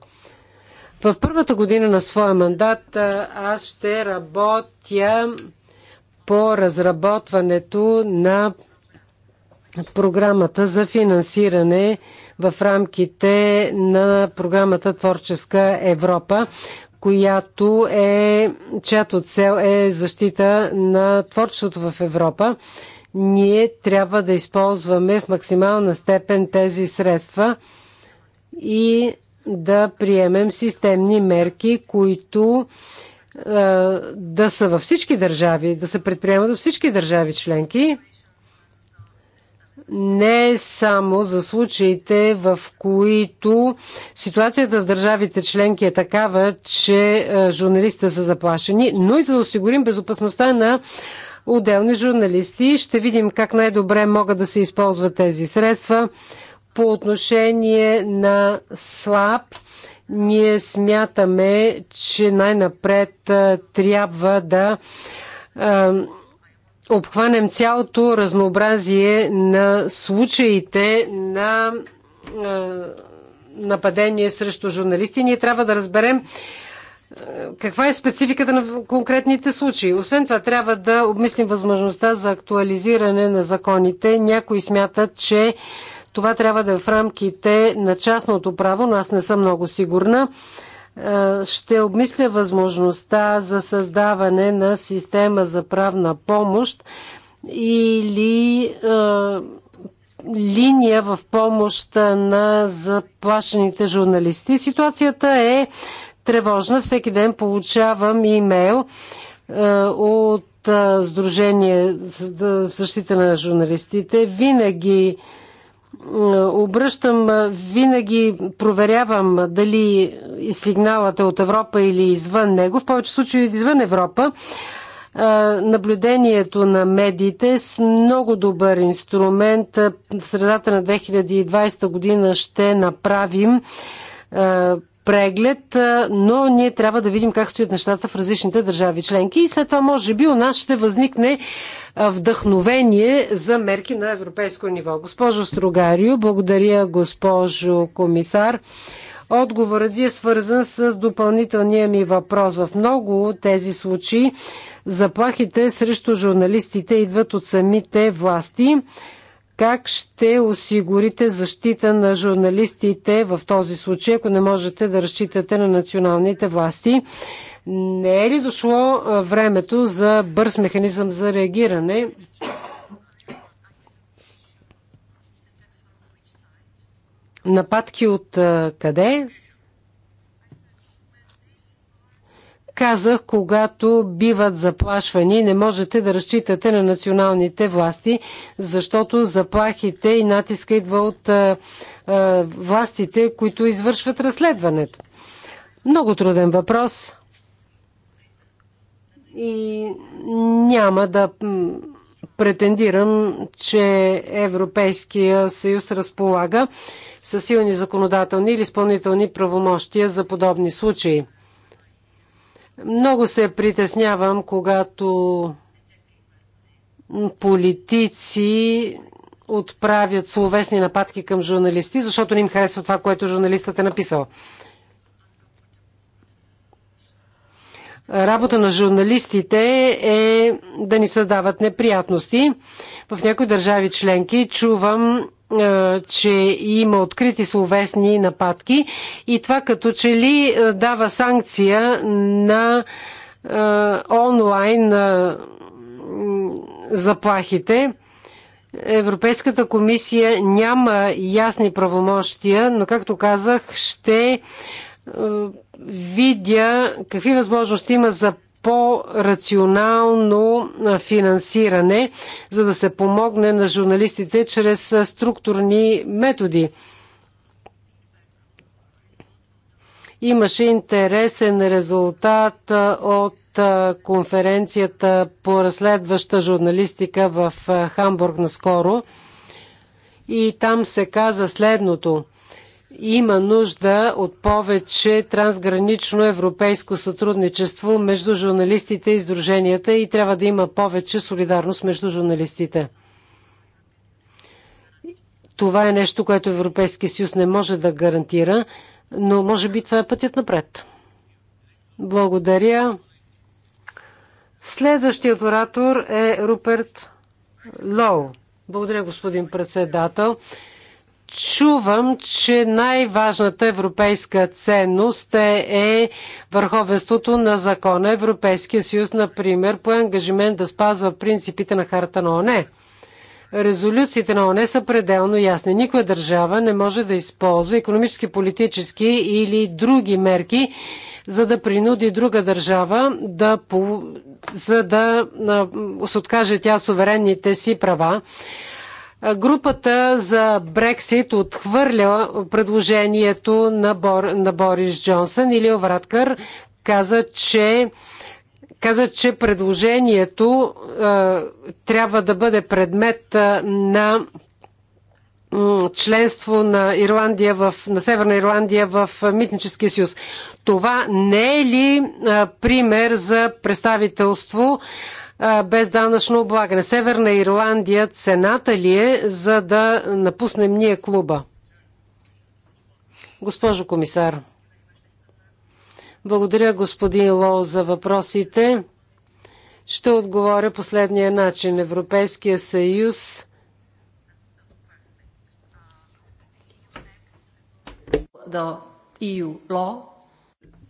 В първата година на своя мандат аз ще работя по разработването на програмата за финансиране в рамките на програмата Творческа Европа която е, чиято цел е защита на творчеството в Европа. Ние трябва да използваме в максимална степен тези средства и да приемем системни мерки, които е, да са във всички държави, да се предприемат във всички държави членки не само за случаите, в които ситуацията в държавите членки е такава, че е, журналистите са заплашени, но и за да осигурим безопасността на отделни журналисти. Ще видим как най-добре могат да се използват тези средства. По отношение на слаб, ние смятаме, че най-напред е, трябва да е, обхванем цялото разнообразие на случаите на нападение срещу журналисти. Ние трябва да разберем каква е спецификата на конкретните случаи. Освен това, трябва да обмислим възможността за актуализиране на законите. Някои смятат, че това трябва да е в рамките на частното право, но аз не съм много сигурна ще обмисля възможността за създаване на система за правна помощ или е, линия в помощ на заплашените журналисти. Ситуацията е тревожна. Всеки ден получавам имейл е, от е, Сдружение за защита на журналистите. Винаги обръщам, винаги проверявам дали сигналът е от Европа или извън него. В повече случаи извън Европа наблюдението на медиите с много добър инструмент. В средата на 2020 година ще направим преглед, но ние трябва да видим как стоят нещата в различните държави членки и след това може би у нас ще възникне вдъхновение за мерки на европейско ниво. Госпожо Строгарио, благодаря госпожо комисар. Отговорът ви е свързан с допълнителния ми въпрос. В много тези случаи заплахите срещу журналистите идват от самите власти. Как ще осигурите защита на журналистите в този случай, ако не можете да разчитате на националните власти? Не е ли дошло времето за бърз механизъм за реагиране? Нападки от къде? казах, когато биват заплашвани, не можете да разчитате на националните власти, защото заплахите и натиска идва от а, а, властите, които извършват разследването. Много труден въпрос и няма да претендирам, че Европейския съюз разполага със силни законодателни или изпълнителни правомощия за подобни случаи. Много се притеснявам, когато политици отправят словесни нападки към журналисти, защото не им харесва това, което журналистът е написал. работа на журналистите е да ни създават неприятности. В някои държави членки чувам, е, че има открити словесни нападки и това като че ли е, дава санкция на е, онлайн заплахите. Европейската комисия няма ясни правомощия, но както казах, ще видя какви възможности има за по-рационално финансиране, за да се помогне на журналистите чрез структурни методи. Имаше интересен резултат от конференцията по разследваща журналистика в Хамбург наскоро. И там се каза следното – има нужда от повече трансгранично европейско сътрудничество между журналистите и сдруженията и трябва да има повече солидарност между журналистите. Това е нещо, което Европейския съюз не може да гарантира, но може би това е пътят напред. Благодаря. Следващият оратор е Руперт Лоу. Благодаря, господин председател чувам, че най-важната европейска ценност е, е върховенството на закона. Европейския съюз, например, по ангажимент да спазва принципите на харта на ОНЕ. Резолюциите на ОНЕ са пределно ясни. Никоя държава не може да използва економически, политически или други мерки, за да принуди друга държава да, за да се откаже тя суверенните си права Групата за Брексит отхвърля предложението на, Бор, на Борис Джонсън или Овраткър каза, че каза, че предложението е, трябва да бъде предмет на членство на, Ирландия в, на Северна Ирландия в Митническия съюз. Това не е ли а, пример за представителство без данъчно облагане. Северна Ирландия цената ли е, за да напуснем ние клуба? Госпожо комисар. Благодаря, господин Лоу, за въпросите. Ще отговоря последния начин. Европейския съюз до EU law.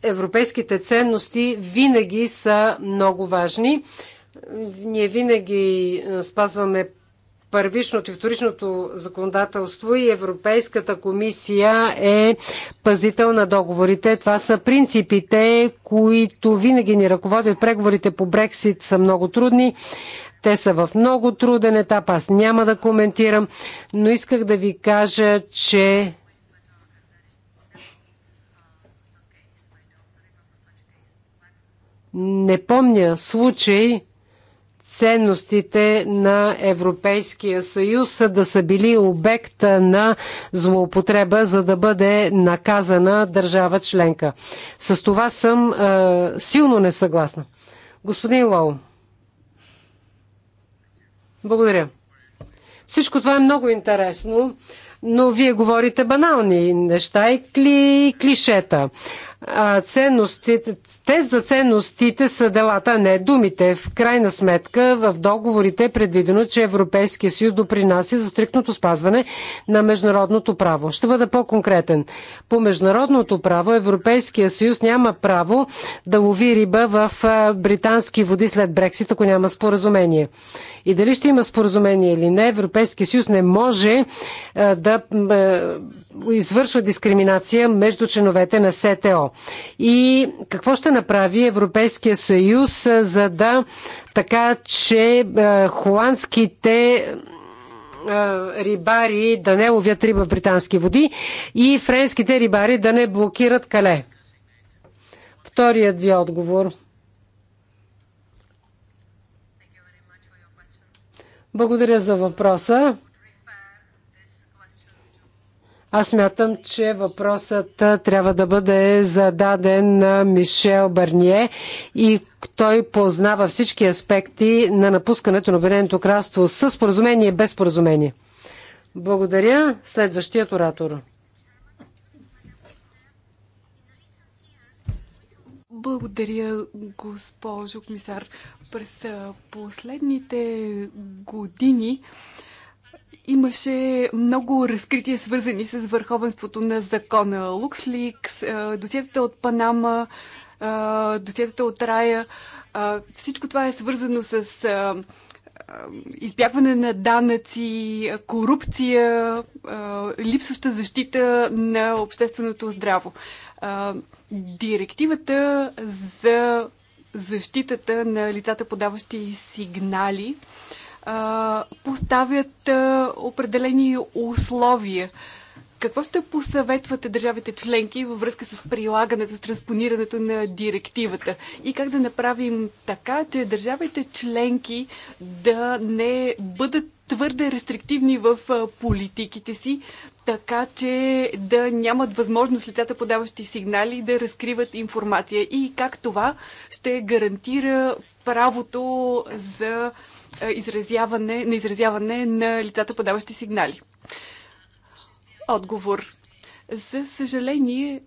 Европейските ценности винаги са много важни. Ние винаги е, спазваме първичното и вторичното законодателство и Европейската комисия е пазител на договорите. Това са принципите, които винаги ни ръководят. Преговорите по Брексит са много трудни. Те са в много труден етап. Аз няма да коментирам, но исках да ви кажа, че не помня случай, ценностите на Европейския съюз да са били обект на злоупотреба, за да бъде наказана държава членка. С това съм е, силно несъгласна. Господин Лоу. Благодаря. Всичко това е много интересно но вие говорите банални неща и кли, клишета. А ценностите, те за ценностите са делата, а не думите. В крайна сметка в договорите е предвидено, че Европейския съюз допринася за стрикното спазване на международното право. Ще бъда по-конкретен. По международното право Европейския съюз няма право да лови риба в британски води след Брексит, ако няма споразумение. И дали ще има споразумение или не, Европейския съюз не може да е, извършва дискриминация между членовете на СТО. И какво ще направи Европейския съюз, е, за да така, че е, холандските рибари да не ловят риба в британски води и френските рибари да не блокират кале? Вторият ви отговор. Благодаря за въпроса. Аз мятам, че въпросът трябва да бъде зададен на Мишел Барние и той познава всички аспекти на напускането на Обединеното кралство с споразумение и без споразумение. Благодаря. Следващият оратор. Благодаря, госпожо комисар. През последните години Имаше много разкрития, свързани с върховенството на закона. Луксликс, досиетата от Панама, досиетата от Рая. Всичко това е свързано с избягване на данъци, корупция, липсваща защита на общественото здраво. Директивата за защитата на лицата, подаващи сигнали, поставят определени условия. Какво ще посъветвате държавите членки във връзка с прилагането, с транспонирането на директивата? И как да направим така, че държавите членки да не бъдат твърде рестриктивни в политиките си, така че да нямат възможност лицата, подаващи сигнали, да разкриват информация? И как това ще гарантира правото за е, изразяване, на изразяване на лицата, подаващи сигнали? Отговор. За съжаление,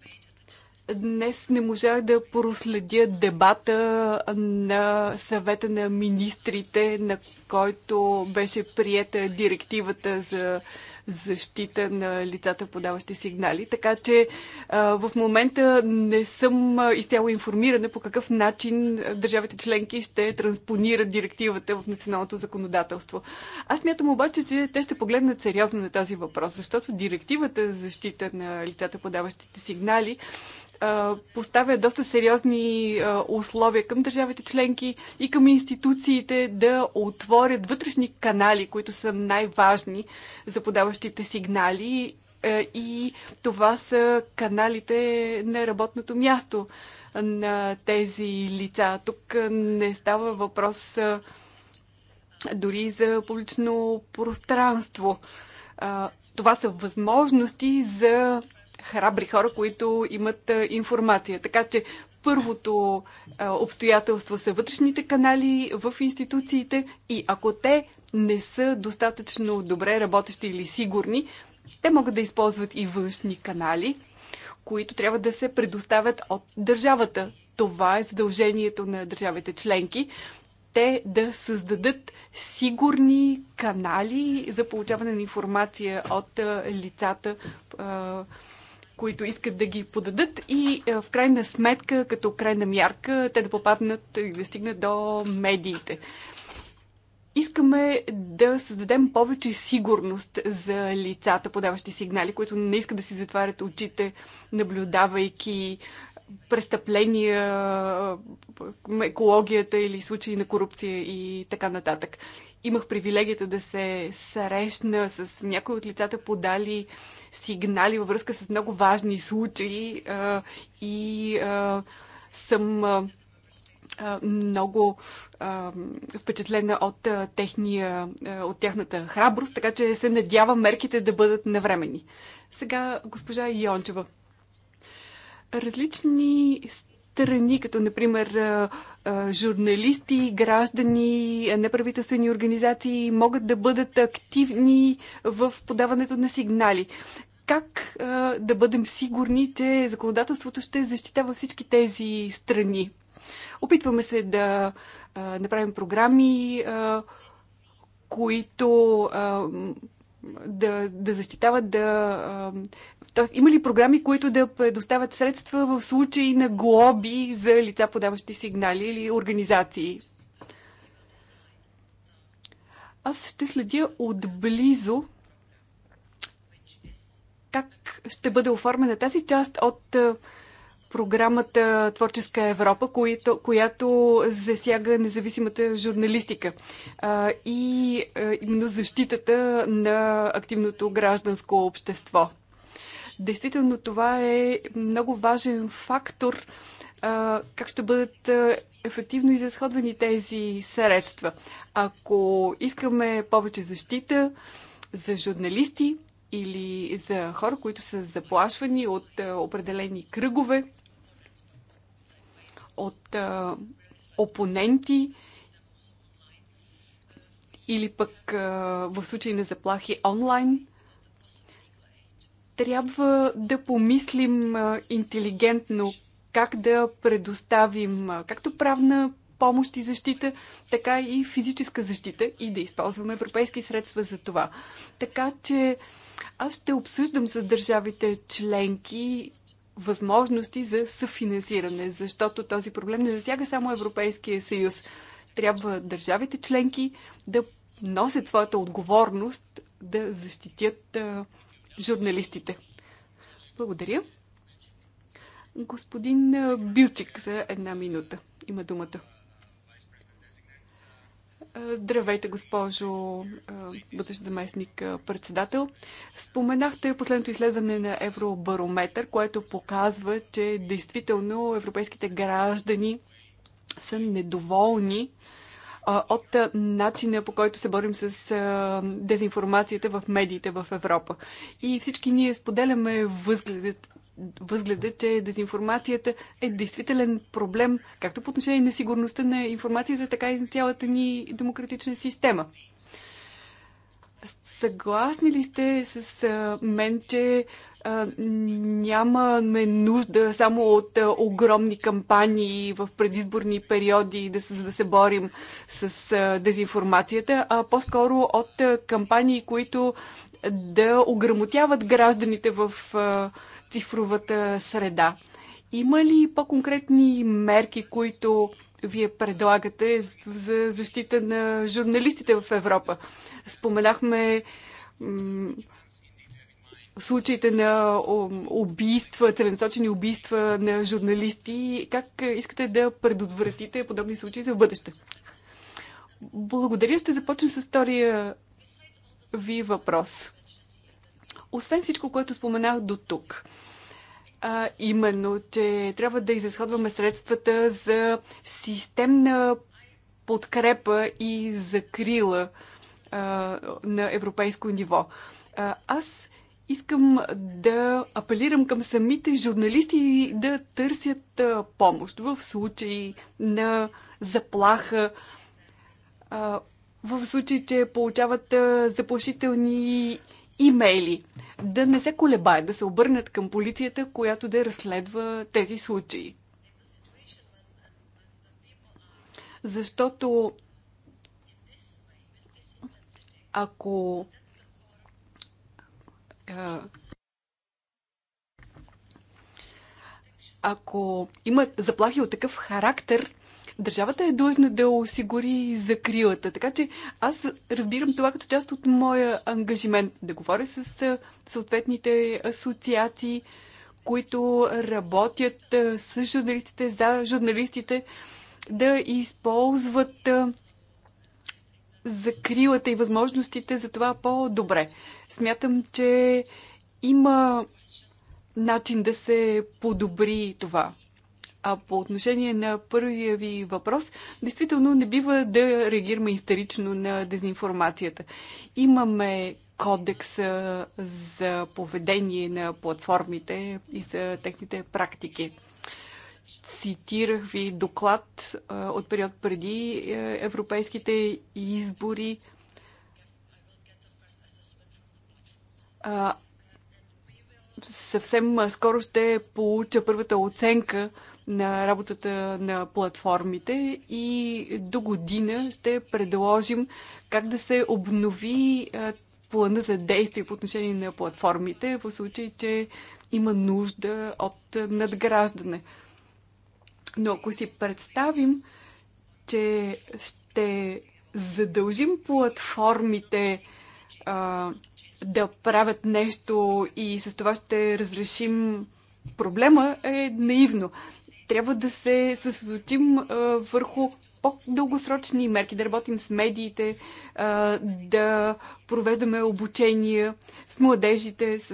днес не можах да проследя дебата на съвета на министрите, на който беше приета директивата за защита на лицата, подаващи сигнали. Така че в момента не съм изцяло информирана по какъв начин държавите членки ще транспонират директивата в националното законодателство. Аз мятам обаче, че те ще погледнат сериозно на този въпрос, защото директивата за защита на лицата, подаващите сигнали поставя доста сериозни условия към държавите членки и към институциите да отворят вътрешни канали, които са най-важни за подаващите подходящите сигнали е, и това са каналите на работното място на тези лица. Тук не става въпрос е, дори за публично пространство. Е, това са възможности за храбри хора, които имат информация. Така че първото обстоятелство са вътрешните канали в институциите и ако те не са достатъчно добре работещи или сигурни, те могат да използват и външни канали, които трябва да се предоставят от държавата. Това е задължението на държавите членки. Те да създадат сигурни канали за получаване на информация от лицата, които искат да ги подадат и в крайна сметка, като крайна мярка, те да попаднат и да стигнат до медиите. Искаме да създадем повече сигурност за лицата, подаващи сигнали, които не искат да си затварят очите, наблюдавайки престъпления, екологията или случаи на корупция и така нататък. Имах привилегията да се срещна с някои от лицата, подали сигнали във връзка с много важни случаи и съм много впечатлена от, техния, от тяхната храброст, така че се надявам мерките да бъдат навремени. Сега госпожа Йончева. Различни страни, като например журналисти, граждани, неправителствени организации могат да бъдат активни в подаването на сигнали. Как да бъдем сигурни, че законодателството ще защитава всички тези страни? Опитваме се да а, направим програми, а, които а, да, да защитават, да. Тоест, има ли програми, които да предоставят средства в случай на глоби за лица, подаващи сигнали или организации? Аз ще следя отблизо как ще бъде оформена тази част от програмата Творческа Европа, която, която засяга независимата журналистика а, и а, именно защитата на активното гражданско общество. Действително това е много важен фактор а, как ще бъдат ефективно изразходвани тези средства. Ако искаме повече защита за журналисти или за хора, които са заплашвани от определени кръгове, от а, опоненти или пък а, в случай на заплахи онлайн. Трябва да помислим а, интелигентно как да предоставим а, както правна помощ и защита, така и физическа защита и да използваме европейски средства за това. Така че аз ще обсъждам с държавите членки възможности за съфинансиране, защото този проблем не засяга само Европейския съюз. Трябва държавите членки да носят своята отговорност да защитят журналистите. Благодаря. Господин Билчик за една минута има думата. Е, здравейте, госпожо е, бъдещ заместник е, председател. Споменахте последното изследване на Евробарометър, което показва, че действително европейските граждани са недоволни от начина по който се борим с дезинформацията в медиите в Европа. И всички ние споделяме възгледът, възгледа, че дезинформацията е действителен проблем, както по отношение на сигурността на информацията, така и на цялата ни демократична система. Съгласни ли сте с мен, че нямаме нужда само от огромни кампании в предизборни периоди, да се, за да се борим с дезинформацията, а по-скоро от кампании, които да ограмотяват гражданите в цифровата среда. Има ли по-конкретни мерки, които вие предлагате за защита на журналистите в Европа? Споменахме случаите на убийства, целенасочени убийства на журналисти. Как искате да предотвратите подобни случаи за в бъдеще? Благодаря. Ще започнем с втория ви въпрос. Освен всичко, което споменах до тук. А, именно, че трябва да изразходваме средствата за системна подкрепа и закрила а, на европейско ниво. А, аз искам да апелирам към самите журналисти да търсят а, помощ в случай на заплаха, а, в случай, че получават а, заплашителни имейли. Да не се колебаят, да се обърнат към полицията, която да разследва тези случаи. Защото ако ако имат заплахи от такъв характер, Държавата е длъжна да осигури закрилата. Така че аз разбирам това като част от моя ангажимент да говоря с съответните асоциации, които работят с журналистите, за журналистите, да използват закрилата и възможностите за това по-добре. Смятам, че има начин да се подобри това. А по отношение на първия ви въпрос, действително не бива да реагираме истерично на дезинформацията. Имаме кодекса за поведение на платформите и за техните практики. Цитирах ви доклад от период преди е, европейските избори. съвсем скоро ще получа първата оценка на работата на платформите и до година ще предложим как да се обнови плана за действие по отношение на платформите в случай, че има нужда от надграждане. Но ако си представим, че ще задължим платформите а, да правят нещо и с това ще разрешим проблема, е наивно трябва да се съсредоточим върху по-дългосрочни мерки, да работим с медиите, да провеждаме обучения с младежите, с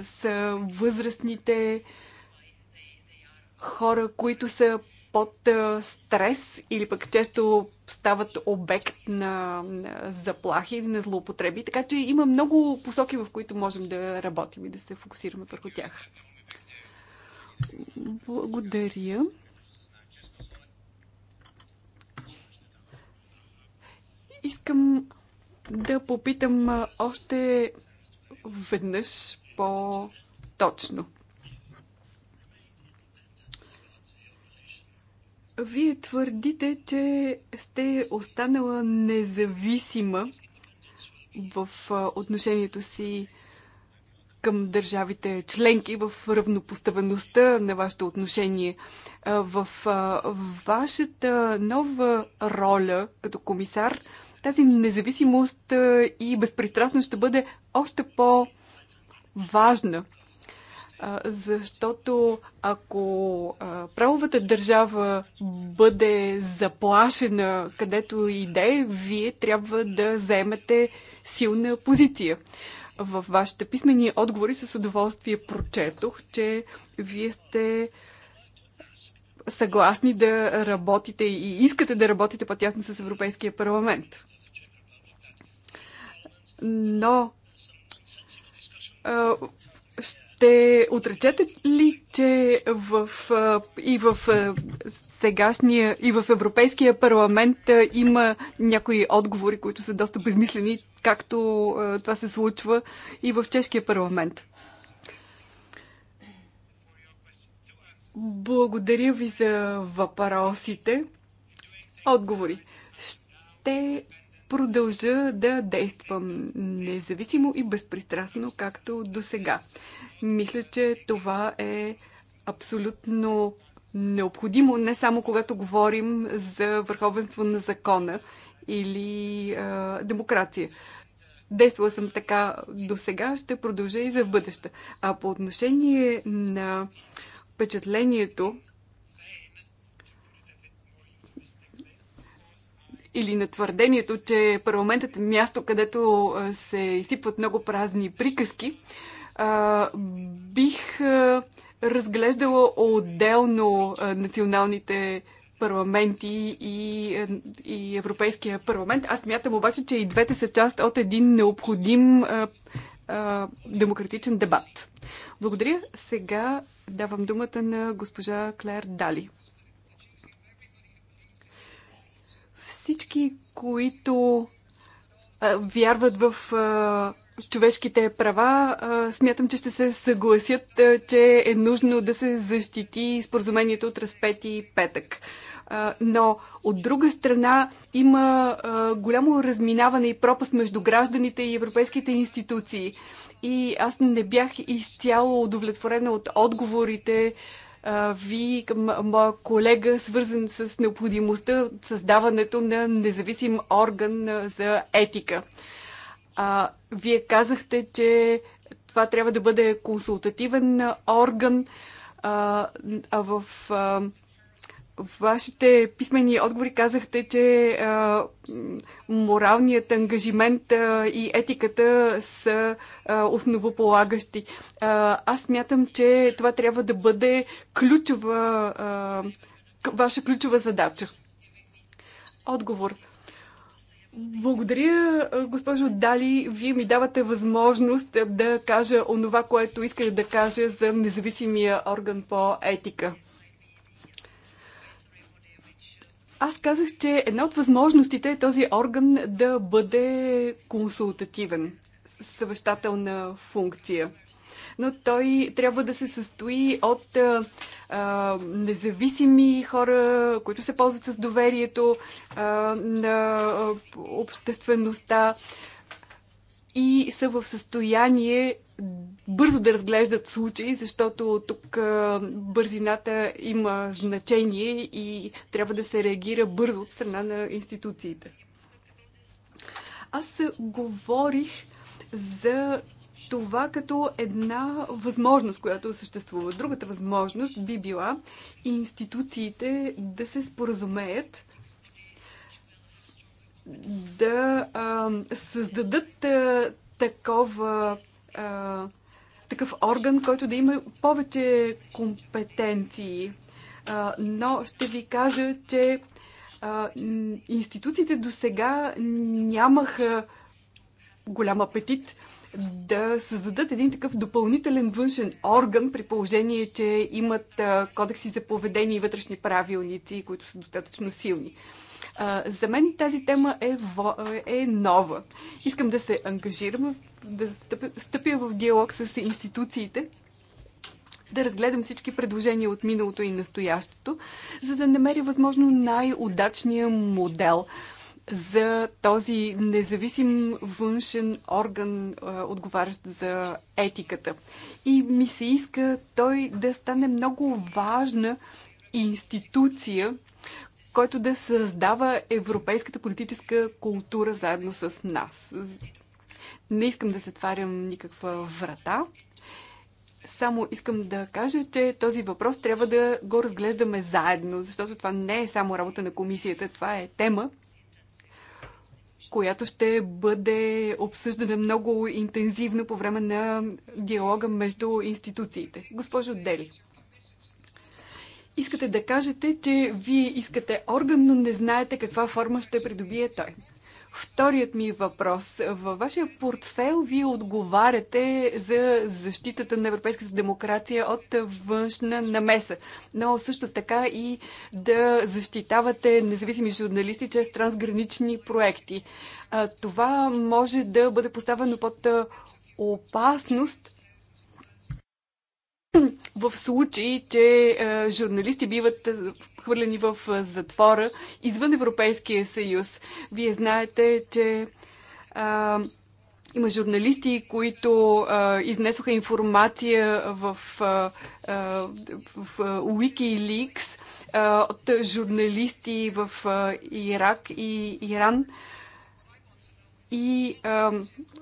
възрастните хора, които са под стрес или пък често стават обект на заплахи или на злоупотреби. Така че има много посоки, в които можем да работим и да се фокусираме върху тях. Благодаря. Искам да попитам още веднъж по-точно. Вие твърдите, че сте останала независима в отношението си към държавите членки, в равнопоставеността на вашето отношение. В вашата нова роля като комисар – тази независимост и безпристрастност ще бъде още по-важна, защото ако правовата държава бъде заплашена където и да е, вие трябва да заемете силна позиция. В вашите писмени отговори с удоволствие прочетох, че вие сте съгласни да работите и искате да работите по-тясно с Европейския парламент но ще отречете ли, че в, и в сегашния, и в Европейския парламент има някои отговори, които са доста безмислени, както това се случва и в Чешкия парламент? Благодаря ви за въпросите. Отговори. Ще продължа да действам независимо и безпристрастно, както до сега. Мисля, че това е абсолютно необходимо, не само когато говорим за върховенство на закона или а, демокрация. Действала съм така до сега, ще продължа и за в бъдеще. А по отношение на впечатлението, или на твърдението, че парламентът е място, където се изсипват много празни приказки, бих разглеждала отделно националните парламенти и, и Европейския парламент. Аз мятам обаче, че и двете са част от един необходим а, а, демократичен дебат. Благодаря. Сега давам думата на госпожа Клер Дали. Всички, които вярват в човешките права, смятам, че ще се съгласят, че е нужно да се защити споразумението от разпети петък. Но от друга страна има голямо разминаване и пропаст между гражданите и европейските институции. И аз не бях изцяло удовлетворена от отговорите ви към моя колега, свързан с необходимостта от създаването на независим орган за етика. вие казахте, че това трябва да бъде консултативен орган, а, в вашите писмени отговори казахте, че а, моралният ангажимент а, и етиката са а, основополагащи. А, аз мятам, че това трябва да бъде ключова, а, ваша ключова задача. Отговор. Благодаря, госпожо Дали. Вие ми давате възможност да кажа онова, което исках да кажа за независимия орган по етика. Аз казах, че една от възможностите е този орган да бъде консултативен, съвещателна функция. Но той трябва да се състои от а, независими хора, които се ползват с доверието а, на обществеността и са в състояние бързо да разглеждат случаи, защото тук бързината има значение и трябва да се реагира бързо от страна на институциите. Аз говорих за това като една възможност, която съществува. Другата възможност би била институциите да се споразумеят да а, създадат а, такова, а, такъв орган, който да има повече компетенции. А, но ще ви кажа, че а, институциите до сега нямаха голям апетит да създадат един такъв допълнителен външен орган, при положение, че имат кодекси за поведение и вътрешни правилници, които са достатъчно силни. За мен тази тема е, е нова. Искам да се ангажирам, да стъпя в диалог с институциите, да разгледам всички предложения от миналото и настоящето, за да намеря възможно най-удачния модел за този независим външен орган, отговарящ за етиката. И ми се иска той да стане много важна институция, който да създава европейската политическа култура заедно с нас. Не искам да затварям никаква врата. Само искам да кажа, че този въпрос трябва да го разглеждаме заедно, защото това не е само работа на комисията, това е тема, която ще бъде обсъждана много интензивно по време на диалога между институциите. Госпожо Дели искате да кажете, че вие искате орган, но не знаете каква форма ще придобие той. Вторият ми въпрос. Във вашия портфел вие отговаряте за защитата на европейската демокрация от външна намеса, но също така и да защитавате независими журналисти чрез трансгранични проекти. Това може да бъде поставено под опасност в случай, че е, журналисти биват е, хвърлени в е, затвора извън Европейския съюз. Вие знаете, че има журналисти, които а, изнесоха информация в, а, в Wikileaks а, от журналисти в а, Ирак и Иран. А, и а,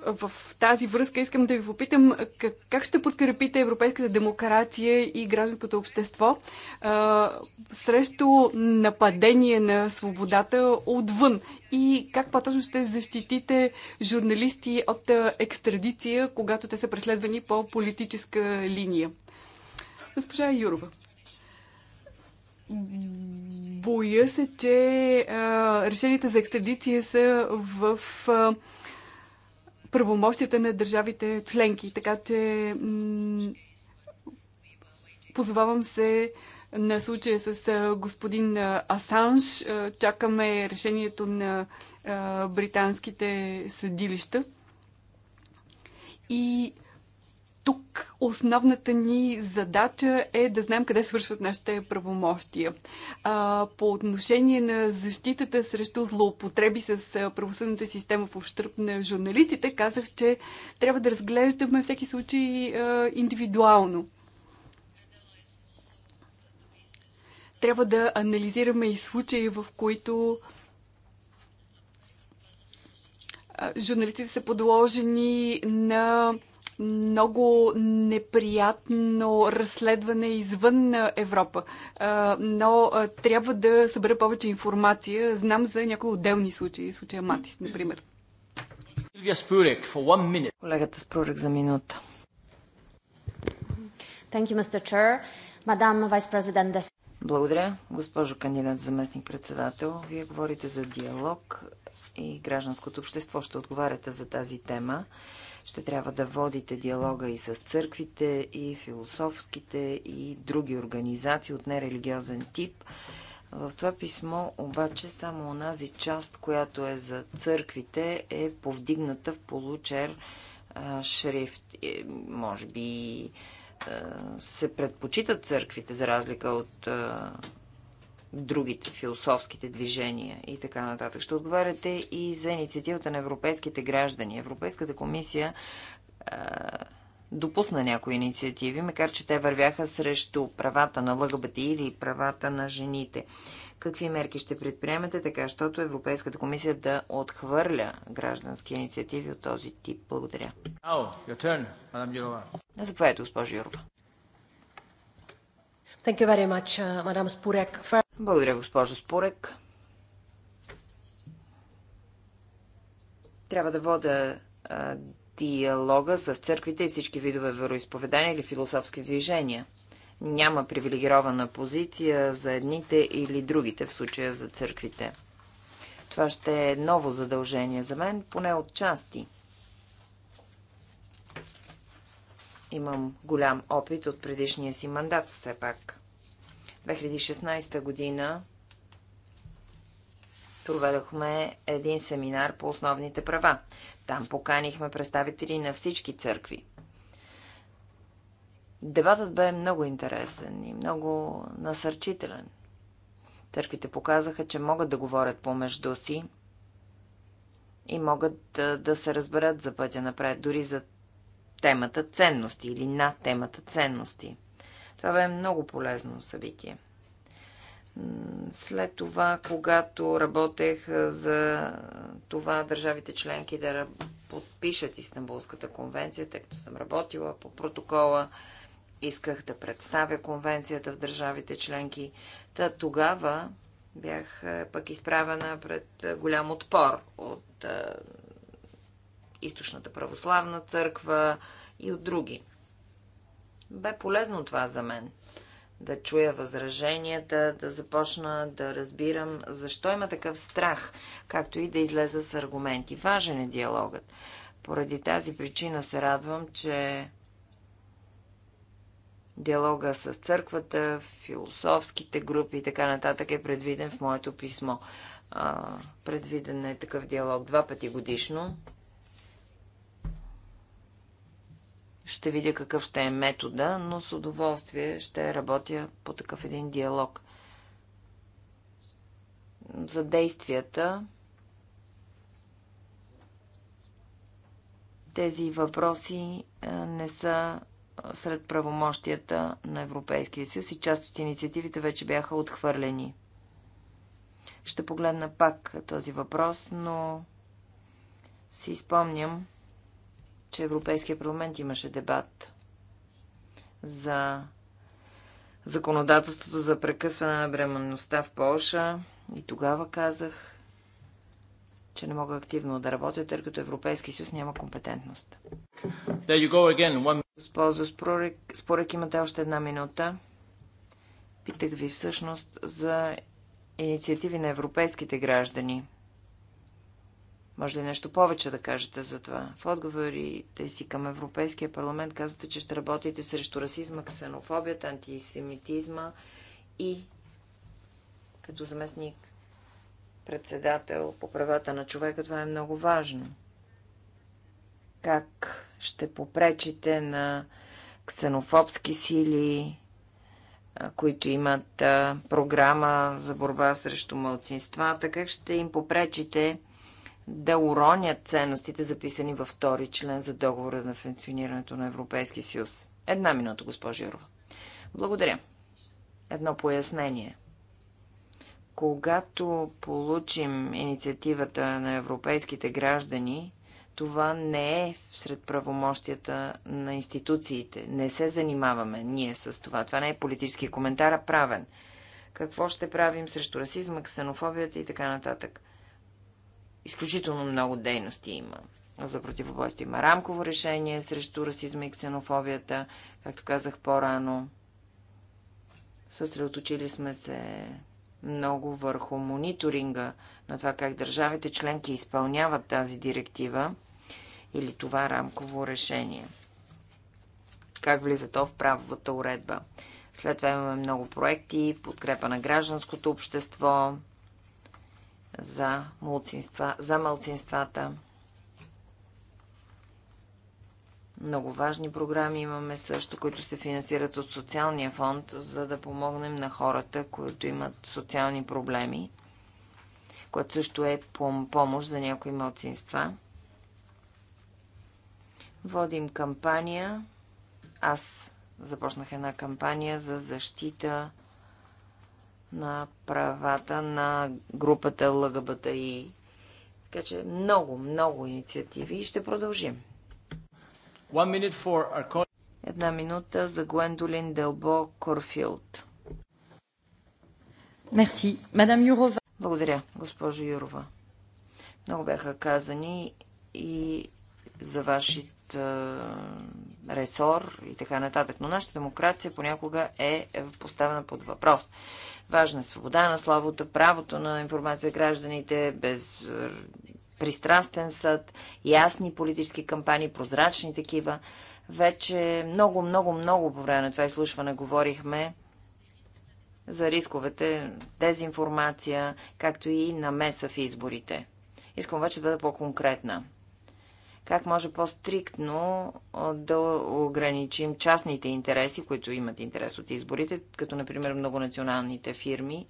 в тази връзка искам да ви попитам как, как ще подкрепите европейската демокрация и гражданското общество а, срещу нападение на свободата отвън и как по-точно ще защитите журналисти от екстрадиция, когато те са преследвани по политическа линия. Госпожа Юрова. Боя се, че а, решенията за екстрадиция са в а, правомощията на държавите членки, така че позовавам се на случая с а, господин Асанж. А, чакаме решението на а, британските съдилища. И тук основната ни задача е да знаем къде свършват нашите правомощия. А, по отношение на защитата срещу злоупотреби с правосъдната система в общърп на журналистите, казах, че трябва да разглеждаме всеки случай а, индивидуално. Трябва да анализираме и случаи, в които журналистите са подложени на много неприятно разследване извън Европа. Но трябва да събера повече информация. Знам за някои отделни случаи, случая Матис, например. Колегата Спрурек за минута. Благодаря, госпожо кандидат заместник председател. Вие говорите за диалог и гражданското общество. Ще отговаряте за тази тема. Ще трябва да водите диалога и с църквите, и философските, и други организации от нерелигиозен тип. В това писмо обаче само онази част, която е за църквите, е повдигната в получер а, шрифт. Е, може би се предпочитат църквите, за разлика от другите философските движения и така нататък. Ще отговаряте и за инициативата на европейските граждани. Европейската комисия допусна някои инициативи, макар че те вървяха срещу правата на ЛГБТ или правата на жените. Какви мерки ще предприемете, така щото Европейската комисия да отхвърля граждански инициативи от този тип? Благодаря. Заповядайте, госпожо Юрова. Much, uh, Благодаря, госпожо Спурек. Трябва да вода диалога с църквите и всички видове вероисповедания или философски движения. Няма привилегирована позиция за едните или другите, в случая за църквите. Това ще е ново задължение за мен, поне от части. Имам голям опит от предишния си мандат все пак. 2016 година проведохме един семинар по основните права. Там поканихме представители на всички църкви. Дебатът бе много интересен и много насърчителен. Църквите показаха, че могат да говорят помежду си и могат да, да се разберат за пътя напред, дори за темата ценности или на темата ценности. Това бе много полезно събитие. След това, когато работех за това държавите членки да подпишат Истанбулската конвенция, тъй като съм работила по протокола, исках да представя конвенцията в държавите членки. Та тогава бях пък изправена пред голям отпор от източната православна църква и от други. Бе полезно това за мен. Да чуя възраженията, да започна да разбирам защо има такъв страх, както и да излеза с аргументи. Важен е диалогът. Поради тази причина се радвам, че диалога с църквата, философските групи и така нататък е предвиден в моето писмо. А, предвиден е такъв диалог два пъти годишно. Ще видя какъв ще е метода, но с удоволствие ще работя по такъв един диалог. За действията тези въпроси е, не са сред правомощията на Европейския съюз и част от инициативите вече бяха отхвърлени. Ще погледна пак този въпрос, но си спомням, че Европейския парламент имаше дебат за законодателството за прекъсване на бременността в Польша. И тогава казах, че не мога активно да работя, тъй като Европейски съюз няма компетентност. One... Госпожо Спорек, Спорек, имате още една минута. Питах ви всъщност за инициативи на европейските граждани. Може ли нещо повече да кажете за това? В отговорите си към Европейския парламент казвате, че ще работите срещу расизма, ксенофобията, антисемитизма и като заместник председател по правата на човека това е много важно. Как ще попречите на ксенофобски сили, които имат програма за борба срещу мълцинствата, как ще им попречите да уронят ценностите, записани във втори член за договора на функционирането на Европейски съюз. Една минута, госпожа Юрова. Благодаря. Едно пояснение. Когато получим инициативата на европейските граждани, това не е сред правомощията на институциите. Не се занимаваме ние с това. Това не е политически коментар, а правен. Какво ще правим срещу расизма, ксенофобията и така нататък. Изключително много дейности има. За противобойство. има рамково решение срещу расизма и ксенофобията, както казах по-рано. Съсредоточили сме се много върху мониторинга на това как държавите членки изпълняват тази директива или това рамково решение. Как влиза то в правовата уредба. След това имаме много проекти, подкрепа на гражданското общество, за, мълцинства, за мълцинствата. Много важни програми имаме също, които се финансират от социалния фонд, за да помогнем на хората, които имат социални проблеми, което също е помощ за някои мълцинства. Водим кампания. Аз започнах една кампания за защита на правата на групата и Така че много, много инициативи и ще продължим. Our... Една минута за Гвендолин Делбо Корфилд. Мерси. Мадам Юрова. Благодаря, госпожо Юрова. Много бяха казани и за вашият ресор и така нататък. Но нашата демокрация понякога е поставена под въпрос. Важна е свобода на словото, правото на информация за гражданите, без е, пристрастен съд, ясни политически кампании, прозрачни такива. Вече много, много, много по време на това изслушване говорихме за рисковете, дезинформация, както и намеса в изборите. Искам обаче да бъда по-конкретна как може по-стриктно да ограничим частните интереси, които имат интерес от изборите, като например многонационалните фирми,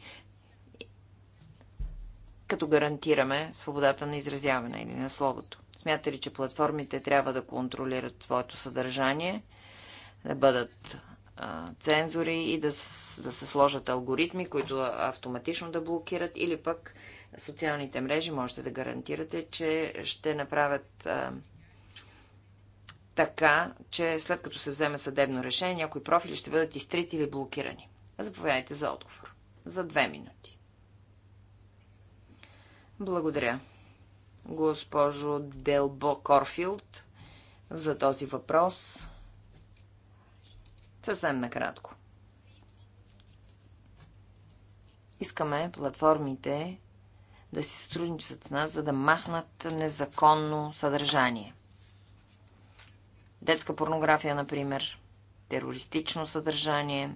като гарантираме свободата на изразяване или на словото. Смята ли, че платформите трябва да контролират своето съдържание, да бъдат а, цензори и да, да се сложат алгоритми, които автоматично да блокират или пък социалните мрежи можете да гарантирате, че ще направят а, така, че след като се вземе съдебно решение, някои профили ще бъдат изтрити или блокирани. Заповядайте за отговор. За две минути. Благодаря, госпожо Делбо Корфилд, за този въпрос. Съвсем накратко. Искаме платформите да си сътрудничат с нас, за да махнат незаконно съдържание. Детска порнография, например, терористично съдържание,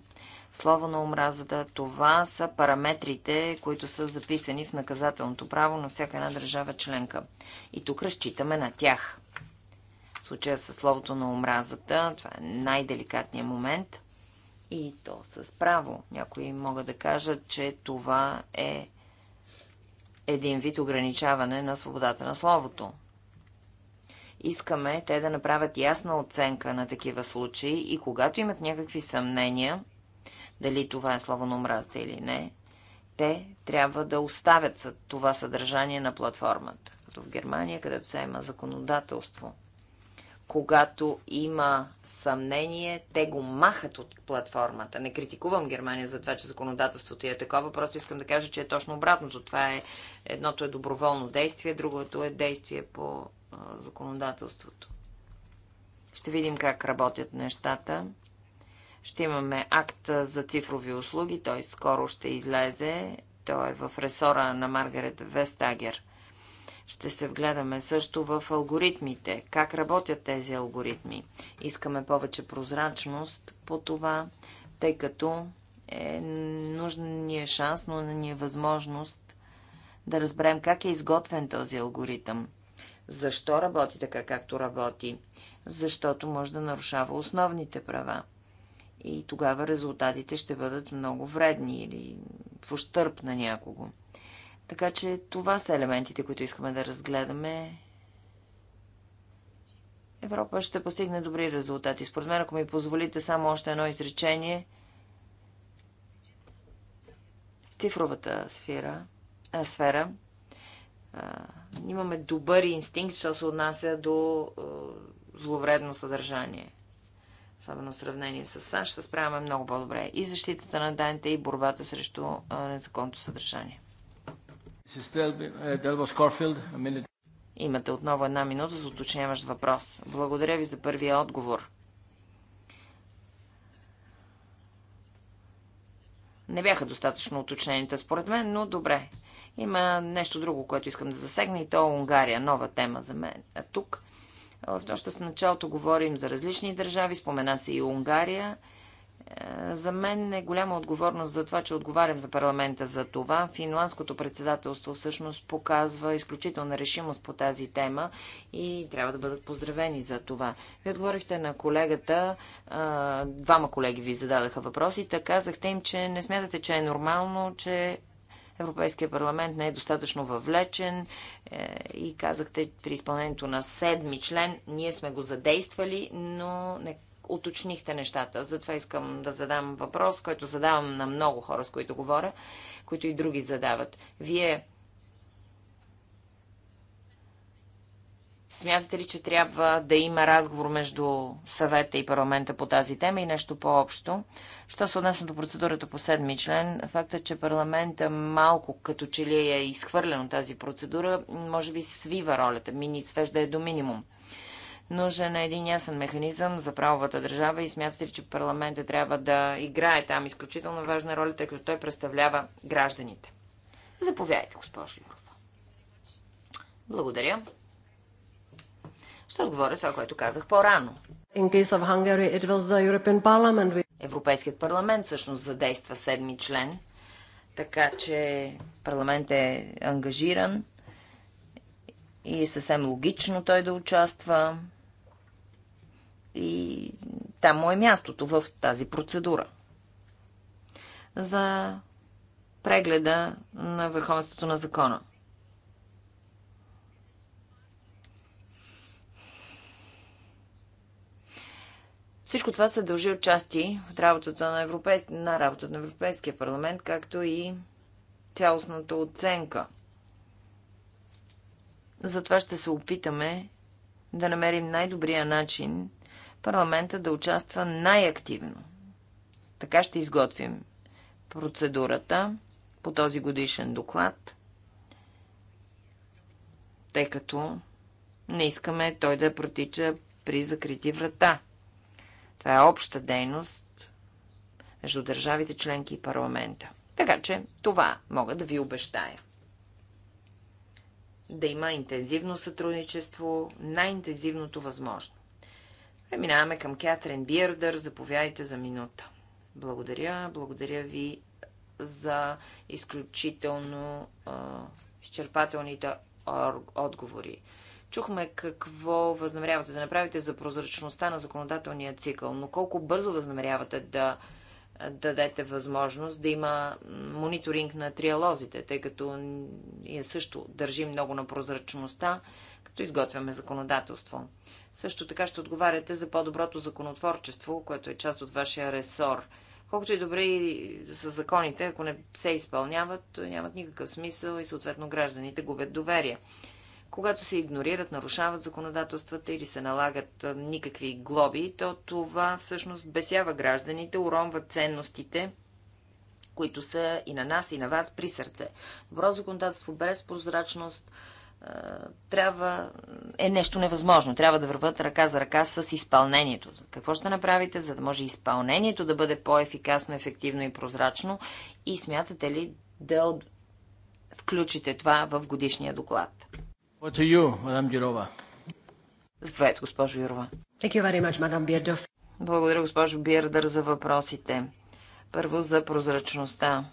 слово на омразата, това са параметрите, които са записани в наказателното право на всяка една държава членка. И тук разчитаме на тях. В случая с словото на омразата, това е най-деликатният момент – и то с право. Някои могат да кажат, че това е един вид ограничаване на свободата на словото. Искаме те да направят ясна оценка на такива случаи и когато имат някакви съмнения, дали това е слово на омразата или не, те трябва да оставят това съдържание на платформата. Като в Германия, където се има законодателство – когато има съмнение, те го махат от платформата. Не критикувам Германия за това, че законодателството е такова, просто искам да кажа, че е точно обратното. Това е едното е доброволно действие, другото е действие по а, законодателството. Ще видим как работят нещата. Ще имаме акт за цифрови услуги, той скоро ще излезе. Той е в ресора на Маргарет Вестагер. Ще се вгледаме също в алгоритмите. Как работят тези алгоритми? Искаме повече прозрачност по това, тъй като е нужен ни е шанс, но ни е възможност да разберем как е изготвен този алгоритъм. Защо работи така, както работи? Защото може да нарушава основните права. И тогава резултатите ще бъдат много вредни или в ущърп на някого. Така че това са елементите, които искаме да разгледаме. Европа ще постигне добри резултати. Според мен, ако ми позволите само още едно изречение, цифровата сфера, а, сфера а, имаме добър инстинкт, що се отнася до а, зловредно съдържание. Особено в сравнение с САЩ се справяме много по-добре. И защитата на данните, и борбата срещу а, незаконното съдържание. Uh, Имате отново една минута за уточняващ въпрос. Благодаря ви за първия отговор. Не бяха достатъчно уточнените според мен, но добре. Има нещо друго, което искам да засегна и то е Унгария. Нова тема за мен. А тук в нощта с началото говорим за различни държави. Спомена се и Унгария. Е, за мен е голяма отговорност за това, че отговарям за парламента за това. Финландското председателство всъщност показва изключителна решимост по тази тема и трябва да бъдат поздравени за това. Вие отговорихте на колегата, двама колеги ви зададаха въпросите, казахте им, че не смятате, че е нормално, че Европейския парламент не е достатъчно въвлечен е, и казахте при изпълнението на седми член, ние сме го задействали, но не уточнихте нещата. Затова искам да задам въпрос, който задавам на много хора, с които говоря, които и други задават. Вие Смятате ли, че трябва да има разговор между съвета и парламента по тази тема и нещо по-общо? Що се отнася до процедурата по седми член, фактът, че парламента малко като че ли е изхвърлен от тази процедура, може би свива ролята, мини свежда е до минимум. Нужен е един ясен механизъм за правовата държава и смятате ли, че парламентът трябва да играе там изключително важна роля, тъй като той представлява гражданите? Заповядайте, госпожо Юрова. Благодаря. Ще отговоря това, което казах по-рано. Европейският парламент всъщност задейства седми член, така че парламент е ангажиран и е съвсем логично той да участва. И там му е мястото в тази процедура. За прегледа на върховенството на закона. Всичко това се дължи от части от работата на, Европейс... на работата на Европейския парламент, както и цялостната оценка. Затова ще се опитаме да намерим най-добрия начин парламента да участва най-активно. Така ще изготвим процедурата по този годишен доклад, тъй като не искаме той да протича при закрити врата. Това е обща дейност между държавите членки и парламента. Така че това мога да ви обещая. Да има интензивно сътрудничество, най-интензивното възможно. Преминаваме към Кетрин Бирдър. Заповядайте за минута. Благодаря. Благодаря ви за изключително а, изчерпателните отговори. Чухме какво възнамерявате да направите за прозрачността на законодателния цикъл, но колко бързо възнамерявате да дадете възможност да има мониторинг на триалозите, тъй като ние също държим много на прозрачността, като изготвяме законодателство. Също така ще отговаряте за по-доброто законотворчество, което е част от вашия ресор. Колкото и добре и са законите, ако не се изпълняват, нямат никакъв смисъл и съответно гражданите губят доверие. Когато се игнорират, нарушават законодателствата или се налагат никакви глоби, то това всъщност бесява гражданите, уронва ценностите, които са и на нас, и на вас при сърце. Добро законодателство без прозрачност, е, трябва, е нещо невъзможно. Трябва да върват ръка за ръка с изпълнението. Какво ще направите, за да може изпълнението да бъде по-ефикасно, ефективно и прозрачно? И смятате ли да включите това в годишния доклад? What you, мадам Гирова? Заповядайте, госпожо Юрова. Thank you very much, мадам Бирдов. Благодаря, госпожо Бирдър, за въпросите. Първо за прозрачността.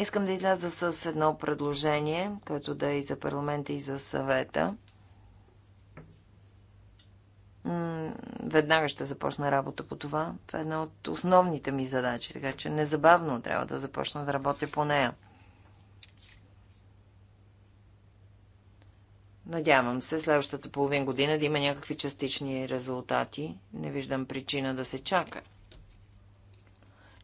Искам да изляза с едно предложение, което да е и за парламента, и за съвета. Веднага ще започна работа по това. Това е една от основните ми задачи, така че незабавно трябва да започна да работя по нея. Надявам се следващата половин година да има някакви частични резултати. Не виждам причина да се чака.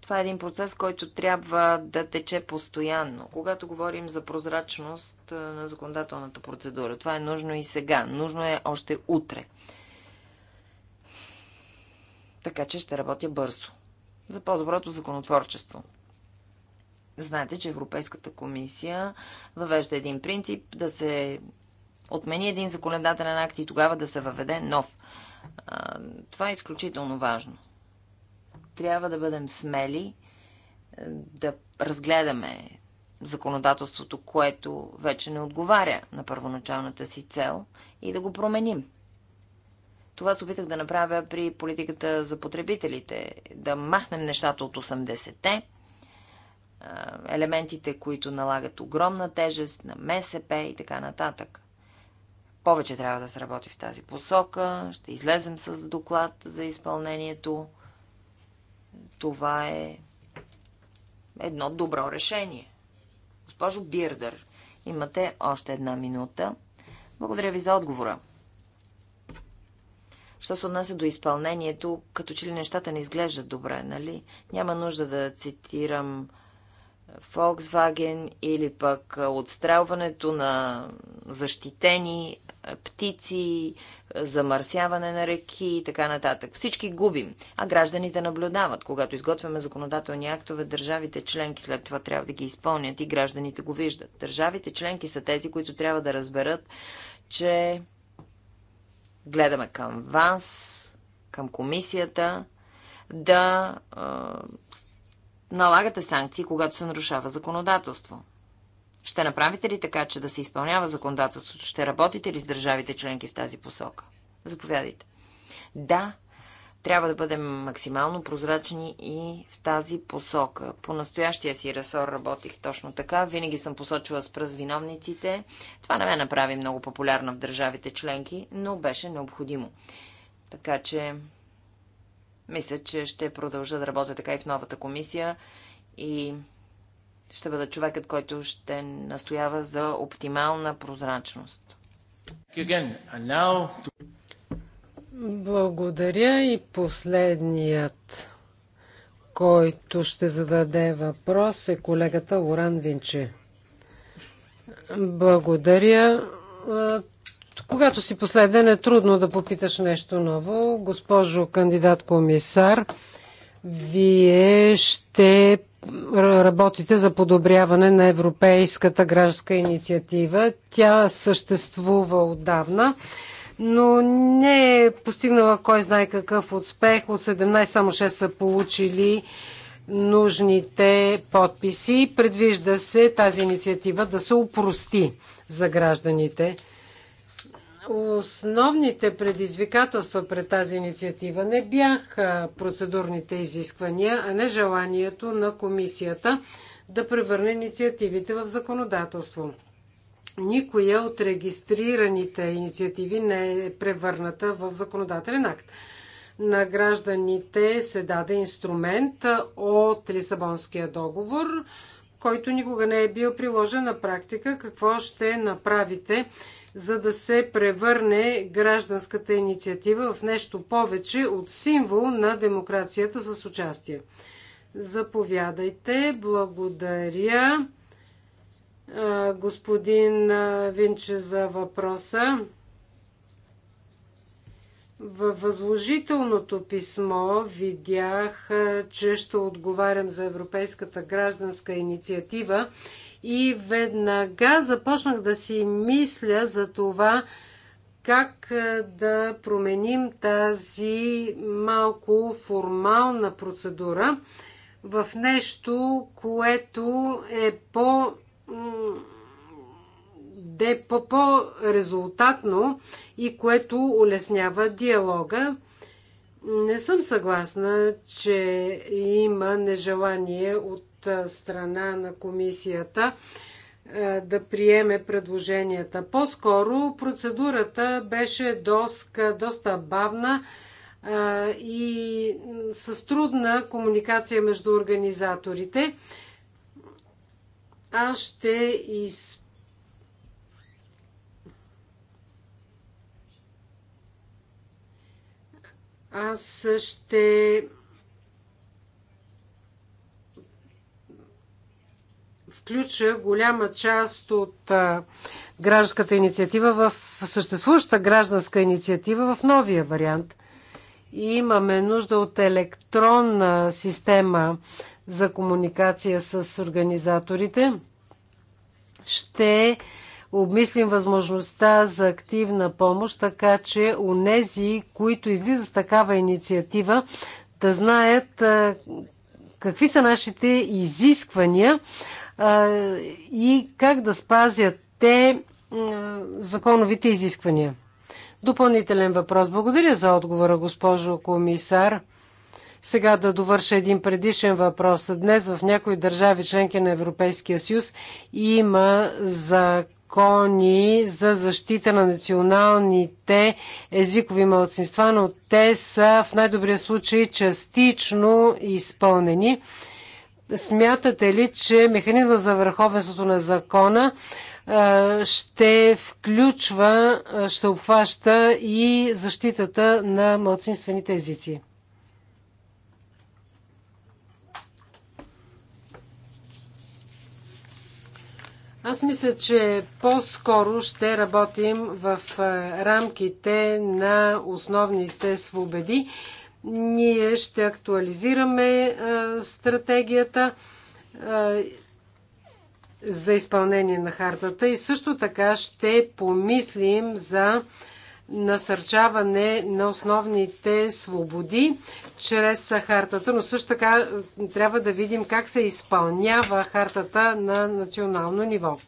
Това е един процес, който трябва да тече постоянно. Когато говорим за прозрачност на законодателната процедура, това е нужно и сега. Нужно е още утре. Така че ще работя бързо. За по-доброто законотворчество. Знаете, че Европейската комисия въвежда един принцип да се отмени един законодателен акт и тогава да се въведе нов. Това е изключително важно трябва да бъдем смели е, да разгледаме законодателството, което вече не отговаря на първоначалната си цел и да го променим. Това се опитах да направя при политиката за потребителите. Да махнем нещата от 80-те, е, елементите, които налагат огромна тежест на МСП и така нататък. Повече трябва да се работи в тази посока. Ще излезем с доклад за изпълнението това е едно добро решение. Госпожо Бирдър, имате още една минута. Благодаря ви за отговора. Що се отнася до изпълнението, като че ли нещата не изглеждат добре, нали? Няма нужда да цитирам Volkswagen или пък отстрелването на защитени птици, замърсяване на реки и така нататък. Всички губим, а гражданите наблюдават. Когато изготвяме законодателни актове, държавите членки след това трябва да ги изпълнят и гражданите го виждат. Държавите членки са тези, които трябва да разберат, че гледаме към вас, към комисията, да е, налагате санкции, когато се нарушава законодателство. Ще направите ли така, че да се изпълнява законодателството? Ще работите ли с държавите членки в тази посока? Заповядайте. Да, трябва да бъдем максимално прозрачни и в тази посока. По настоящия си ресор работих точно така. Винаги съм посочила с пръз виновниците. Това не ме направи много популярна в държавите членки, но беше необходимо. Така че мисля, че ще продължа да работя така и в новата комисия и ще бъда човекът, който ще настоява за оптимална прозрачност. Благодаря и последният, който ще зададе въпрос е колегата Оран Винче. Благодаря. Когато си последен е трудно да попиташ нещо ново. Госпожо кандидат комисар, вие ще работите за подобряване на Европейската гражданска инициатива. Тя съществува отдавна, но не е постигнала кой знае какъв успех. От 17 само 6 са получили нужните подписи. Предвижда се тази инициатива да се упрости за гражданите. Основните предизвикателства пред тази инициатива не бяха процедурните изисквания, а не желанието на комисията да превърне инициативите в законодателство. Никоя от регистрираните инициативи не е превърната в законодателен акт. На гражданите се даде инструмент от Лисабонския договор, който никога не е бил приложен на практика. Какво ще направите? за да се превърне гражданската инициатива в нещо повече от символ на демокрацията с участие. Заповядайте. Благодаря господин Винче за въпроса. Във възложителното писмо видях, че ще отговарям за Европейската гражданска инициатива и веднага започнах да си мисля за това, как е, да променим тази малко формална процедура в нещо, което е по де по-резултатно и което улеснява диалога. Не съм съгласна, че има нежелание от страна на комисията да приеме предложенията. По-скоро процедурата беше доска, доста бавна и с трудна комуникация между организаторите. Аз ще изпълня аз ще включа голяма част от гражданската инициатива в съществуваща гражданска инициатива в новия вариант. И имаме нужда от електронна система за комуникация с организаторите. Ще обмислим възможността за активна помощ, така че у нези, които излизат с такава инициатива, да знаят какви са нашите изисквания и как да спазят те законовите изисквания. Допълнителен въпрос. Благодаря за отговора, госпожо комисар. Сега да довърша един предишен въпрос. Днес в някои държави, членки на Европейския съюз, има закони за защита на националните езикови малцинства, но те са в най-добрия случай частично изпълнени. Смятате ли, че механизма за върховенството на закона ще включва, ще обхваща и защитата на младсинствените езици? Аз мисля, че по-скоро ще работим в рамките на основните свободи ние ще актуализираме стратегията за изпълнение на хартата и също така ще помислим за насърчаване на основните свободи чрез хартата, но също така трябва да видим как се изпълнява хартата на национално ниво.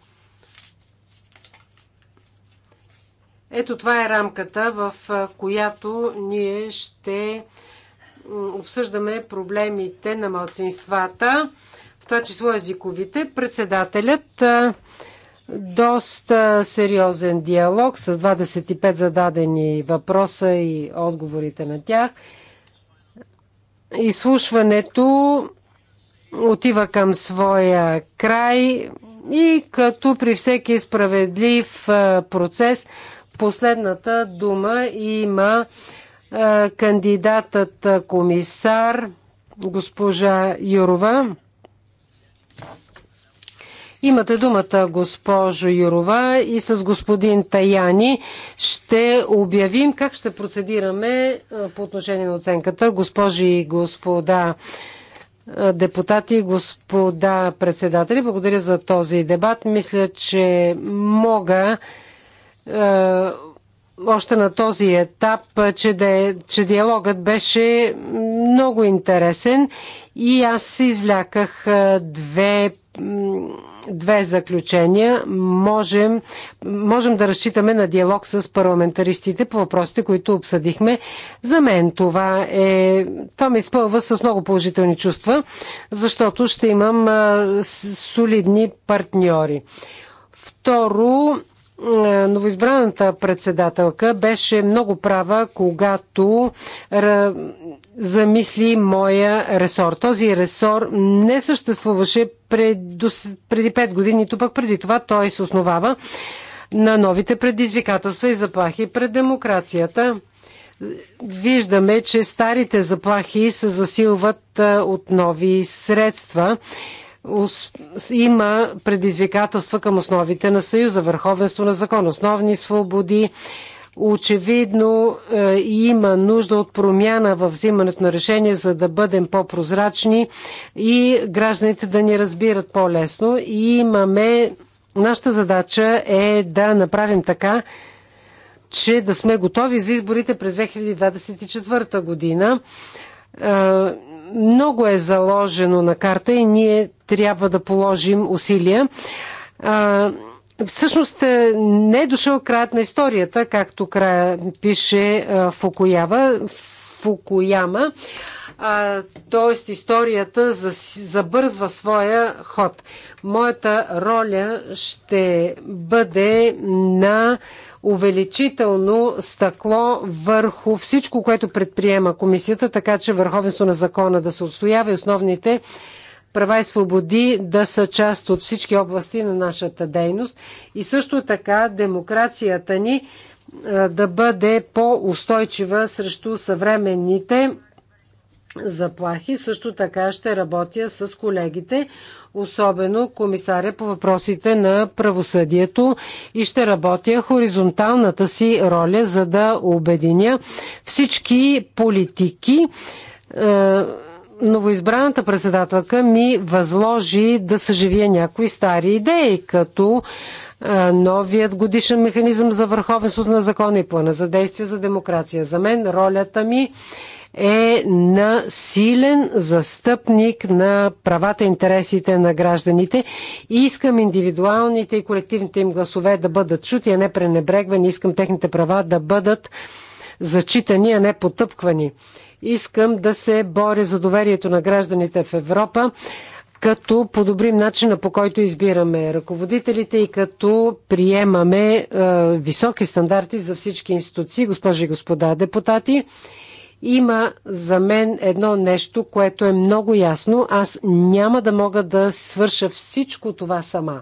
Ето това е рамката, в която ние ще обсъждаме проблемите на малцинствата, в това число езиковите. Председателят доста сериозен диалог с 25 зададени въпроса и отговорите на тях. Изслушването отива към своя край и като при всеки справедлив процес последната дума има е, кандидатът е, комисар госпожа Юрова. Имате думата, госпожо Юрова, и с господин Таяни ще обявим как ще процедираме е, по отношение на оценката. Госпожи и господа депутати, господа председатели, благодаря за този дебат. Мисля, че мога още на този етап, че, де, че диалогът беше много интересен и аз извляках две, две заключения. Можем, можем да разчитаме на диалог с парламентаристите по въпросите, които обсъдихме. За мен това е. Това ме изпълва с много положителни чувства, защото ще имам солидни партньори. Второ, е, новоизбраната председателка беше много права, когато е, замисли моя ресор. Този ресор не съществуваше преди, 5 години, то пък преди това той се основава на новите предизвикателства и заплахи пред демокрацията. Виждаме, че старите заплахи се засилват е, от нови средства има предизвикателства към основите на Съюза, върховенство на закон, основни свободи. Очевидно е, има нужда от промяна в взимането на решения, за да бъдем по-прозрачни и гражданите да ни разбират по-лесно. И имаме. Нашата задача е да направим така, че да сме готови за изборите през 2024 година е, много е заложено на карта и ние трябва да положим усилия. А, всъщност е, не е дошъл краят на историята, както края пише а, е, Фукуява, Фукуяма. Т.е. историята забързва своя ход. Моята роля ще бъде на а, увеличително стъкло върху всичко, което предприема комисията, така че върховенство на закона да се отстоява и основните права и свободи да са част от всички области на нашата дейност и също така демокрацията ни да бъде по-устойчива срещу съвременните заплахи. Също така ще работя с колегите особено комисаря по въпросите на правосъдието и ще работя хоризонталната си роля, за да обединя всички политики. Е, новоизбраната председателка ми възложи да съживя някои стари идеи, като е, новият годишен механизъм за върховенството на закона и плана за действие за демокрация. За мен ролята ми е е на силен застъпник на правата и интересите на гражданите. И искам индивидуалните и колективните им гласове да бъдат чути, а не пренебрегвани. Искам техните права да бъдат зачитани, а не потъпквани. Искам да се боря за доверието на гражданите в Европа като подобрим начина по който избираме ръководителите и като приемаме е, високи стандарти за всички институции, госпожи и господа депутати. Има за мен едно нещо, което е много ясно. Аз няма да мога да свърша всичко това сама.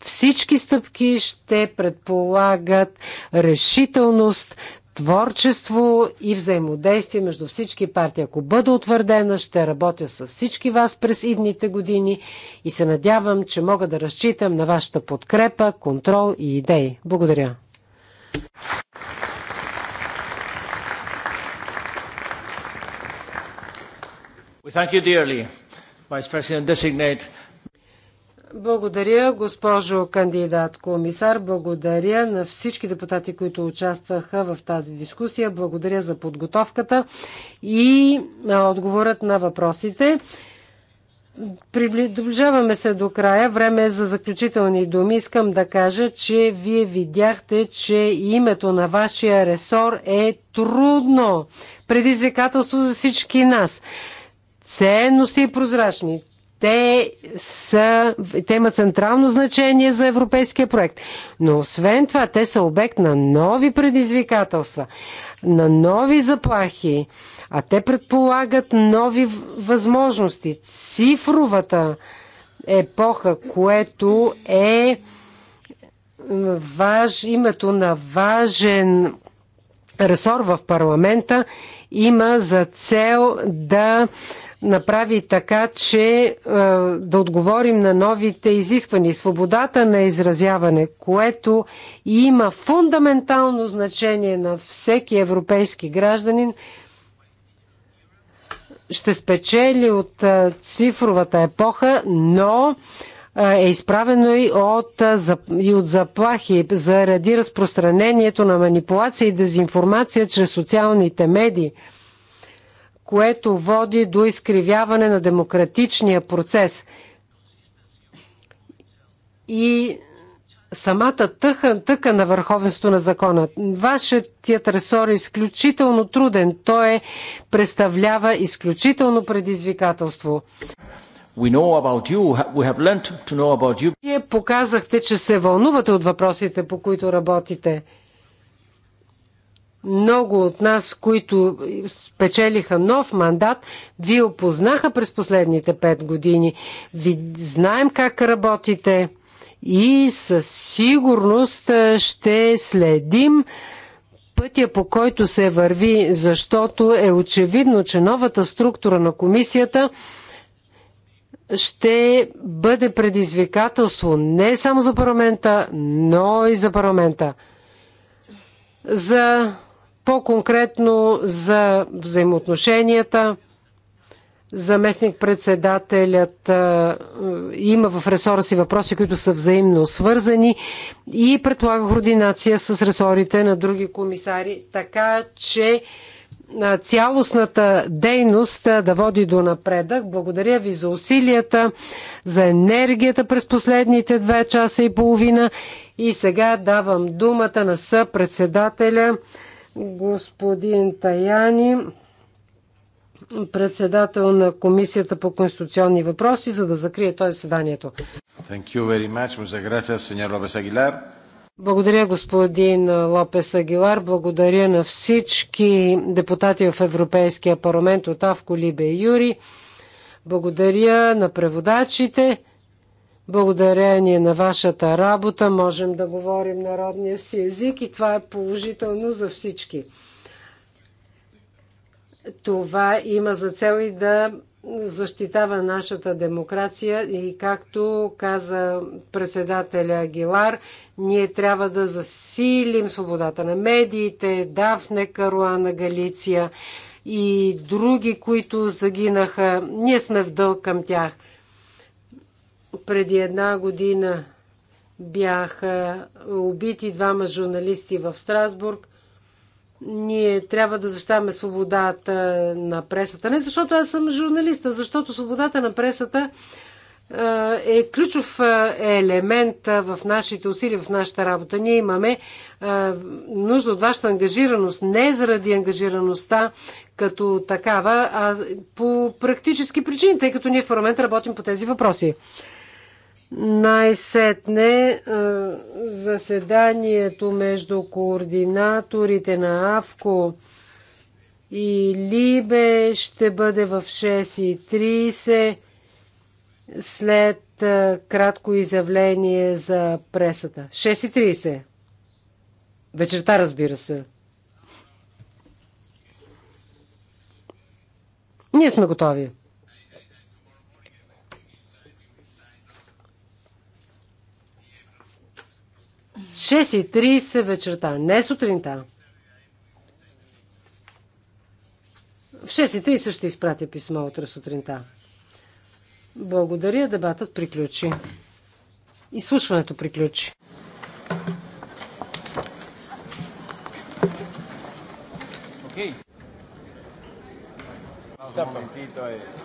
Всички стъпки ще предполагат решителност, творчество и взаимодействие между всички партии. Ако бъда утвърдена, ще работя с всички вас през идните години и се надявам, че мога да разчитам на вашата подкрепа, контрол и идеи. Благодаря. You, благодаря, госпожо кандидат комисар. Благодаря на всички депутати, които участваха в тази дискусия. Благодаря за подготовката и отговорът на въпросите. Доближаваме се до края. Време е за заключителни думи. Искам да кажа, че вие видяхте, че името на вашия ресор е трудно предизвикателство за всички нас ценности и прозрачни. Те, са, те имат централно значение за европейския проект. Но освен това, те са обект на нови предизвикателства, на нови заплахи, а те предполагат нови възможности. Цифровата епоха, което е важ, името на важен ресор в парламента има за цел да направи така, че да отговорим на новите изисквания. Свободата на изразяване, което има фундаментално значение на всеки европейски гражданин, ще спечели от цифровата епоха, но е изправено и от, и от заплахи заради разпространението на манипулация и дезинформация чрез социалните медии – което води до изкривяване на демократичния процес. И самата тъха, тъка на върховенство на закона. Вашият ресор е изключително труден. Той е, представлява изключително предизвикателство. Вие показахте, че се вълнувате от въпросите, по които работите. Много от нас, които спечелиха нов мандат, ви опознаха през последните пет години. Ви знаем как работите и със сигурност ще следим пътя по който се върви, защото е очевидно, че новата структура на комисията ще бъде предизвикателство не само за парламента, но и за парламента. За по-конкретно за взаимоотношенията, заместник-председателят е, има в ресора си въпроси, които са взаимно свързани и предлага координация с ресорите на други комисари, така че цялостната дейност да води до напредък. Благодаря ви за усилията, за енергията през последните две часа и половина. И сега давам думата на съпредседателя господин Таяни, председател на Комисията по конституционни въпроси, за да закрие той заседанието. Благодаря, господин Лопес Агилар. Благодаря на всички депутати в Европейския парламент от Авко, Либе и Юри. Благодаря на преводачите. Благодарение на вашата работа можем да говорим народния си език и това е положително за всички. Това има за цел и да защитава нашата демокрация и както каза председателя Агилар, ние трябва да засилим свободата на медиите, Дафне Каруана Галиция и други, които загинаха. Ние сме в дълг към тях. Преди една година бяха убити двама журналисти в Страсбург. Ние трябва да защитаваме свободата на пресата. Не защото аз съм журналиста, защото свободата на пресата е, е ключов е, елемент е, в нашите усилия, в нашата работа. Ние имаме нужда от вашата ангажираност, не заради ангажираността като такава, а по практически причини, тъй като ние в парламент работим по тези въпроси. Най-сетне е, заседанието между координаторите на АВКО и Либе ще бъде в 6.30 след е, кратко изявление за пресата. 6.30. Вечерта, разбира се. Ние сме готови. 6.30 вечерта, не сутринта. В 6.30 ще изпратя писмо утре сутринта. Благодаря, дебатът приключи. Изслушването приключи. Okay.